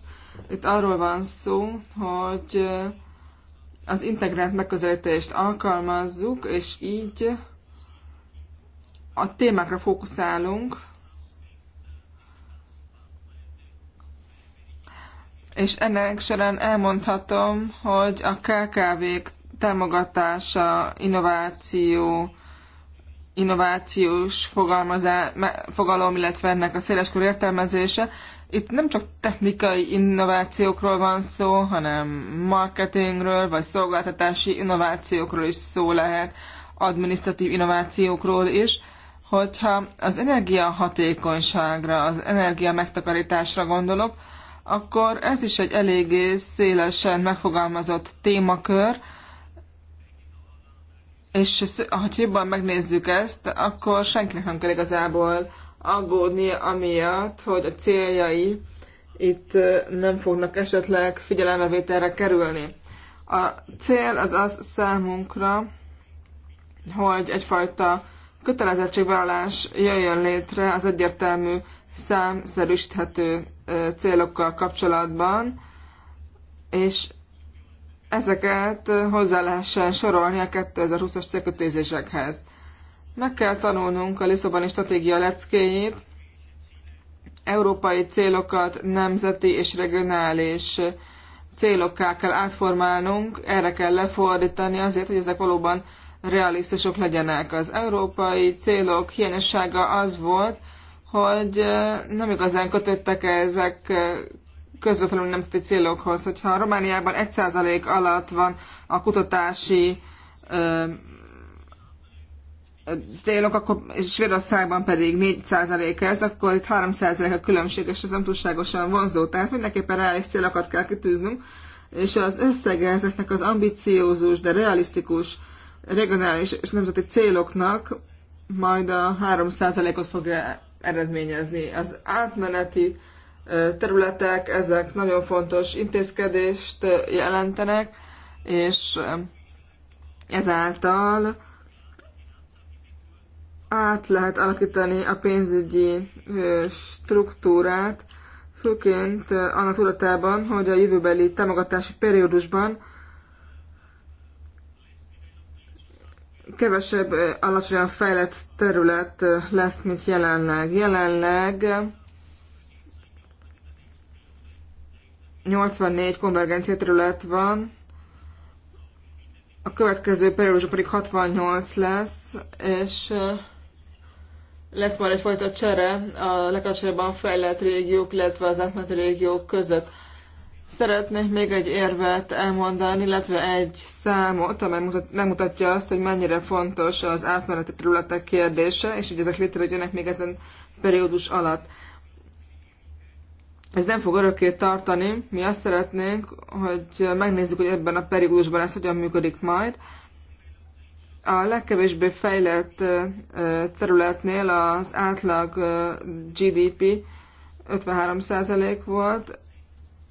itt arról van szó, hogy eh, az integrált megközelítést alkalmazzuk, és így a témákra fókuszálunk, és ennek során elmondhatom, hogy a KKV-k támogatása, innováció, innovációs fogalmazá, fogalom, illetve ennek a széleskör értelmezése itt nem csak technikai innovációkról van szó, hanem marketingről, vagy szolgáltatási innovációkról is szó lehet, administratív innovációkról is. Hogyha az energia hatékonyságra, az energia megtakarításra gondolok, akkor ez is egy eléggé szélesen megfogalmazott témakör, és ha jobban megnézzük ezt, akkor senkinek nem kell igazából aggódni amiatt, hogy a céljai itt nem fognak esetleg figyelembevételre kerülni. A cél az az számunkra, hogy egyfajta kötelezettségvállalás jöjjön létre az egyértelmű számszerűsíthető célokkal kapcsolatban, és ezeket hozzá lehessen sorolni a 2020-as célkötőzésekhez. Meg kell tanulnunk a Lisszaboni stratégia leckéjét, európai célokat nemzeti és regionális célokká kell átformálnunk, erre kell lefordítani azért, hogy ezek valóban realisztusok legyenek. Az európai célok hiányossága az volt, hogy nem igazán kötöttek -e ezek közvetlenül nemzeti célokhoz. Hogyha a Romániában 1% alatt van a kutatási célok, akkor Svédországban pedig 4% ez, akkor itt 3% a különbség, és ez nem túlságosan vonzó. Tehát mindenképpen reális célokat kell kitűznünk, és az összege ezeknek az ambiciózus, de realisztikus regionális és nemzeti céloknak majd a 3%-ot fogja eredményezni. Az átmeneti területek, ezek nagyon fontos intézkedést jelentenek, és ezáltal át lehet alakítani a pénzügyi struktúrát, főként annak tudatában, hogy a jövőbeli támogatási periódusban kevesebb alacsonyan fejlett terület lesz, mint jelenleg. Jelenleg 84 konvergencia terület van, a következő periódusban pedig 68 lesz, és lesz majd egyfajta csere a legalacsonyabban fejlett régiók, illetve az átmeneti régiók között. Szeretnék még egy érvet elmondani, illetve egy számot, amely mutat, megmutatja azt, hogy mennyire fontos az átmeneti területek kérdése, és hogy ezek létrejönnek még ezen periódus alatt. Ez nem fog örökké tartani, mi azt szeretnénk, hogy megnézzük, hogy ebben a periódusban ez hogyan működik majd, a legkevésbé fejlett területnél az átlag GDP 53% volt,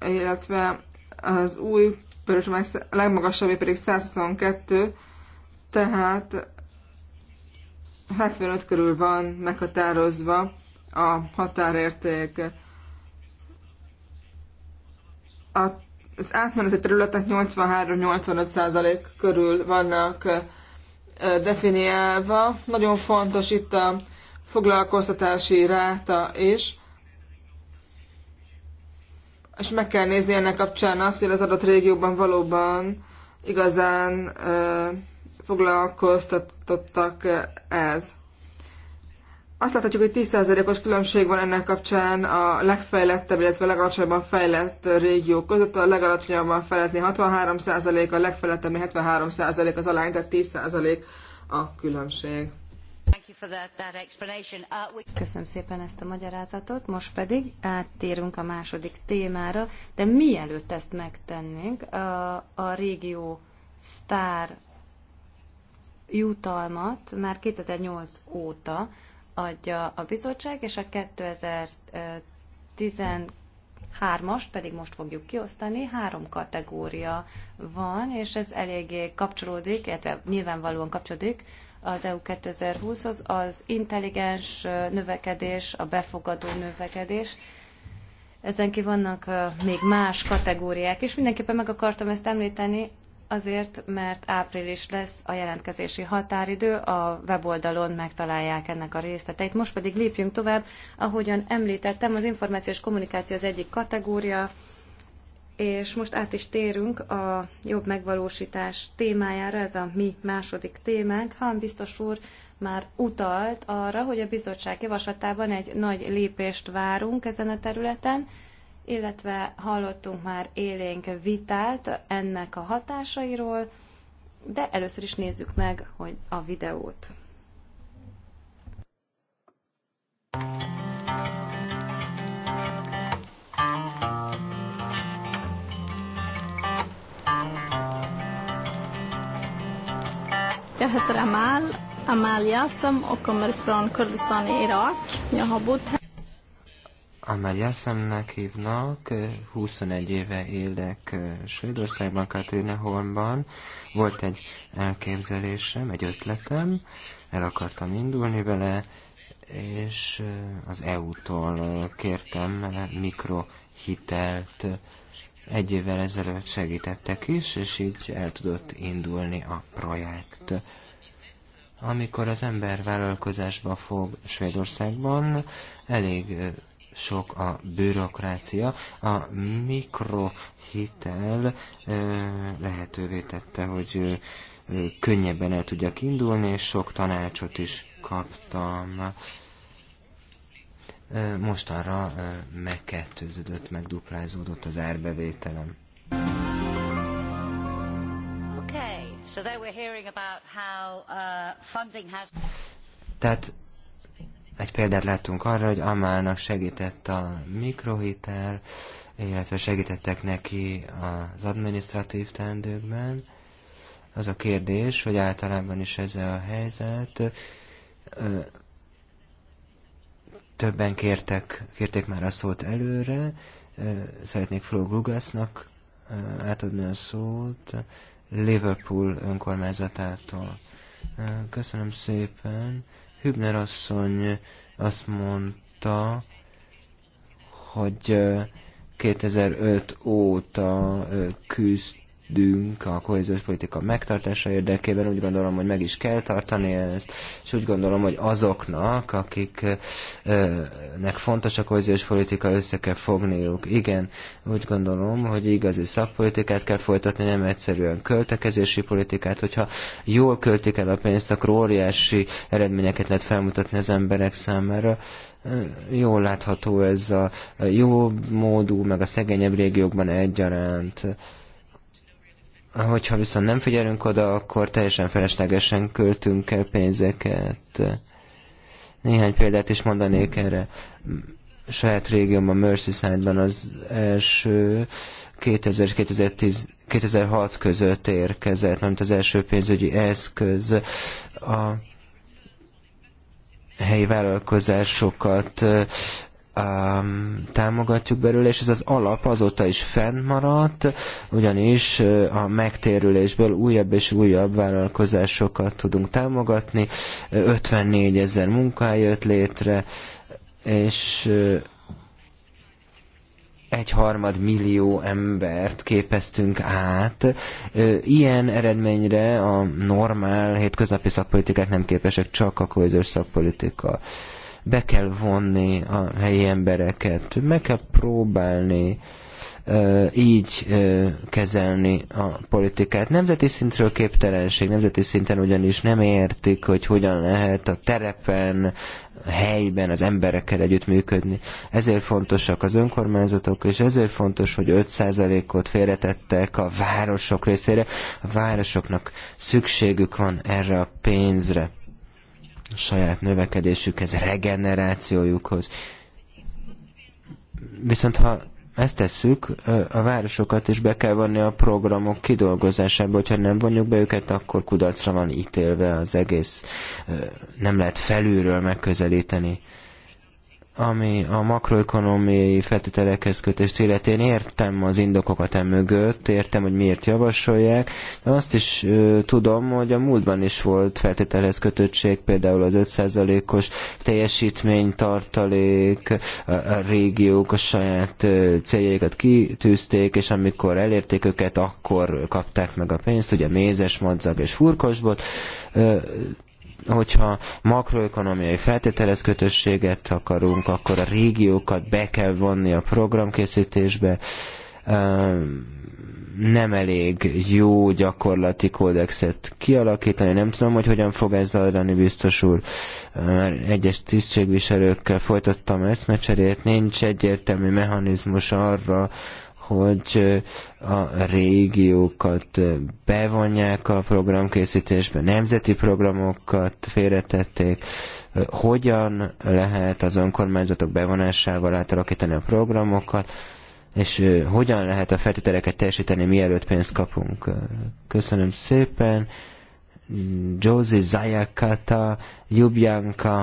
illetve az új pöröcsmeg legmagasabb pedig 122, tehát 75 körül van meghatározva a határérték. az átmeneti területek 83-85% körül vannak definiálva. Nagyon fontos itt a foglalkoztatási ráta is. És meg kell nézni ennek kapcsán azt, hogy az adott régióban valóban igazán foglalkoztatottak ez. Azt láthatjuk, hogy 10%-os különbség van ennek kapcsán a legfejlettebb, illetve legalacsonyabban fejlett régiók között. A legalacsonyabban fejletni 63%, a legfejlettebb 73% az alány, tehát 10% a különbség. Uh, Köszönöm szépen ezt a magyarázatot. Most pedig áttérünk a második témára, de mielőtt ezt megtennénk, a, a régió sztár jutalmat már 2008 óta adja a bizottság, és a 2013-as pedig most fogjuk kiosztani. Három kategória van, és ez eléggé kapcsolódik, illetve nyilvánvalóan kapcsolódik az EU 2020-hoz, az intelligens növekedés, a befogadó növekedés, ezen ki vannak még más kategóriák, és mindenképpen meg akartam ezt említeni, azért, mert április lesz a jelentkezési határidő, a weboldalon megtalálják ennek a részleteit. Most pedig lépjünk tovább, ahogyan említettem, az információs kommunikáció az egyik kategória, és most át is térünk a jobb megvalósítás témájára, ez a mi második témánk. Han biztos úr már utalt arra, hogy a bizottság javaslatában egy nagy lépést várunk ezen a területen, illetve hallottunk már élénk vitát ennek a hatásairól, de először is nézzük meg hogy a videót. Jag heter Amal. Amal som och kommer från Kurdistan i Irak. Jag har bott här amely Jászemnek hívnak, 21 éve élek Svédországban, Holmban. Volt egy elképzelésem, egy ötletem, el akartam indulni vele, és az EU-tól kértem mikrohitelt. Egy évvel ezelőtt segítettek is, és így el tudott indulni a projekt. Amikor az ember vállalkozásba fog Svédországban, elég sok a bürokrácia. A mikrohitel eh, lehetővé tette, hogy eh, könnyebben el tudjak indulni, és sok tanácsot is kaptam. Eh, mostanra megkettőződött, megduplázódott az árbevételem. Okay, so there we're hearing about how uh, funding has... Tehát egy példát láttunk arra, hogy Amának segített a mikrohitel, illetve segítettek neki az adminisztratív teendőkben. Az a kérdés, hogy általában is ez a helyzet. Többen kértek, kérték már a szót előre. Szeretnék Flo Glugasnak átadni a szót Liverpool önkormányzatától. Köszönöm szépen. Hübner asszony azt mondta, hogy 2005 óta küzd küzdünk a kohéziós politika megtartása érdekében, úgy gondolom, hogy meg is kell tartani ezt, és úgy gondolom, hogy azoknak, akiknek fontos a kohéziós politika, össze kell fogniuk. Igen, úgy gondolom, hogy igazi szakpolitikát kell folytatni, nem egyszerűen költekezési politikát, hogyha jól költik el a pénzt, akkor óriási eredményeket lehet felmutatni az emberek számára, jól látható ez a jó módú, meg a szegényebb régiókban egyaránt. Hogyha viszont nem figyelünk oda, akkor teljesen feleslegesen költünk el pénzeket. Néhány példát is mondanék erre. A saját régiómban, Merseyside-ban az első 2000 2006 között érkezett, mert az első pénzügyi eszköz a helyi vállalkozásokat um, támogatjuk belőle, és ez az alap azóta is fennmaradt, ugyanis a megtérülésből újabb és újabb vállalkozásokat tudunk támogatni, 54 ezer munkahely jött létre, és egy harmad millió embert képeztünk át. Ilyen eredményre a normál hétköznapi szakpolitikák nem képesek, csak a kohéziós szakpolitika be kell vonni a helyi embereket, meg kell próbálni így kezelni a politikát. Nemzeti szintről képtelenség, nemzeti szinten ugyanis nem értik, hogy hogyan lehet a terepen, a helyben az emberekkel együttműködni. Ezért fontosak az önkormányzatok, és ezért fontos, hogy 5%-ot félretettek a városok részére. A városoknak szükségük van erre a pénzre a saját növekedésükhez, regenerációjukhoz. Viszont ha ezt tesszük, a városokat is be kell vonni a programok kidolgozásába, hogyha nem vonjuk be őket, akkor kudarcra van ítélve az egész, nem lehet felülről megközelíteni. Ami a makroekonomiai feltételekhez kötést illeti, én értem az indokokat emögött, értem, hogy miért javasolják, de azt is ö, tudom, hogy a múltban is volt feltételhez kötöttség, például az 5%-os teljesítménytartalék, a, a régiók a saját ö, céljaikat kitűzték, és amikor elérték őket, akkor kapták meg a pénzt, ugye mézes, madzag és furkosbot. Ö, hogyha makroökonomiai feltételez kötösséget akarunk, akkor a régiókat be kell vonni a programkészítésbe. Nem elég jó gyakorlati kódexet kialakítani. Nem tudom, hogy hogyan fog ez zajlani, biztos úr. Egyes tisztségviselőkkel folytattam eszmecserét. Nincs egyértelmű mechanizmus arra, hogy a régiókat bevonják a programkészítésbe, nemzeti programokat félretették, hogyan lehet az önkormányzatok bevonásával átalakítani a programokat, és hogyan lehet a feltételeket teljesíteni, mielőtt pénzt kapunk. Köszönöm szépen. Josie Zajakata, Jubjanka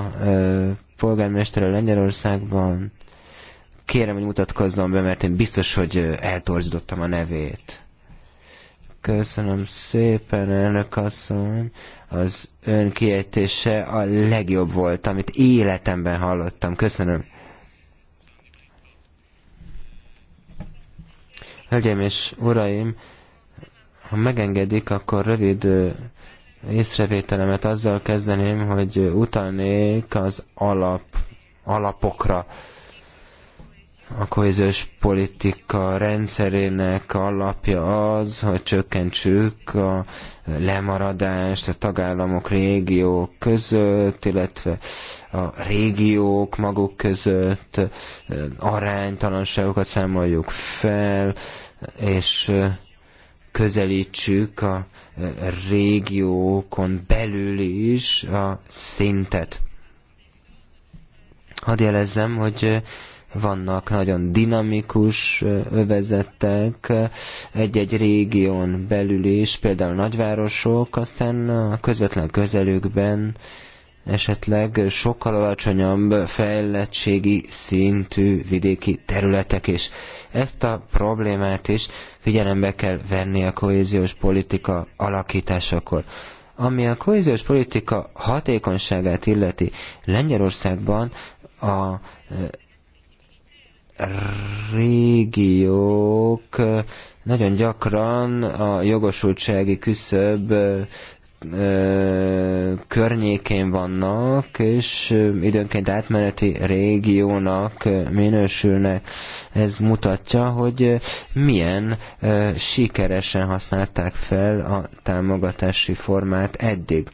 a Lengyelországban Kérem, hogy mutatkozzon be, mert én biztos, hogy eltorzítottam a nevét. Köszönöm szépen, elnök asszony. Az ön kiejtése a legjobb volt, amit életemben hallottam. Köszönöm. Hölgyeim és uraim, ha megengedik, akkor rövid észrevételemet azzal kezdeném, hogy utalnék az alap, alapokra a kohéziós politika rendszerének alapja az, hogy csökkentsük a lemaradást a tagállamok, régiók között, illetve a régiók maguk között aránytalanságokat számoljuk fel, és közelítsük a régiókon belül is a szintet. Hadd jelezzem, hogy vannak nagyon dinamikus övezetek egy-egy régión belül is, például nagyvárosok, aztán a közvetlen közelükben esetleg sokkal alacsonyabb fejlettségi szintű vidéki területek is. Ezt a problémát is figyelembe kell venni a kohéziós politika alakításakor. Ami a kohéziós politika hatékonyságát illeti Lengyelországban, a régiók nagyon gyakran a jogosultsági küszöb környékén vannak, és időnként átmeneti régiónak minősülnek. Ez mutatja, hogy milyen sikeresen használták fel a támogatási formát eddig.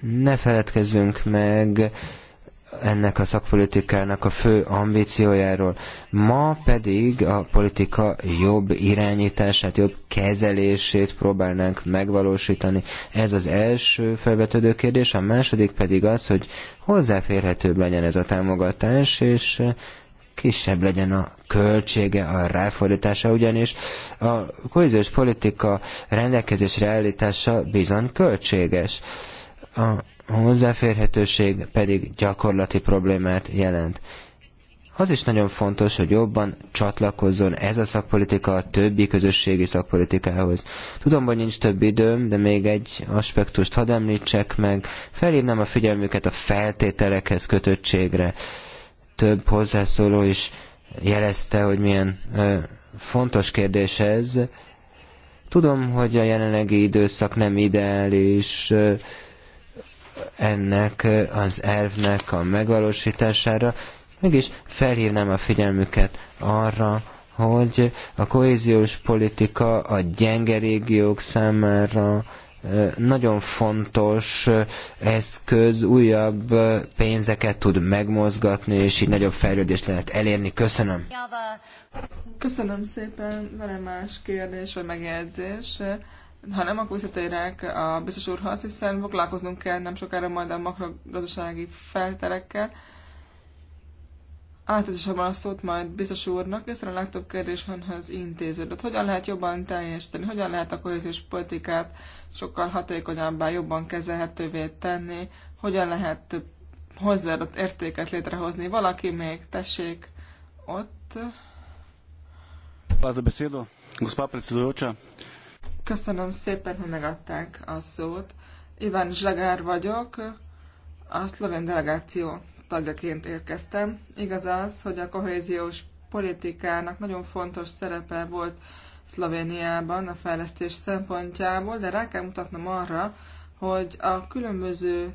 Ne feledkezzünk meg ennek a szakpolitikának a fő ambíciójáról. Ma pedig a politika jobb irányítását, jobb kezelését próbálnánk megvalósítani. Ez az első felvetődő kérdés, a második pedig az, hogy hozzáférhetőbb legyen ez a támogatás, és eh, kisebb legyen a költsége, a ráfordítása, ugyanis a kohéziós politika rendelkezésre állítása bizony költséges. A hozzáférhetőség pedig gyakorlati problémát jelent. Az is nagyon fontos, hogy jobban csatlakozzon ez a szakpolitika a többi közösségi szakpolitikához. Tudom, hogy nincs több időm, de még egy aspektust hadd említsek meg. Felhívnám a figyelmüket a feltételekhez kötöttségre. Több hozzászóló is jelezte, hogy milyen ö, fontos kérdés ez. Tudom, hogy a jelenlegi időszak nem ideális. Ö, ennek eh, az elvnek a megvalósítására, mégis felhívnám a figyelmüket arra, hogy a kohéziós politika a gyenge régiók számára eh, nagyon fontos eh, eszköz, újabb pénzeket tud megmozgatni, és így nagyobb fejlődést lehet elérni. Köszönöm. Köszönöm szépen. Van-e más kérdés vagy megjegyzés? ha nem, akkor visszatérek a biztos úrhoz, hiszen foglalkoznunk kell nem sokára majd a makrogazdasági felterekkel. általában a szót majd biztos úrnak, és a legtöbb kérdés az intéződött. Hogyan lehet jobban teljesíteni, hogyan lehet a kohéziós politikát sokkal hatékonyabbá, jobban kezelhetővé tenni, hogyan lehet hozzáadott értéket létrehozni. Valaki még, tessék, ott. Az a beszédó. gospa predsedujoča. Köszönöm szépen, hogy megadták a szót. Iván Zsagár vagyok, a szlovén delegáció tagjaként érkeztem. Igaz az, hogy a kohéziós politikának nagyon fontos szerepe volt Szlovéniában a fejlesztés szempontjából, de rá kell mutatnom arra, hogy a különböző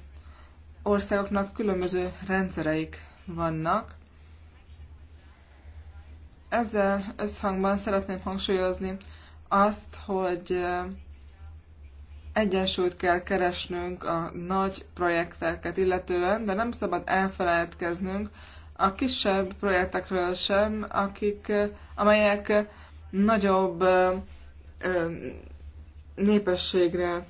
országoknak különböző rendszereik vannak. Ezzel összhangban szeretném hangsúlyozni azt, hogy egyensúlyt kell keresnünk a nagy projekteket illetően, de nem szabad elfelejtkeznünk a kisebb projektekről sem, akik, amelyek nagyobb népességre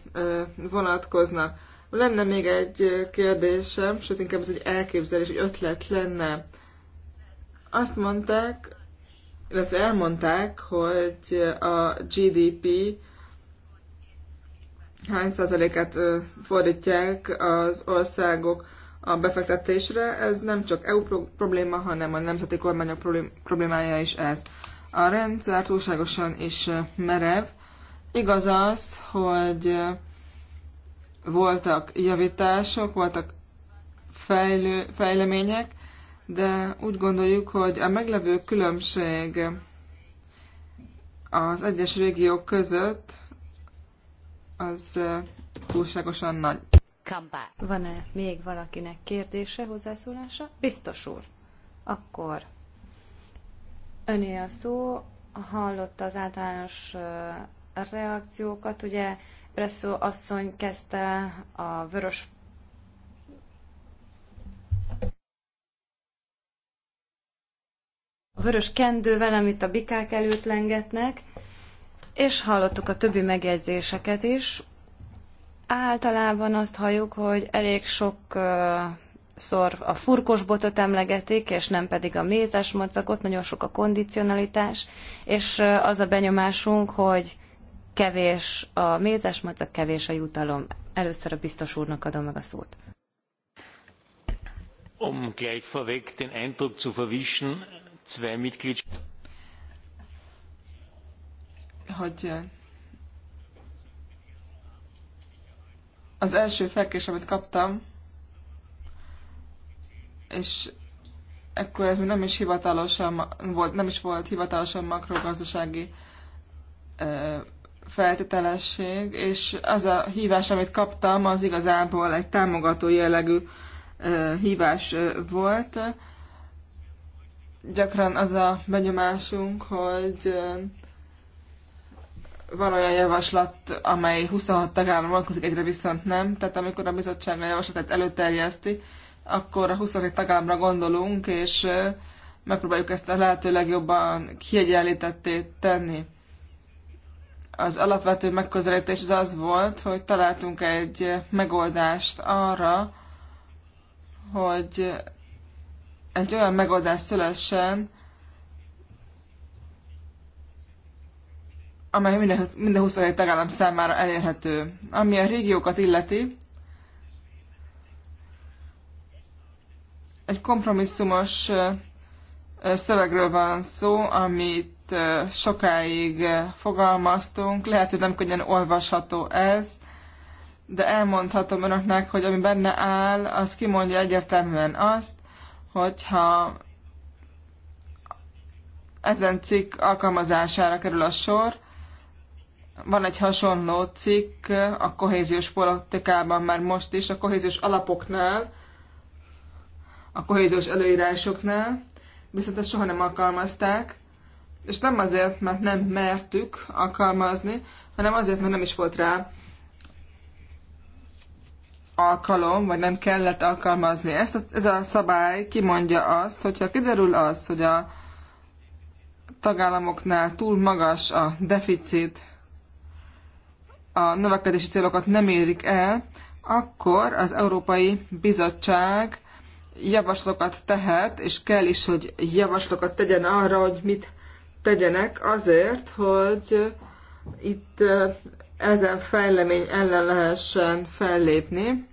vonatkoznak. Lenne még egy kérdésem, sőt inkább ez egy elképzelés, egy ötlet lenne. Azt mondták, illetve elmondták, hogy a GDP hány százalékát fordítják az országok a befektetésre. Ez nem csak EU probléma, hanem a nemzeti kormányok problémája is ez. A rendszer túlságosan is merev. Igaz az, hogy voltak javítások, voltak fejlő, fejlemények, de úgy gondoljuk, hogy a meglevő különbség az egyes régiók között az túlságosan nagy. Van-e még valakinek kérdése, hozzászólása? Biztos úr. Akkor öné a szó, hallotta az általános reakciókat, ugye Presszó asszony kezdte a vörös a vörös kendővel, amit a bikák előtt lengetnek, és hallottuk a többi megjegyzéseket is. Általában azt halljuk, hogy elég sok szor a furkos botot emlegetik, és nem pedig a mézes madzakot, nagyon sok a kondicionalitás, és az a benyomásunk, hogy kevés a mézes madzak, kevés a jutalom. Először a biztos úrnak adom meg a szót. Um gleich vorweg den Eindruck zu verwischen, zwei Mitgliedstaaten az első felkés, amit kaptam, és ekkor ez nem is hivatalosan volt, nem is volt hivatalosan makrogazdasági feltételesség, és az a hívás, amit kaptam, az igazából egy támogató jellegű hívás volt gyakran az a benyomásunk, hogy van olyan javaslat, amely 26 tagállam vonatkozik, egyre viszont nem. Tehát amikor a bizottság a javaslatát előterjeszti, akkor a 27 tagállamra gondolunk, és megpróbáljuk ezt a lehető legjobban kiegyenlítetté tenni. Az alapvető megközelítés az az volt, hogy találtunk egy megoldást arra, hogy egy olyan megoldás szülessen, amely minden, minden 27 tagállam számára elérhető. Ami a régiókat illeti, egy kompromisszumos szövegről van szó, amit sokáig fogalmaztunk. Lehet, hogy nem könnyen olvasható ez, de elmondhatom önöknek, hogy ami benne áll, az kimondja egyértelműen azt, hogyha ezen cikk alkalmazására kerül a sor. Van egy hasonló cikk a kohéziós politikában már most is, a kohéziós alapoknál, a kohéziós előírásoknál, viszont ezt soha nem alkalmazták, és nem azért, mert nem mertük alkalmazni, hanem azért, mert nem is volt rá alkalom, vagy nem kellett alkalmazni. Ezt a, ez a szabály kimondja azt, hogyha kiderül az, hogy a tagállamoknál túl magas a deficit, a növekedési célokat nem érik el, akkor az Európai Bizottság javaslatokat tehet, és kell is, hogy javaslatokat tegyen arra, hogy mit tegyenek azért, hogy itt ezen fejlemény ellen lehessen fellépni.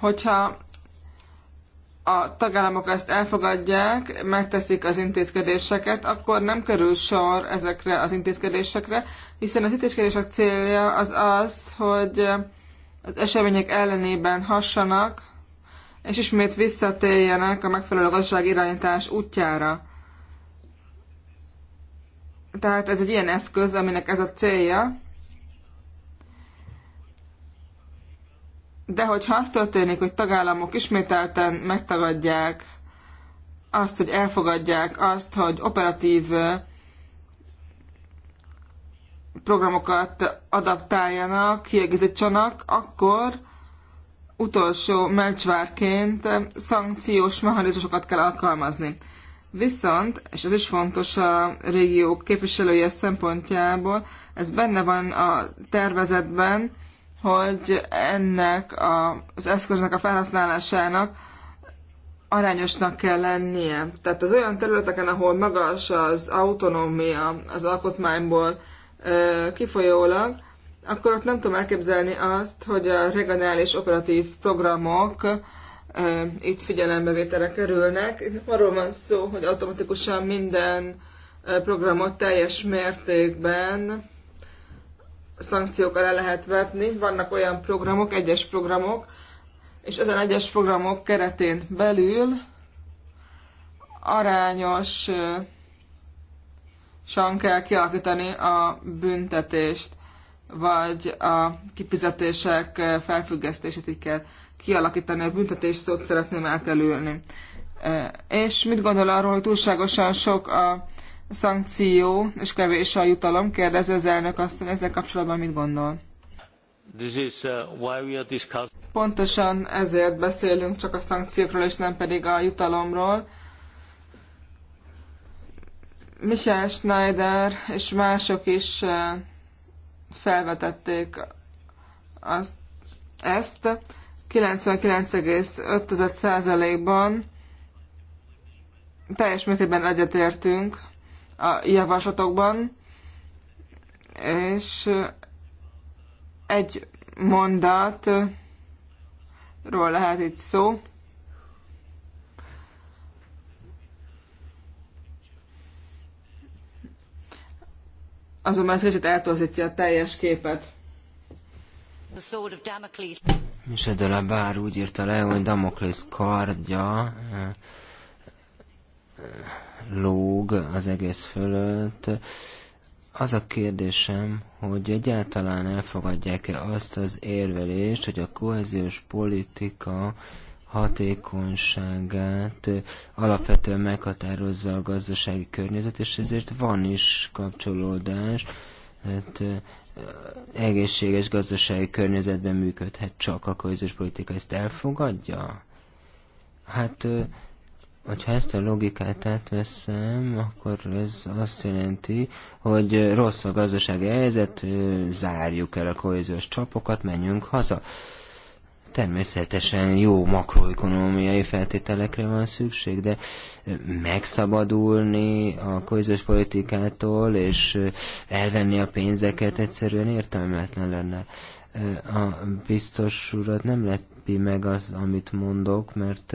Hogyha a tagállamok ezt elfogadják, megteszik az intézkedéseket, akkor nem kerül sor ezekre az intézkedésekre, hiszen az intézkedések célja az az, hogy az események ellenében hassanak, és ismét visszatérjenek a megfelelő gazdaság irányítás útjára. Tehát ez egy ilyen eszköz, aminek ez a célja. De hogyha az történik, hogy tagállamok ismételten megtagadják azt, hogy elfogadják azt, hogy operatív programokat adaptáljanak, kiegészítsanak, akkor utolsó mencsvárként szankciós mechanizmusokat kell alkalmazni. Viszont, és ez is fontos a régiók képviselője szempontjából, ez benne van a tervezetben, hogy ennek a, az eszköznek a felhasználásának arányosnak kell lennie. Tehát az olyan területeken, ahol magas az autonómia az alkotmányból ö, kifolyólag, akkor ott nem tudom elképzelni azt, hogy a regionális operatív programok itt figyelembevételre kerülnek. Arról van szó, hogy automatikusan minden programot teljes mértékben szankciókkal le lehet vetni. Vannak olyan programok, egyes programok, és ezen egyes programok keretén belül arányos san kell kialakítani a büntetést, vagy a kifizetések felfüggesztését így kell kialakítani a büntetés szót szeretném elkerülni. E, és mit gondol arról, hogy túlságosan sok a szankció és kevés a jutalom? Kérdezi az elnök azt, hogy ezzel kapcsolatban mit gondol? Is, uh, discussing... Pontosan ezért beszélünk csak a szankciókról, és nem pedig a jutalomról. Michel Schneider és mások is uh, felvetették azt, ezt. 99,5%-ban teljes mértékben egyetértünk a javaslatokban, és egy mondatról lehet itt szó. Azonban ez kicsit eltorzítja a teljes képet. És a bár úgy írta le, hogy Damoklész kardja eh, lóg az egész fölött. Az a kérdésem, hogy egyáltalán elfogadják-e azt az érvelést, hogy a kohéziós politika hatékonyságát alapvetően meghatározza a gazdasági környezet, és ezért van is kapcsolódás. Hát egészséges gazdasági környezetben működhet csak a közös politika. Ezt elfogadja? Hát, hogyha ezt a logikát átveszem, akkor ez azt jelenti, hogy rossz a gazdasági helyzet, zárjuk el a kohéziós csapokat, menjünk haza. Természetesen jó makroekonomiai feltételekre van szükség, de megszabadulni a kohéziós politikától és elvenni a pénzeket egyszerűen értelmetlen lenne. A biztos urat nem lepi meg az, amit mondok, mert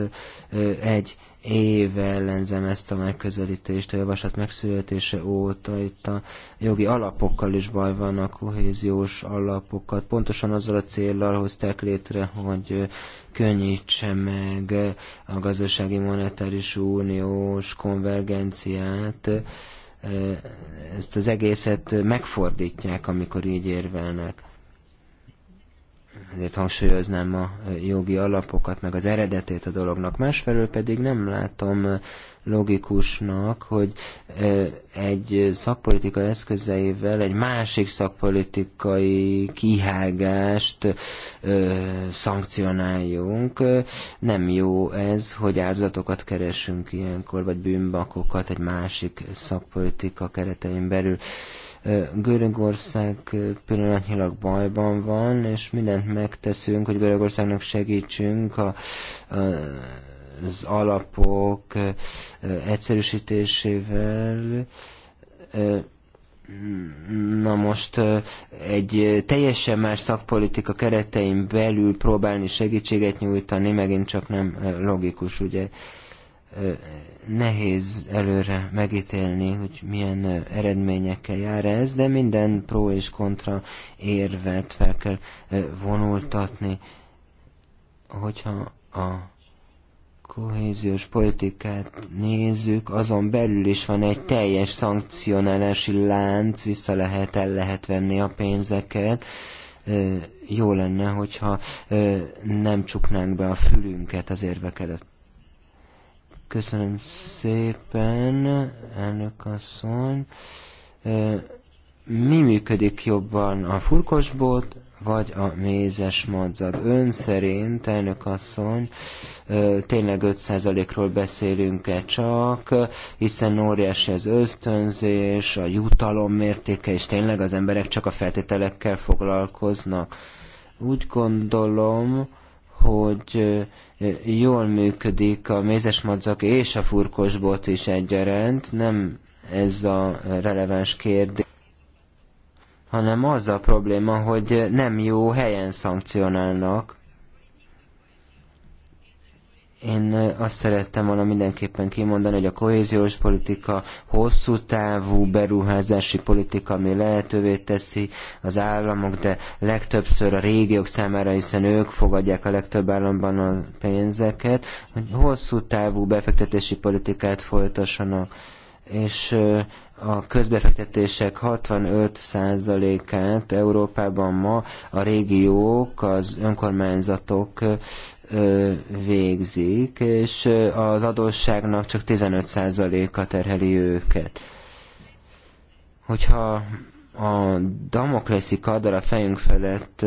egy éve ellenzem ezt a megközelítést a javaslat megszületése óta. Itt a jogi alapokkal is baj van, a kohéziós alapokat. Pontosan azzal a célral hozták létre, hogy könnyítse meg a gazdasági monetáris uniós konvergenciát. Ezt az egészet megfordítják, amikor így érvelnek ezért hangsúlyoznám a e, jogi alapokat, meg az eredetét a dolognak. Másfelől pedig nem látom e, logikusnak, hogy e, egy szakpolitika eszközeivel egy másik szakpolitikai kihágást szankcionáljunk. Nem jó ez, hogy áldozatokat keresünk ilyenkor, vagy bűnbakokat egy másik szakpolitika keretein belül. Görögország pillanatnyilag bajban van, és mindent megteszünk, hogy Görögországnak segítsünk a, a az alapok egyszerűsítésével. Na most egy teljesen más szakpolitika keretein belül próbálni segítséget nyújtani megint csak nem logikus, ugye nehéz előre megítélni, hogy milyen eredményekkel jár ez, de minden pro és kontra érvet fel kell vonultatni, hogyha a kohéziós politikát nézzük, azon belül is van egy teljes szankcionálási lánc, vissza lehet, el lehet venni a pénzeket. Jó lenne, hogyha nem csuknánk be a fülünket az érvek előtt. Köszönöm szépen, elnök asszony. Mi működik jobban, a bot vagy a mézes madzag. Ön szerint, elnök asszony, tényleg 5%-ról beszélünk-e csak, hiszen óriási az ösztönzés, a jutalom mértéke, és tényleg az emberek csak a feltételekkel foglalkoznak. Úgy gondolom, hogy jól működik a madzak és a furkosbot is egyaránt, nem ez a releváns kérdés, hanem az a probléma, hogy nem jó helyen szankcionálnak. Én azt szerettem volna mindenképpen kimondani, hogy a kohéziós politika hosszú távú beruházási politika, ami lehetővé teszi az államok, de legtöbbször a régiók számára, hiszen ők fogadják a legtöbb államban a pénzeket, hogy hosszú távú befektetési politikát folytassanak. És a közbefektetések 65%-át Európában ma a régiók, az önkormányzatok végzik, és az adósságnak csak 15%-a terheli őket. Hogyha a damokleszi kardal a fejünk felett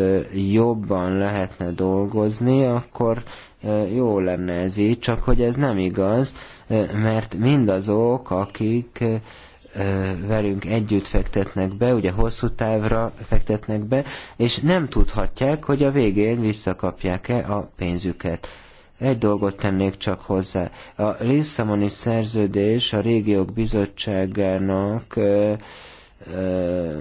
jobban lehetne dolgozni, akkor jó lenne ez így, csak hogy ez nem igaz, mert mindazok, akik velünk együtt fektetnek be, ugye hosszú távra fektetnek be, és nem tudhatják, hogy a végén visszakapják-e a pénzüket. Egy dolgot tennék csak hozzá. A Lisszamoni szerződés a régiók bizottságának ö, ö,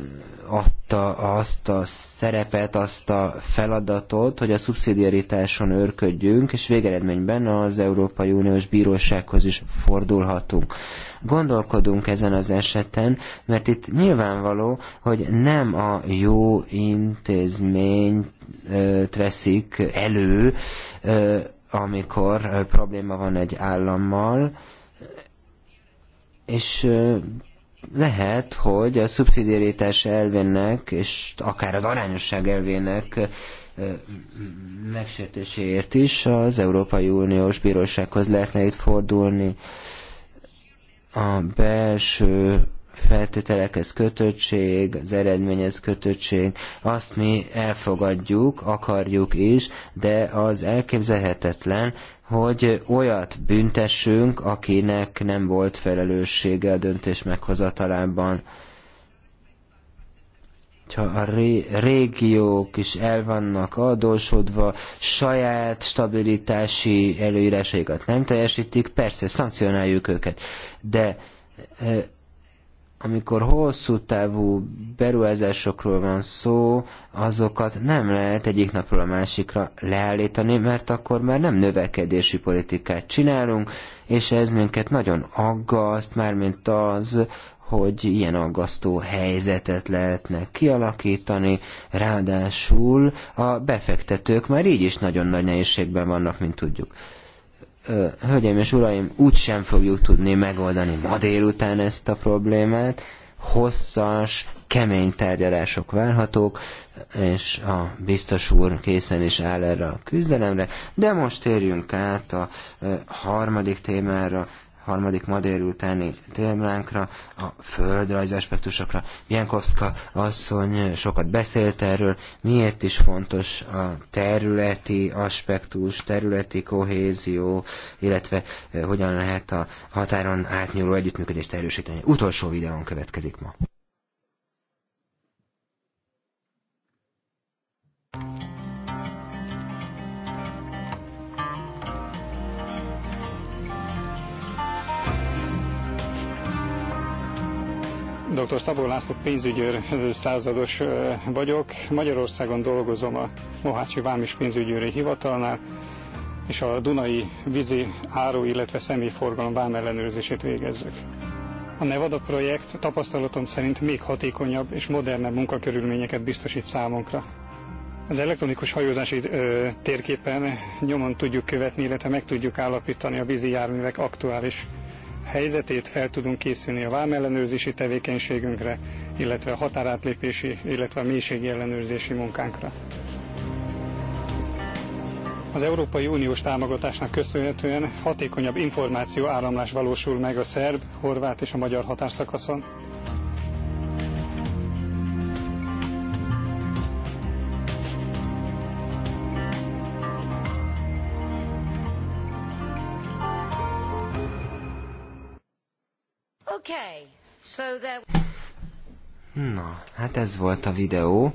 adta azt a szerepet, azt a feladatot, hogy a szubszidiaritáson őrködjünk, és végeredményben az Európai Uniós Bírósághoz is fordulhatunk. Gondolkodunk ezen az eseten, mert itt nyilvánvaló, hogy nem a jó intézményt veszik elő, amikor probléma van egy állammal, és lehet, hogy a szubszidiaritás elvének, és akár az arányosság elvének megsértéséért is az Európai Uniós Bírósághoz lehetne itt fordulni. A belső feltételekhez kötöttség, az eredményhez kötöttség, azt mi elfogadjuk, akarjuk is, de az elképzelhetetlen, hogy olyat büntessünk, akinek nem volt felelőssége a döntés meghozatalában. Ha a régiók is el vannak adósodva, saját stabilitási előírásaikat nem teljesítik, persze szankcionáljuk őket, de eh, amikor hosszú távú beruházásokról van szó, azokat nem lehet egyik napról a másikra leállítani, mert akkor már nem növekedési politikát csinálunk, és ez minket nagyon aggaszt, mármint az, hogy ilyen aggasztó helyzetet lehetne kialakítani, ráadásul a befektetők már így is nagyon nagy nehézségben vannak, mint tudjuk hölgyeim és uraim, úgysem fogjuk tudni megoldani ma délután ezt a problémát. Hosszas, kemény tárgyalások várhatók, és a biztos úr készen is áll erre a küzdelemre, de most térjünk át a harmadik témára, harmadik ma délutáni témánkra, a földrajzi aspektusokra. Jankovszka asszony sokat beszélt erről, miért is fontos a területi aspektus, területi kohézió, illetve eh, hogyan lehet a határon átnyúló együttműködést erősíteni. Utolsó videón következik ma. Dr. Szabó László pénzügyőr százados vagyok. Magyarországon dolgozom a Mohácsi Vámis pénzügyőri hivatalnál, és a Dunai vízi áru, illetve személyforgalom vámellenőrzését végezzük. A Nevada projekt tapasztalatom szerint még hatékonyabb és modernebb munkakörülményeket biztosít számunkra. Az elektronikus hajózási ö, térképen nyomon tudjuk követni, illetve meg tudjuk állapítani a vízi járművek aktuális helyzetét fel tudunk készülni a vámellenőrzési tevékenységünkre, illetve a határátlépési, illetve a mélységi ellenőrzési munkánkra. Az Európai Uniós támogatásnak köszönhetően hatékonyabb információ áramlás valósul meg a szerb, horvát és a magyar határszakaszon. Na, hát ez volt a videó.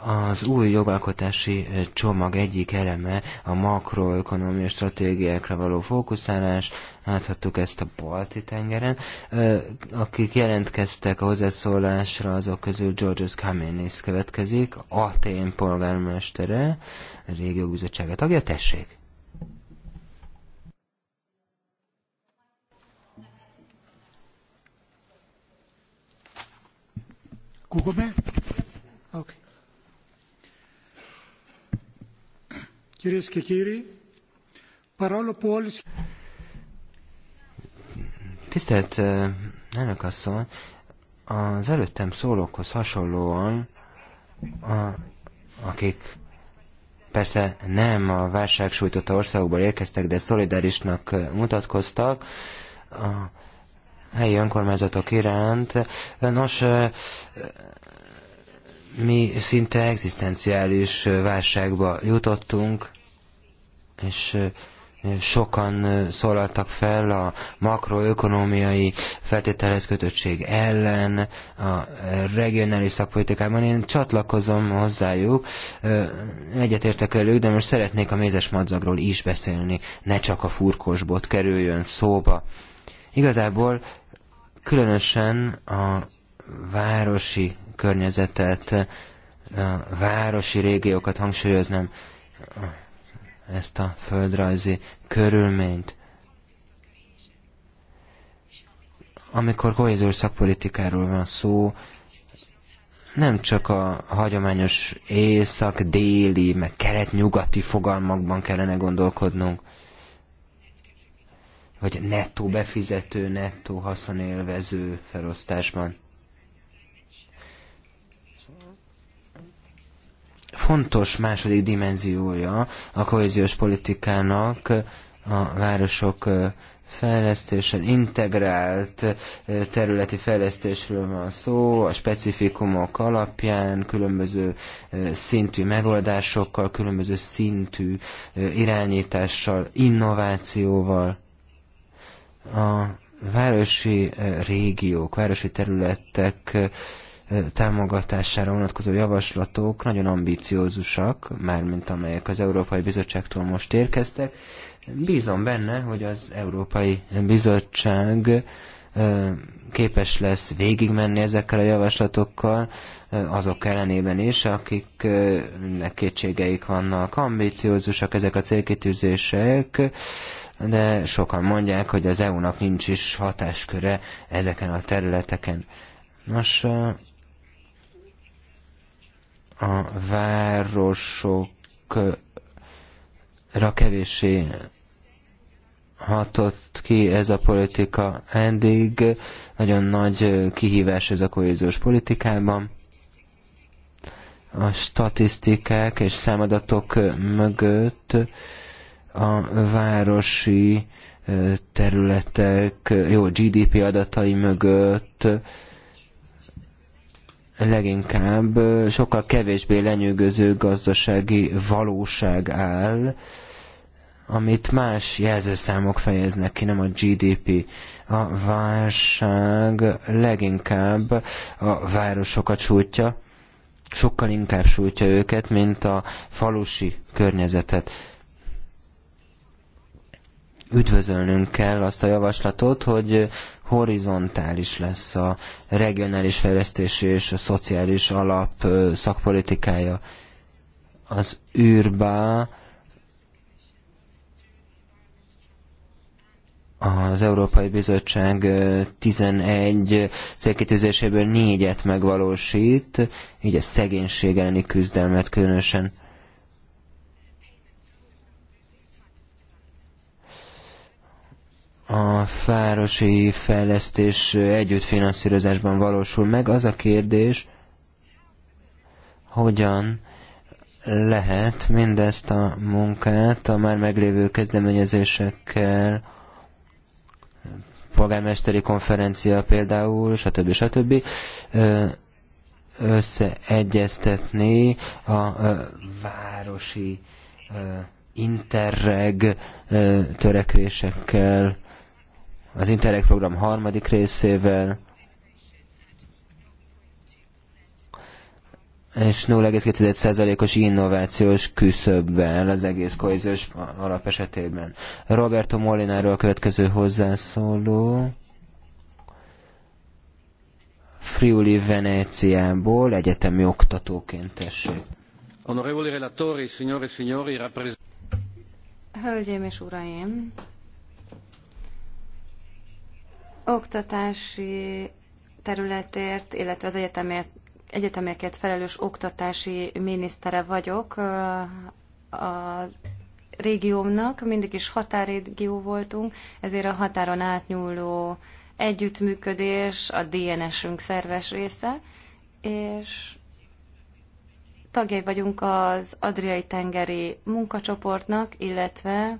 Az új jogalkotási eh, csomag egyik eleme a makroökonomiai stratégiákra való fókuszálás. Láthattuk ezt a balti tengeren. Eh, akik jelentkeztek a hozzászólásra, azok közül Georges Kamenis következik, Atén polgármestere, a régió bizottsága tagja. Tessék! Ακούγομαι. Okay. Κυρίες και κύριοι, παρόλο που όλοι... Tisztelt elnök asszony, az előttem szólókhoz hasonlóan, a, akik persze nem a válság sújtotta országokból érkeztek, de szolidárisnak mutatkoztak, a helyi önkormányzatok iránt. Nos, mi szinte egzisztenciális válságba jutottunk, és sokan szólaltak fel a makroökonomiai feltételhez kötöttség ellen a regionális szakpolitikában. Én csatlakozom hozzájuk, egyetértek velük, de most szeretnék a mézes madzagról is beszélni, ne csak a furkosbot kerüljön szóba. Igazából különösen a városi környezetet, a városi régiókat hangsúlyoznám, ezt a földrajzi körülményt. Amikor kohéziós szakpolitikáról van szó, nem csak a hagyományos észak-déli, meg kelet-nyugati fogalmakban kellene gondolkodnunk vagy nettó befizető, nettó haszonélvező felosztásban. Fontos második dimenziója a kohéziós politikának a városok fejlesztése, integrált területi fejlesztésről van szó, a specifikumok alapján, különböző szintű megoldásokkal, különböző szintű irányítással, innovációval. A városi eh, régiók, városi területek eh, támogatására vonatkozó javaslatok nagyon ambiciózusak, mármint amelyek az Európai Bizottságtól most érkeztek. Bízom benne, hogy az Európai Bizottság képes lesz végigmenni ezekkel a javaslatokkal, azok ellenében is, akiknek kétségeik vannak, ambíciózusak ezek a célkitűzések, de sokan mondják, hogy az EU-nak nincs is hatásköre ezeken a területeken. Nos, a városokra kevéssé hatott ki ez a politika eddig. Nagyon nagy kihívás ez a kohéziós politikában. A statisztikák és számadatok mögött a városi területek, jó, GDP adatai mögött leginkább sokkal kevésbé lenyűgöző gazdasági valóság áll, amit más jelzőszámok fejeznek ki, nem a GDP. A válság leginkább a városokat sújtja, sokkal inkább sújtja őket, mint a falusi környezetet. Üdvözölnünk kell azt a javaslatot, hogy horizontális lesz a regionális fejlesztési és a szociális alap szakpolitikája. Az űrbá az Európai Bizottság 11 célkitűzéséből négyet megvalósít, így a szegénység elleni küzdelmet különösen. A fárosi fejlesztés együttfinanszírozásban valósul meg. Az a kérdés, hogyan lehet mindezt a munkát a már meglévő kezdeményezésekkel polgármesteri konferencia például, stb. stb. összeegyeztetni a városi interreg törekvésekkel, az interreg program harmadik részével, és 0,2%-os innovációs küszöbbel az egész kohéziós alap esetében. Roberto Molináról következő hozzászóló. Friuli Veneciából egyetemi oktatóként tessék. Honorevoli relatori, signore, e signori, Hölgyeim és uraim, oktatási területért, illetve az egyetemért egyetemekért felelős oktatási minisztere vagyok a régiómnak, mindig is határrégió voltunk, ezért a határon átnyúló együttműködés a DNS-ünk szerves része, és tagjai vagyunk az Adriai tengeri munkacsoportnak, illetve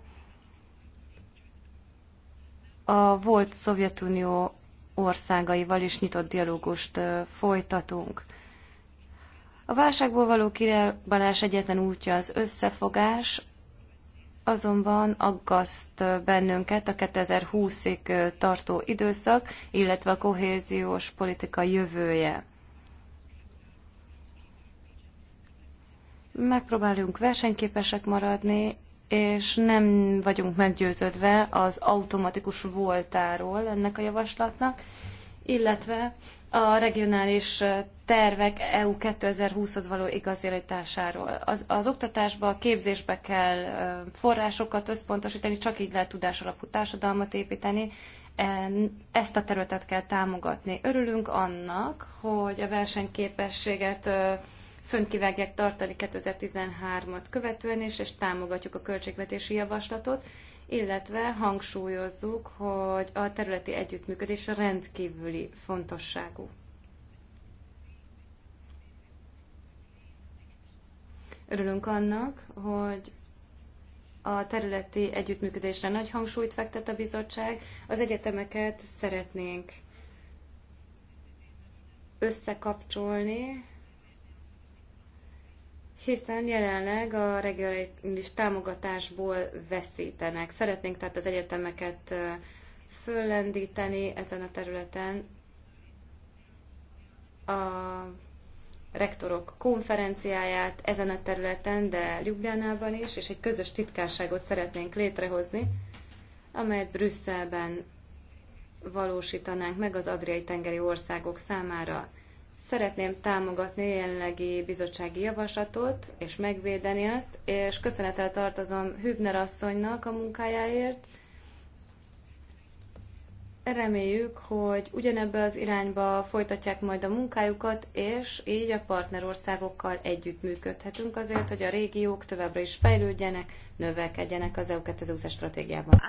a volt Szovjetunió országaival is nyitott dialógust folytatunk. A válságból való kirábanás egyetlen útja az összefogás, azonban aggaszt bennünket a 2020-ig tartó időszak, illetve a kohéziós politika jövője. Megpróbálunk versenyképesek maradni, és nem vagyunk meggyőződve az automatikus voltáról ennek a javaslatnak, illetve a regionális tervek EU 2020-hoz való igazításáról. Az, az oktatásba, a képzésbe kell forrásokat összpontosítani, csak így lehet tudásalapú társadalmat építeni, e, ezt a területet kell támogatni. Örülünk annak, hogy a versenyképességet fönt kivágják tartani 2013-at követően is, és támogatjuk a költségvetési javaslatot, illetve hangsúlyozzuk, hogy a területi együttműködés rendkívüli fontosságú. Örülünk annak, hogy a területi együttműködésre nagy hangsúlyt fektet a bizottság. Az egyetemeket szeretnénk összekapcsolni hiszen jelenleg a regionális támogatásból veszítenek. Szeretnénk tehát az egyetemeket föllendíteni ezen a területen. A rektorok konferenciáját ezen a területen, de Ljubljánában is, és egy közös titkárságot szeretnénk létrehozni, amelyet Brüsszelben valósítanánk meg az adriai tengeri országok számára. Szeretném támogatni a jelenlegi bizottsági javaslatot, és megvédeni azt, és köszönettel tartozom Hübner asszonynak a munkájáért. Reméljük, hogy ugyanebbe az irányba folytatják majd a munkájukat, és így a partnerországokkal együttműködhetünk azért, hogy a régiók továbbra is fejlődjenek, növekedjenek az EU 2020 stratégiában.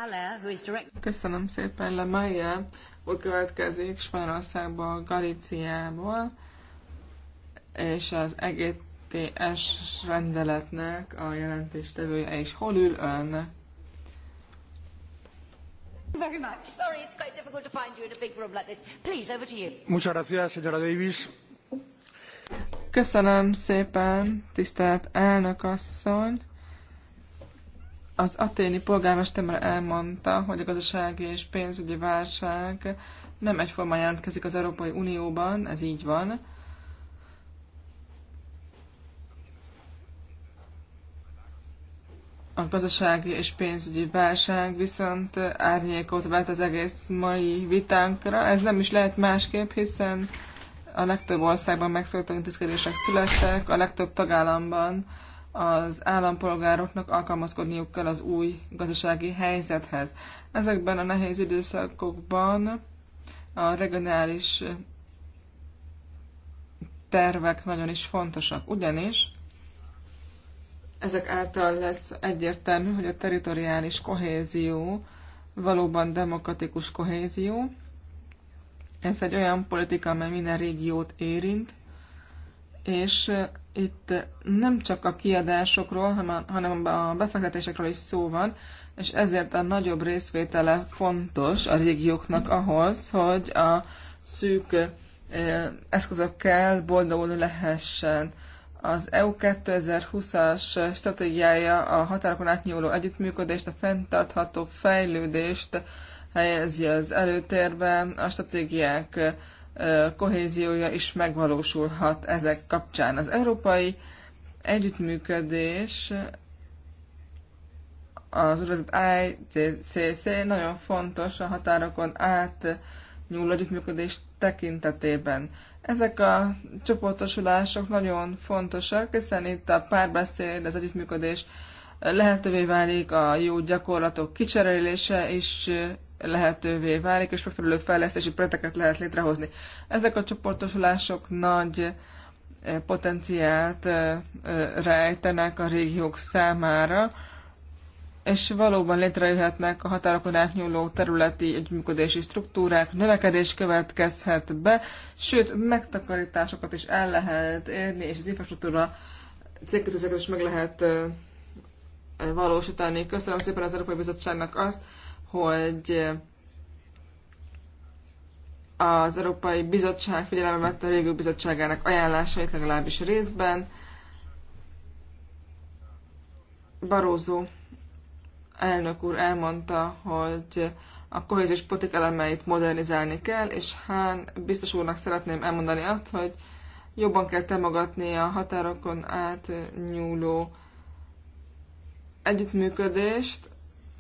Köszönöm szépen, Lemaia úr következik Spanyolországból, Galíciából és az EGTS rendeletnek a jelentéstevője is. Hol ül ön? Köszönöm szépen, tisztelt elnök asszony! Az aténi polgármester elmondta, hogy a gazdasági és pénzügyi válság nem egyformán jelentkezik az Európai Unióban, ez így van a gazdasági és pénzügyi válság viszont árnyékot vet az egész mai vitánkra. Ez nem is lehet másképp, hiszen a legtöbb országban megszólító intézkedések születtek, a legtöbb tagállamban az állampolgároknak alkalmazkodniuk kell az új gazdasági helyzethez. Ezekben a nehéz időszakokban a regionális tervek nagyon is fontosak, ugyanis ezek által lesz egyértelmű, hogy a teritoriális kohézió valóban demokratikus kohézió. Ez egy olyan politika, amely minden régiót érint, és eh, itt nem csak a kiadásokról, hanem a befektetésekről is szó van, és ezért a nagyobb részvétele fontos a régióknak ahhoz, hogy a szűk eh, eszközökkel boldogulni lehessen. Az EU 2020-as stratégiája a határokon átnyúló együttműködést, a fenntartható fejlődést helyezi az előtérbe, a stratégiák kohéziója is megvalósulhat ezek kapcsán. Az európai együttműködés az ICC nagyon fontos a határokon át nyúló együttműködés tekintetében. Ezek a csoportosulások nagyon fontosak, hiszen itt a párbeszéd, az együttműködés lehetővé válik, a jó gyakorlatok kicserélése is lehetővé válik, és megfelelő fejlesztési projekteket lehet létrehozni. Ezek a csoportosulások nagy eh, potenciált eh, rejtenek a régiók számára, és valóban létrejöhetnek a határokon átnyúló területi együttműködési struktúrák, növekedés következhet be, sőt, megtakarításokat is el lehet érni, és az infrastruktúra célkötőzőket is meg lehet valósítani. Köszönöm szépen az Európai Bizottságnak azt, hogy az Európai Bizottság figyelembe vette a Régió Bizottságának ajánlásait legalábbis részben. Barózó elnök úr elmondta, hogy a kohéziós politik elemeit modernizálni kell, és Hán biztos úrnak szeretném elmondani azt, hogy jobban kell temogatni a határokon átnyúló együttműködést,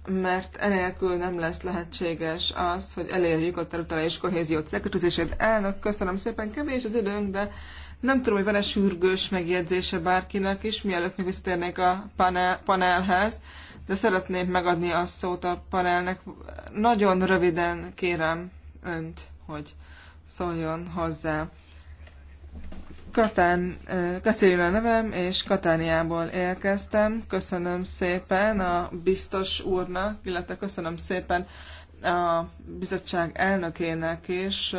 mert enélkül nem lesz lehetséges az, hogy elérjük a és kohéziót szekretőzését. Elnök, köszönöm szépen, kevés az időnk, de nem tudom, hogy van-e sürgős megjegyzése bárkinek is, mielőtt mi visszatérnék a panel, panelhez de szeretném megadni a szót a panelnek. Nagyon röviden kérem önt, hogy szóljon hozzá. Katán, Kastélina a nevem, és Katániából érkeztem. Köszönöm szépen a biztos úrnak, illetve köszönöm szépen a bizottság elnökének is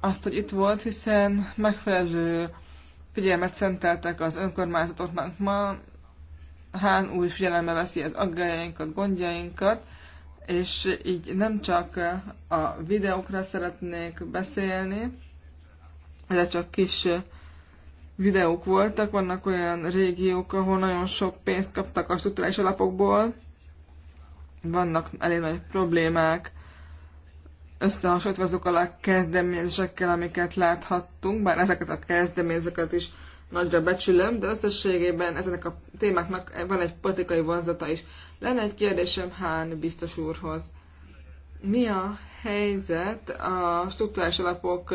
azt, hogy itt volt, hiszen megfelelő figyelmet szenteltek az önkormányzatoknak ma, Hán úr figyelembe veszi az aggájainkat, gondjainkat, és így nem csak a videókra szeretnék beszélni, de csak kis videók voltak, vannak olyan régiók, ahol nagyon sok pénzt kaptak a struktúrális alapokból, vannak elég nagy problémák, összehasonlítva azokkal a kezdeményezésekkel, amiket láthattunk, bár ezeket a kezdeményezéseket is nagyra becsülöm, de összességében ezenek a témáknak van egy politikai vonzata is. Lenne egy kérdésem Hán biztos úrhoz. Mi a helyzet a struktúrás alapok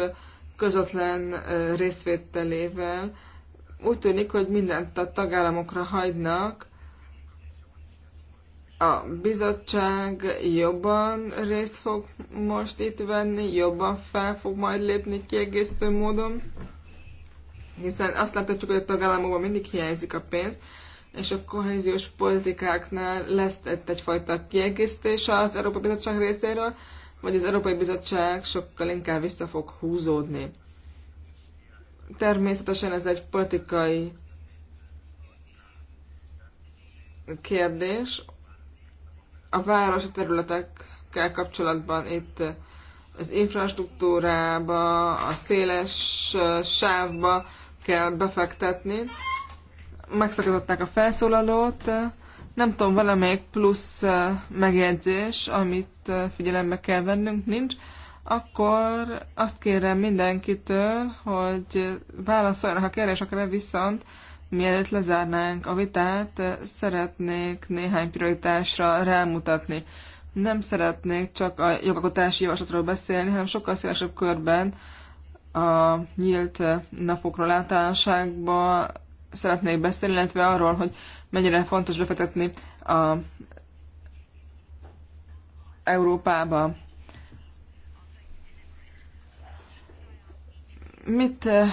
közvetlen részvételével? Úgy tűnik, hogy mindent a tagállamokra hagynak, a bizottság jobban részt fog most itt venni, jobban fel fog majd lépni kiegészítő módon hiszen azt láthatjuk, hogy a tagállamokban mindig hiányzik a pénz, és a kohéziós politikáknál lesz egyfajta kiegészítés az Európai Bizottság részéről, vagy az Európai Bizottság sokkal inkább vissza fog húzódni. Természetesen ez egy politikai kérdés. A városi területekkel kapcsolatban itt az infrastruktúrába, a széles sávba kell befektetni. Megszakították a felszólalót. Nem tudom, valamelyik plusz megjegyzés, amit figyelembe kell vennünk, nincs. Akkor azt kérem mindenkitől, hogy válaszoljanak a kérdésekre, viszont mielőtt lezárnánk a vitát, szeretnék néhány prioritásra rámutatni nem szeretnék csak a jogalkotási javaslatról beszélni, hanem sokkal szélesebb körben a nyílt napokról általánoságba szeretnék beszélni, illetve arról, hogy mennyire fontos befektetni a Európába. Mit eh,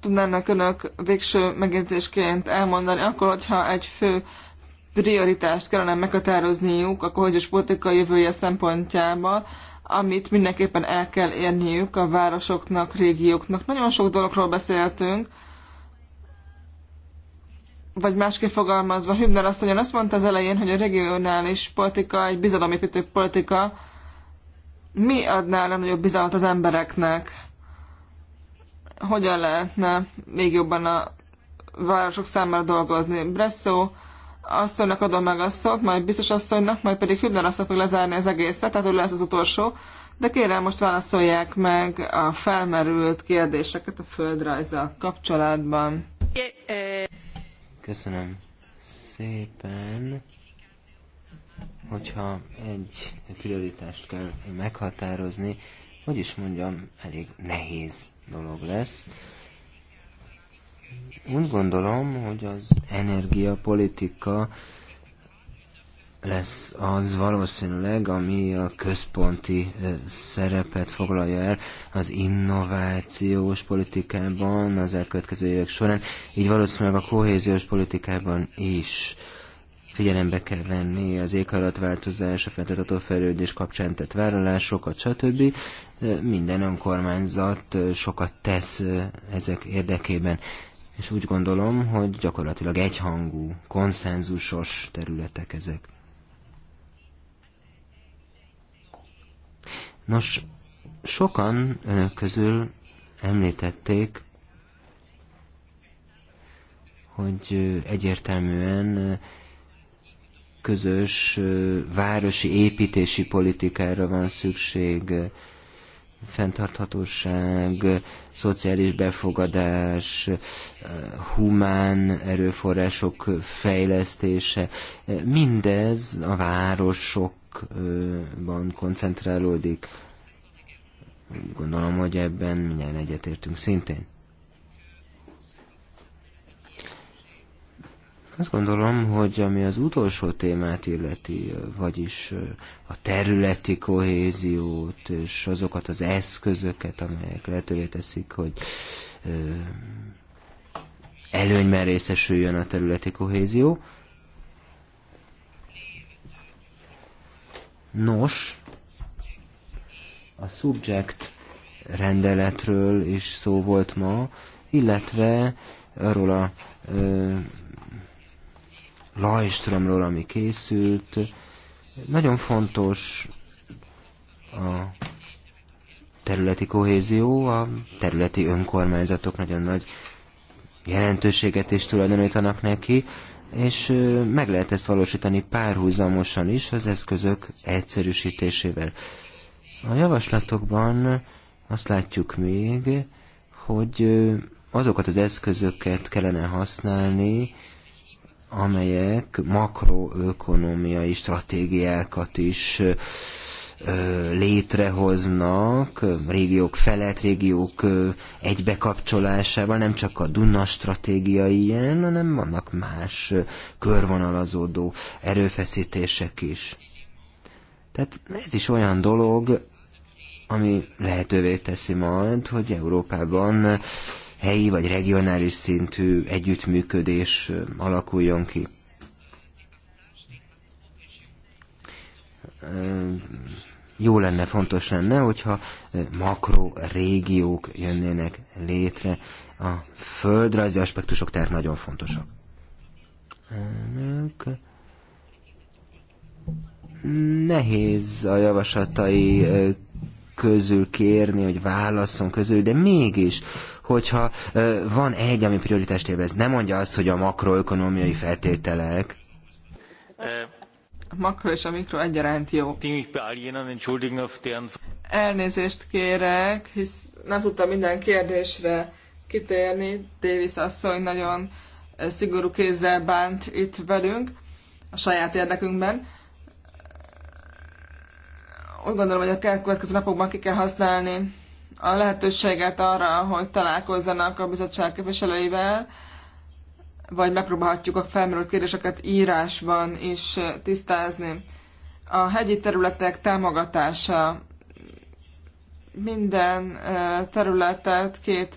tudnának önök végső megjegyzésként elmondani, akkor, hogyha egy fő prioritást kellene meghatározniuk a kohéziós politika jövője szempontjában, amit mindenképpen el kell érniük a városoknak, régióknak. Nagyon sok dologról beszéltünk, vagy másképp fogalmazva, Hübner mondja, azt mondta az elején, hogy a regionális politika egy bizalomépítő politika. Mi adná a legnagyobb bizalmat az embereknek? Hogyan lehetne még jobban a városok számára dolgozni? Bresszó asszonynak adom meg a szót, majd biztos asszonynak, majd pedig Hübner asszony fog lezárni az egészet, tehát ő lesz az utolsó. De kérem, most válaszolják meg a felmerült kérdéseket a földrajzzal kapcsolatban. Köszönöm szépen. Hogyha egy prioritást kell meghatározni, hogy is mondjam, elég nehéz dolog lesz. Úgy gondolom, hogy az energiapolitika lesz az valószínűleg, ami a központi szerepet foglalja el az innovációs politikában az elkövetkező évek során, így valószínűleg a kohéziós politikában is figyelembe kell venni az éghajlatváltozás, a fenntartható fejlődés kapcsán tett vállalásokat, stb. Minden önkormányzat sokat tesz ezek érdekében és úgy gondolom, hogy gyakorlatilag egyhangú, konszenzusos területek ezek. Nos, sokan önök közül említették, hogy egyértelműen közös városi építési politikára van szükség, fenntarthatóság, szociális befogadás, humán erőforrások fejlesztése, mindez a városokban koncentrálódik. Gondolom, hogy ebben mindjárt egyetértünk szintén. Azt gondolom, hogy ami az utolsó témát illeti, vagyis a területi kohéziót és azokat az eszközöket, amelyek lehetővé teszik, hogy előnyben részesüljön a területi kohézió. Nos, a subject rendeletről is szó volt ma, illetve arról a Lajstromról, ami készült. Nagyon fontos a területi kohézió, a területi önkormányzatok nagyon nagy jelentőséget is tulajdonítanak neki, és meg lehet ezt valósítani párhuzamosan is az eszközök egyszerűsítésével. A javaslatokban azt látjuk még, hogy azokat az eszközöket kellene használni, amelyek makroökonomiai stratégiákat is létrehoznak régiók felett, régiók egybekapcsolásával, nem csak a Duna stratégia ilyen, hanem vannak más körvonalazódó erőfeszítések is. Tehát ez is olyan dolog, ami lehetővé teszi majd, hogy Európában helyi vagy regionális szintű együttműködés alakuljon ki. Jó lenne, fontos lenne, hogyha makro régiók jönnének létre. A földrajzi aspektusok tehát nagyon fontosak. Önök nehéz a javaslatai közül kérni, hogy válasszon közül, de mégis, hogyha van egy, ami prioritást élvez, nem mondja azt, hogy a makroökonomiai feltételek. A makro és a mikro egyaránt jó. Elnézést kérek, hisz nem tudtam minden kérdésre kitérni. Davis asszony nagyon szigorú kézzel bánt itt velünk, a saját érdekünkben úgy gondolom, hogy a következő napokban ki kell használni a lehetőséget arra, hogy találkozzanak a bizottság képviselőivel, vagy megpróbálhatjuk a felmerült kérdéseket írásban is tisztázni. A hegyi területek támogatása minden területet két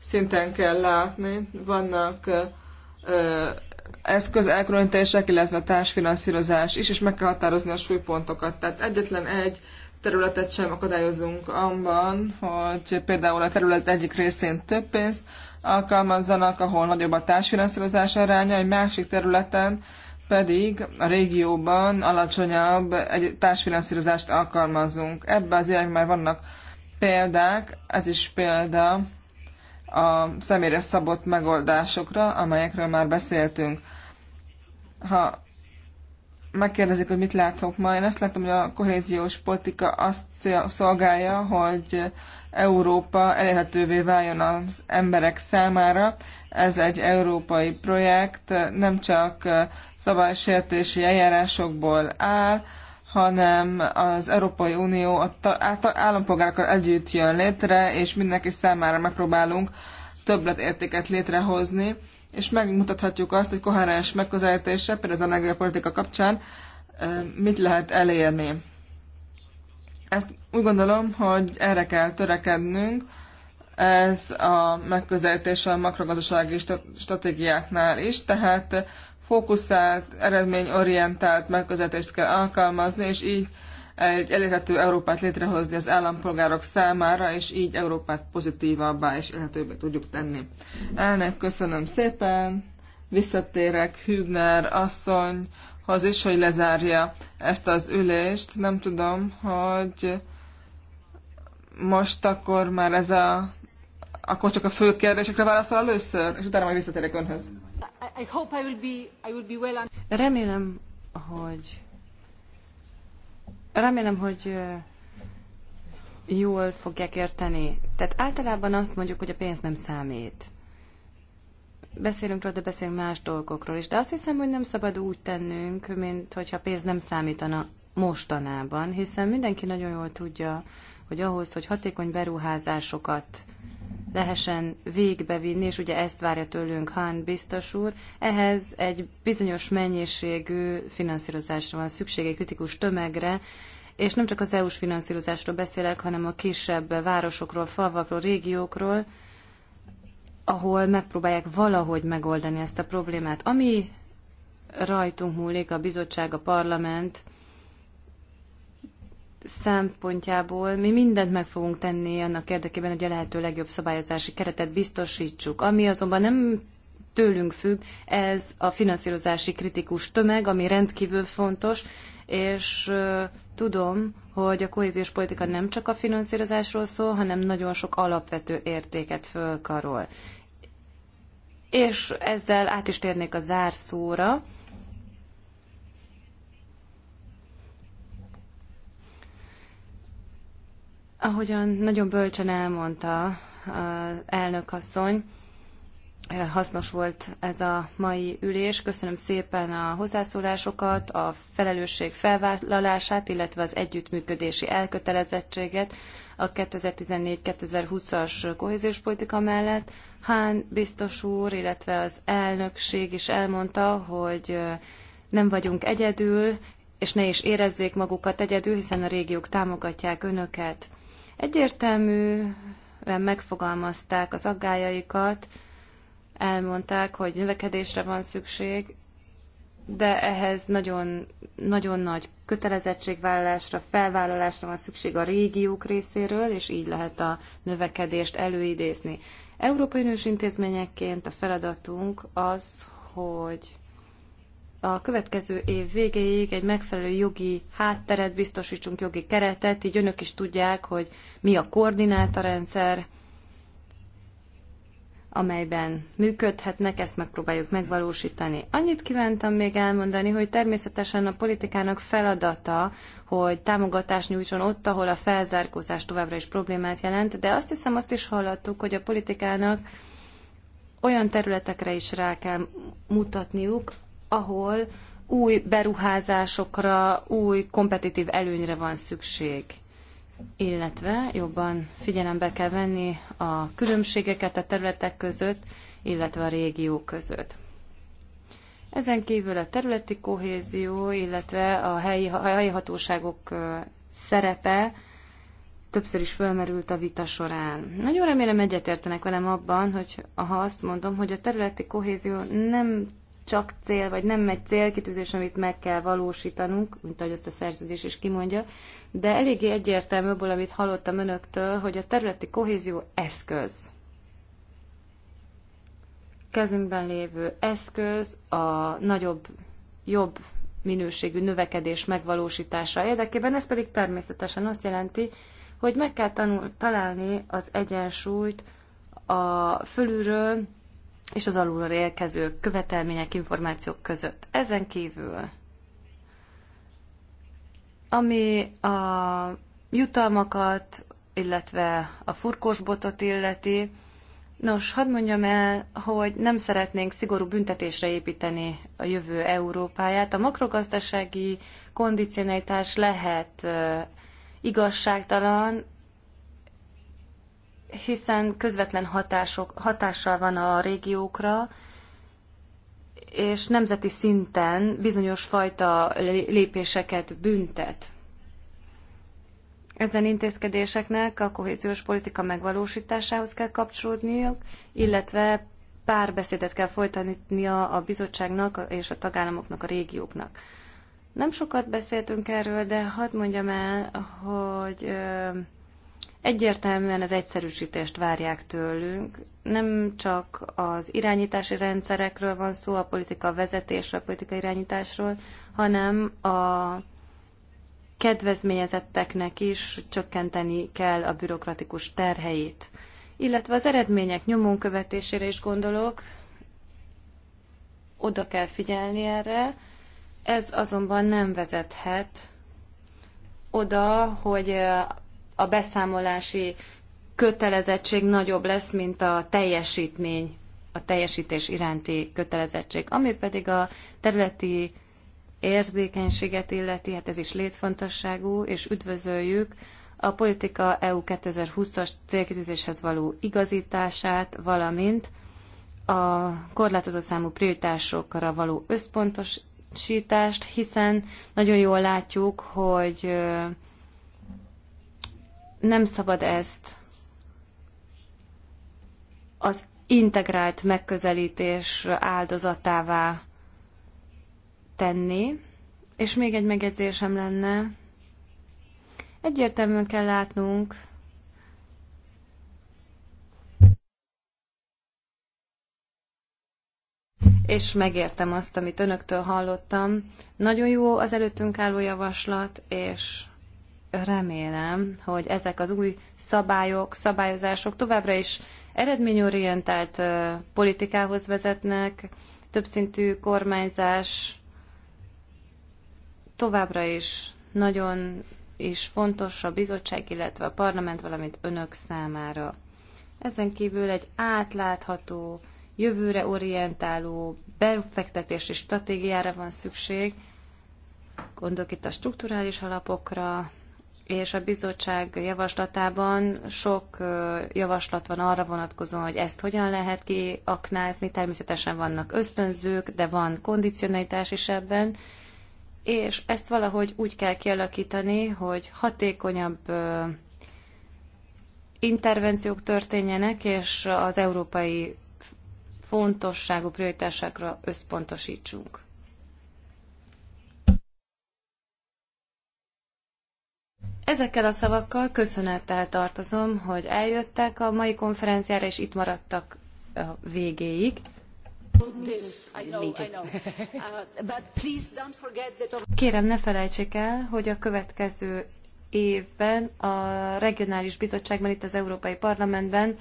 szinten kell látni. Vannak eszköz elkülönítések, illetve társfinanszírozás is, és meg kell határozni a súlypontokat. Tehát egyetlen egy területet sem akadályozunk abban, hogy például a terület egyik részén több pénzt alkalmazzanak, ahol nagyobb a társfinanszírozás aránya, egy másik területen pedig a régióban alacsonyabb egy társfinanszírozást alkalmazunk. Ebben az irányban már vannak példák, ez is példa a személyre szabott megoldásokra, amelyekről már beszéltünk ha megkérdezik, hogy mit látok ma, én azt látom, hogy a kohéziós politika azt szolgálja, hogy Európa elérhetővé váljon az emberek számára. Ez egy európai projekt, nem csak szabálysértési eljárásokból áll, hanem az Európai Unió a állampolgárokkal együtt jön létre, és mindenki számára megpróbálunk többletértéket létrehozni és megmutathatjuk azt, hogy koherens megközelítése, például az energiapolitika kapcsán, mit lehet elérni. Ezt úgy gondolom, hogy erre kell törekednünk, ez a megközelítés a makrogazdasági stratégiáknál is, tehát fókuszált, eredményorientált megközelítést kell alkalmazni, és így egy elérhető Európát létrehozni az állampolgárok számára, és így Európát pozitívabbá és élhetőbbé tudjuk tenni. Elnök, köszönöm szépen, visszatérek Hübner asszonyhoz is, hogy lezárja ezt az ülést. Nem tudom, hogy most akkor már ez a akkor csak a fő kérdésekre válaszol először, és utána majd visszatérek önhöz. Remélem, hogy Remélem, hogy jól fogják érteni. Tehát általában azt mondjuk, hogy a pénz nem számít. Beszélünk róla, de beszélünk más dolgokról is. De azt hiszem, hogy nem szabad úgy tennünk, mint hogyha a pénz nem számítana mostanában, hiszen mindenki nagyon jól tudja, hogy ahhoz, hogy hatékony beruházásokat lehessen végbevinni, és ugye ezt várja tőlünk Hán biztos úr, ehhez egy bizonyos mennyiségű finanszírozásra van szüksége, kritikus tömegre, és nem csak az EU-s finanszírozásról beszélek, hanem a kisebb városokról, falvakról, régiókról, ahol megpróbálják valahogy megoldani ezt a problémát. Ami rajtunk múlik, a bizottság, a parlament, szempontjából mi mindent meg fogunk tenni annak érdekében, hogy a lehető legjobb szabályozási keretet biztosítsuk. Ami azonban nem tőlünk függ, ez a finanszírozási kritikus tömeg, ami rendkívül fontos, és tudom, hogy a kohéziós politika nem csak a finanszírozásról szól, hanem nagyon sok alapvető értéket fölkarol. És ezzel át is térnék a zárszóra. Ahogyan nagyon bölcsen elmondta az uh, elnök asszony, eh, hasznos volt ez a mai ülés. Köszönöm szépen a hozzászólásokat, a felelősség felvállalását, illetve az együttműködési elkötelezettséget a 2014-2020-as kohéziós politika mellett. Hán biztos úr, illetve az elnökség is elmondta, hogy eh, nem vagyunk egyedül, és ne is érezzék magukat egyedül, hiszen a régiók támogatják önöket. Egyértelműen megfogalmazták az aggájaikat, elmondták, hogy növekedésre van szükség, de ehhez nagyon, nagyon nagy kötelezettségvállalásra, felvállalásra van szükség a régiók részéről, és így lehet a növekedést előidézni. Európai Uniós intézményekként a feladatunk az, hogy a következő év végéig egy megfelelő jogi hátteret biztosítsunk, jogi keretet, így önök is tudják, hogy mi a koordináta rendszer, amelyben működhetnek, ezt megpróbáljuk megvalósítani. Annyit kívántam még elmondani, hogy természetesen a politikának feladata, hogy támogatást nyújtson ott, ahol a felzárkózás továbbra is problémát jelent, de azt hiszem azt is hallottuk, hogy a politikának olyan területekre is rá kell mutatniuk, ahol új beruházásokra, új kompetitív előnyre van szükség illetve jobban figyelembe kell venni a különbségeket a területek között, illetve a régió között. Ezen kívül a területi kohézió, illetve a helyi, a helyi hatóságok szerepe többször is fölmerült a vita során. Nagyon remélem egyetértenek velem abban, hogy ha azt mondom, hogy a területi kohézió nem csak cél, vagy nem egy célkitűzés, amit meg kell valósítanunk, mint ahogy azt a szerződés is kimondja, de eléggé egyértelmű abból, amit hallottam önöktől, hogy a területi kohézió eszköz. Kezünkben lévő eszköz a nagyobb, jobb minőségű növekedés megvalósítása érdekében, ez pedig természetesen azt jelenti, hogy meg kell tanul, találni az egyensúlyt a fölülről és az alulról érkező követelmények, információk között. Ezen kívül, ami a jutalmakat, illetve a botot illeti, Nos, hadd mondjam el, hogy nem szeretnénk szigorú büntetésre építeni a jövő Európáját. A makrogazdasági kondicionálitás lehet igazságtalan, hiszen közvetlen hatások, hatással van a régiókra, és nemzeti szinten bizonyos fajta lépéseket büntet. Ezen intézkedéseknek a kohéziós politika megvalósításához kell kapcsolódniuk, illetve párbeszédet kell folytatnia a bizottságnak és a tagállamoknak, a régióknak. Nem sokat beszéltünk erről, de hadd mondjam el, hogy Egyértelműen az egyszerűsítést várják tőlünk. Nem csak az irányítási rendszerekről van szó, a politika vezetésről, a politika irányításról, hanem a kedvezményezetteknek is csökkenteni kell a bürokratikus terheit. Illetve az eredmények nyomon követésére is gondolok, oda kell figyelni erre, ez azonban nem vezethet oda, hogy a beszámolási kötelezettség nagyobb lesz, mint a teljesítmény, a teljesítés iránti kötelezettség. Ami pedig a területi érzékenységet illeti, hát ez is létfontosságú, és üdvözöljük a politika EU 2020-as célkitűzéshez való igazítását, valamint a korlátozott számú prioritásokra való összpontosítást, hiszen nagyon jól látjuk, hogy nem szabad ezt az integrált megközelítés áldozatává tenni. És még egy megjegyzésem lenne. Egyértelműen kell látnunk, és megértem azt, amit önöktől hallottam. Nagyon jó az előttünk álló javaslat, és remélem, hogy ezek az új szabályok, szabályozások továbbra is eredményorientált politikához vezetnek, többszintű kormányzás továbbra is nagyon is fontos a bizottság, illetve a parlament, valamint önök számára. Ezen kívül egy átlátható, jövőre orientáló befektetési stratégiára van szükség, gondolok itt a strukturális alapokra, és a bizottság javaslatában sok javaslat van arra vonatkozóan, hogy ezt hogyan lehet kiaknázni. Természetesen vannak ösztönzők, de van kondicionalitás is ebben, és ezt valahogy úgy kell kialakítani, hogy hatékonyabb intervenciók történjenek, és az európai fontosságú prioritásokra összpontosítsunk. Ezekkel a szavakkal köszönettel tartozom, hogy eljöttek a mai konferenciára, és itt maradtak a végéig. Uh, Kérem, ne felejtsék el, hogy a következő évben a regionális bizottságban, itt az Európai Parlamentben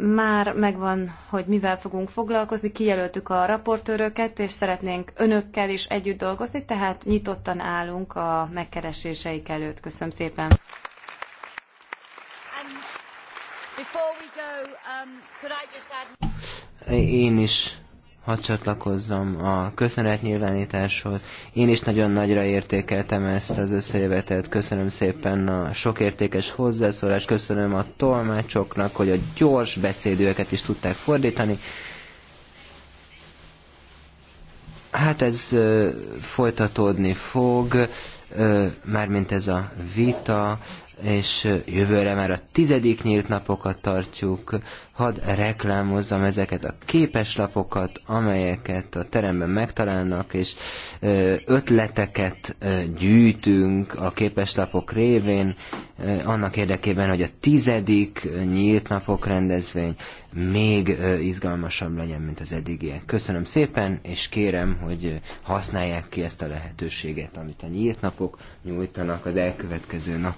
már megvan, hogy mivel fogunk foglalkozni, kijelöltük a raportőröket, és szeretnénk önökkel is együtt dolgozni, tehát nyitottan állunk a megkereséseik előtt. Köszönöm szépen! Um, Én is hadd csatlakozzam a köszönetnyilvánításhoz. Én is nagyon nagyra értékeltem ezt az összejövetet. Köszönöm szépen a sok értékes hozzászólást, köszönöm a tolmácsoknak, hogy a gyors beszédőeket is tudták fordítani. Hát ez folytatódni fog, mármint ez a vita, és jövőre már a tizedik nyílt napokat tartjuk. Hadd reklámozzam ezeket a képeslapokat, amelyeket a teremben megtalálnak, és ötleteket gyűjtünk a képeslapok révén, annak érdekében, hogy a tizedik nyílt napok rendezvény még izgalmasabb legyen, mint az eddigiek. Köszönöm szépen, és kérem, hogy használják ki ezt a lehetőséget, amit a nyílt napok nyújtanak az elkövetkező napok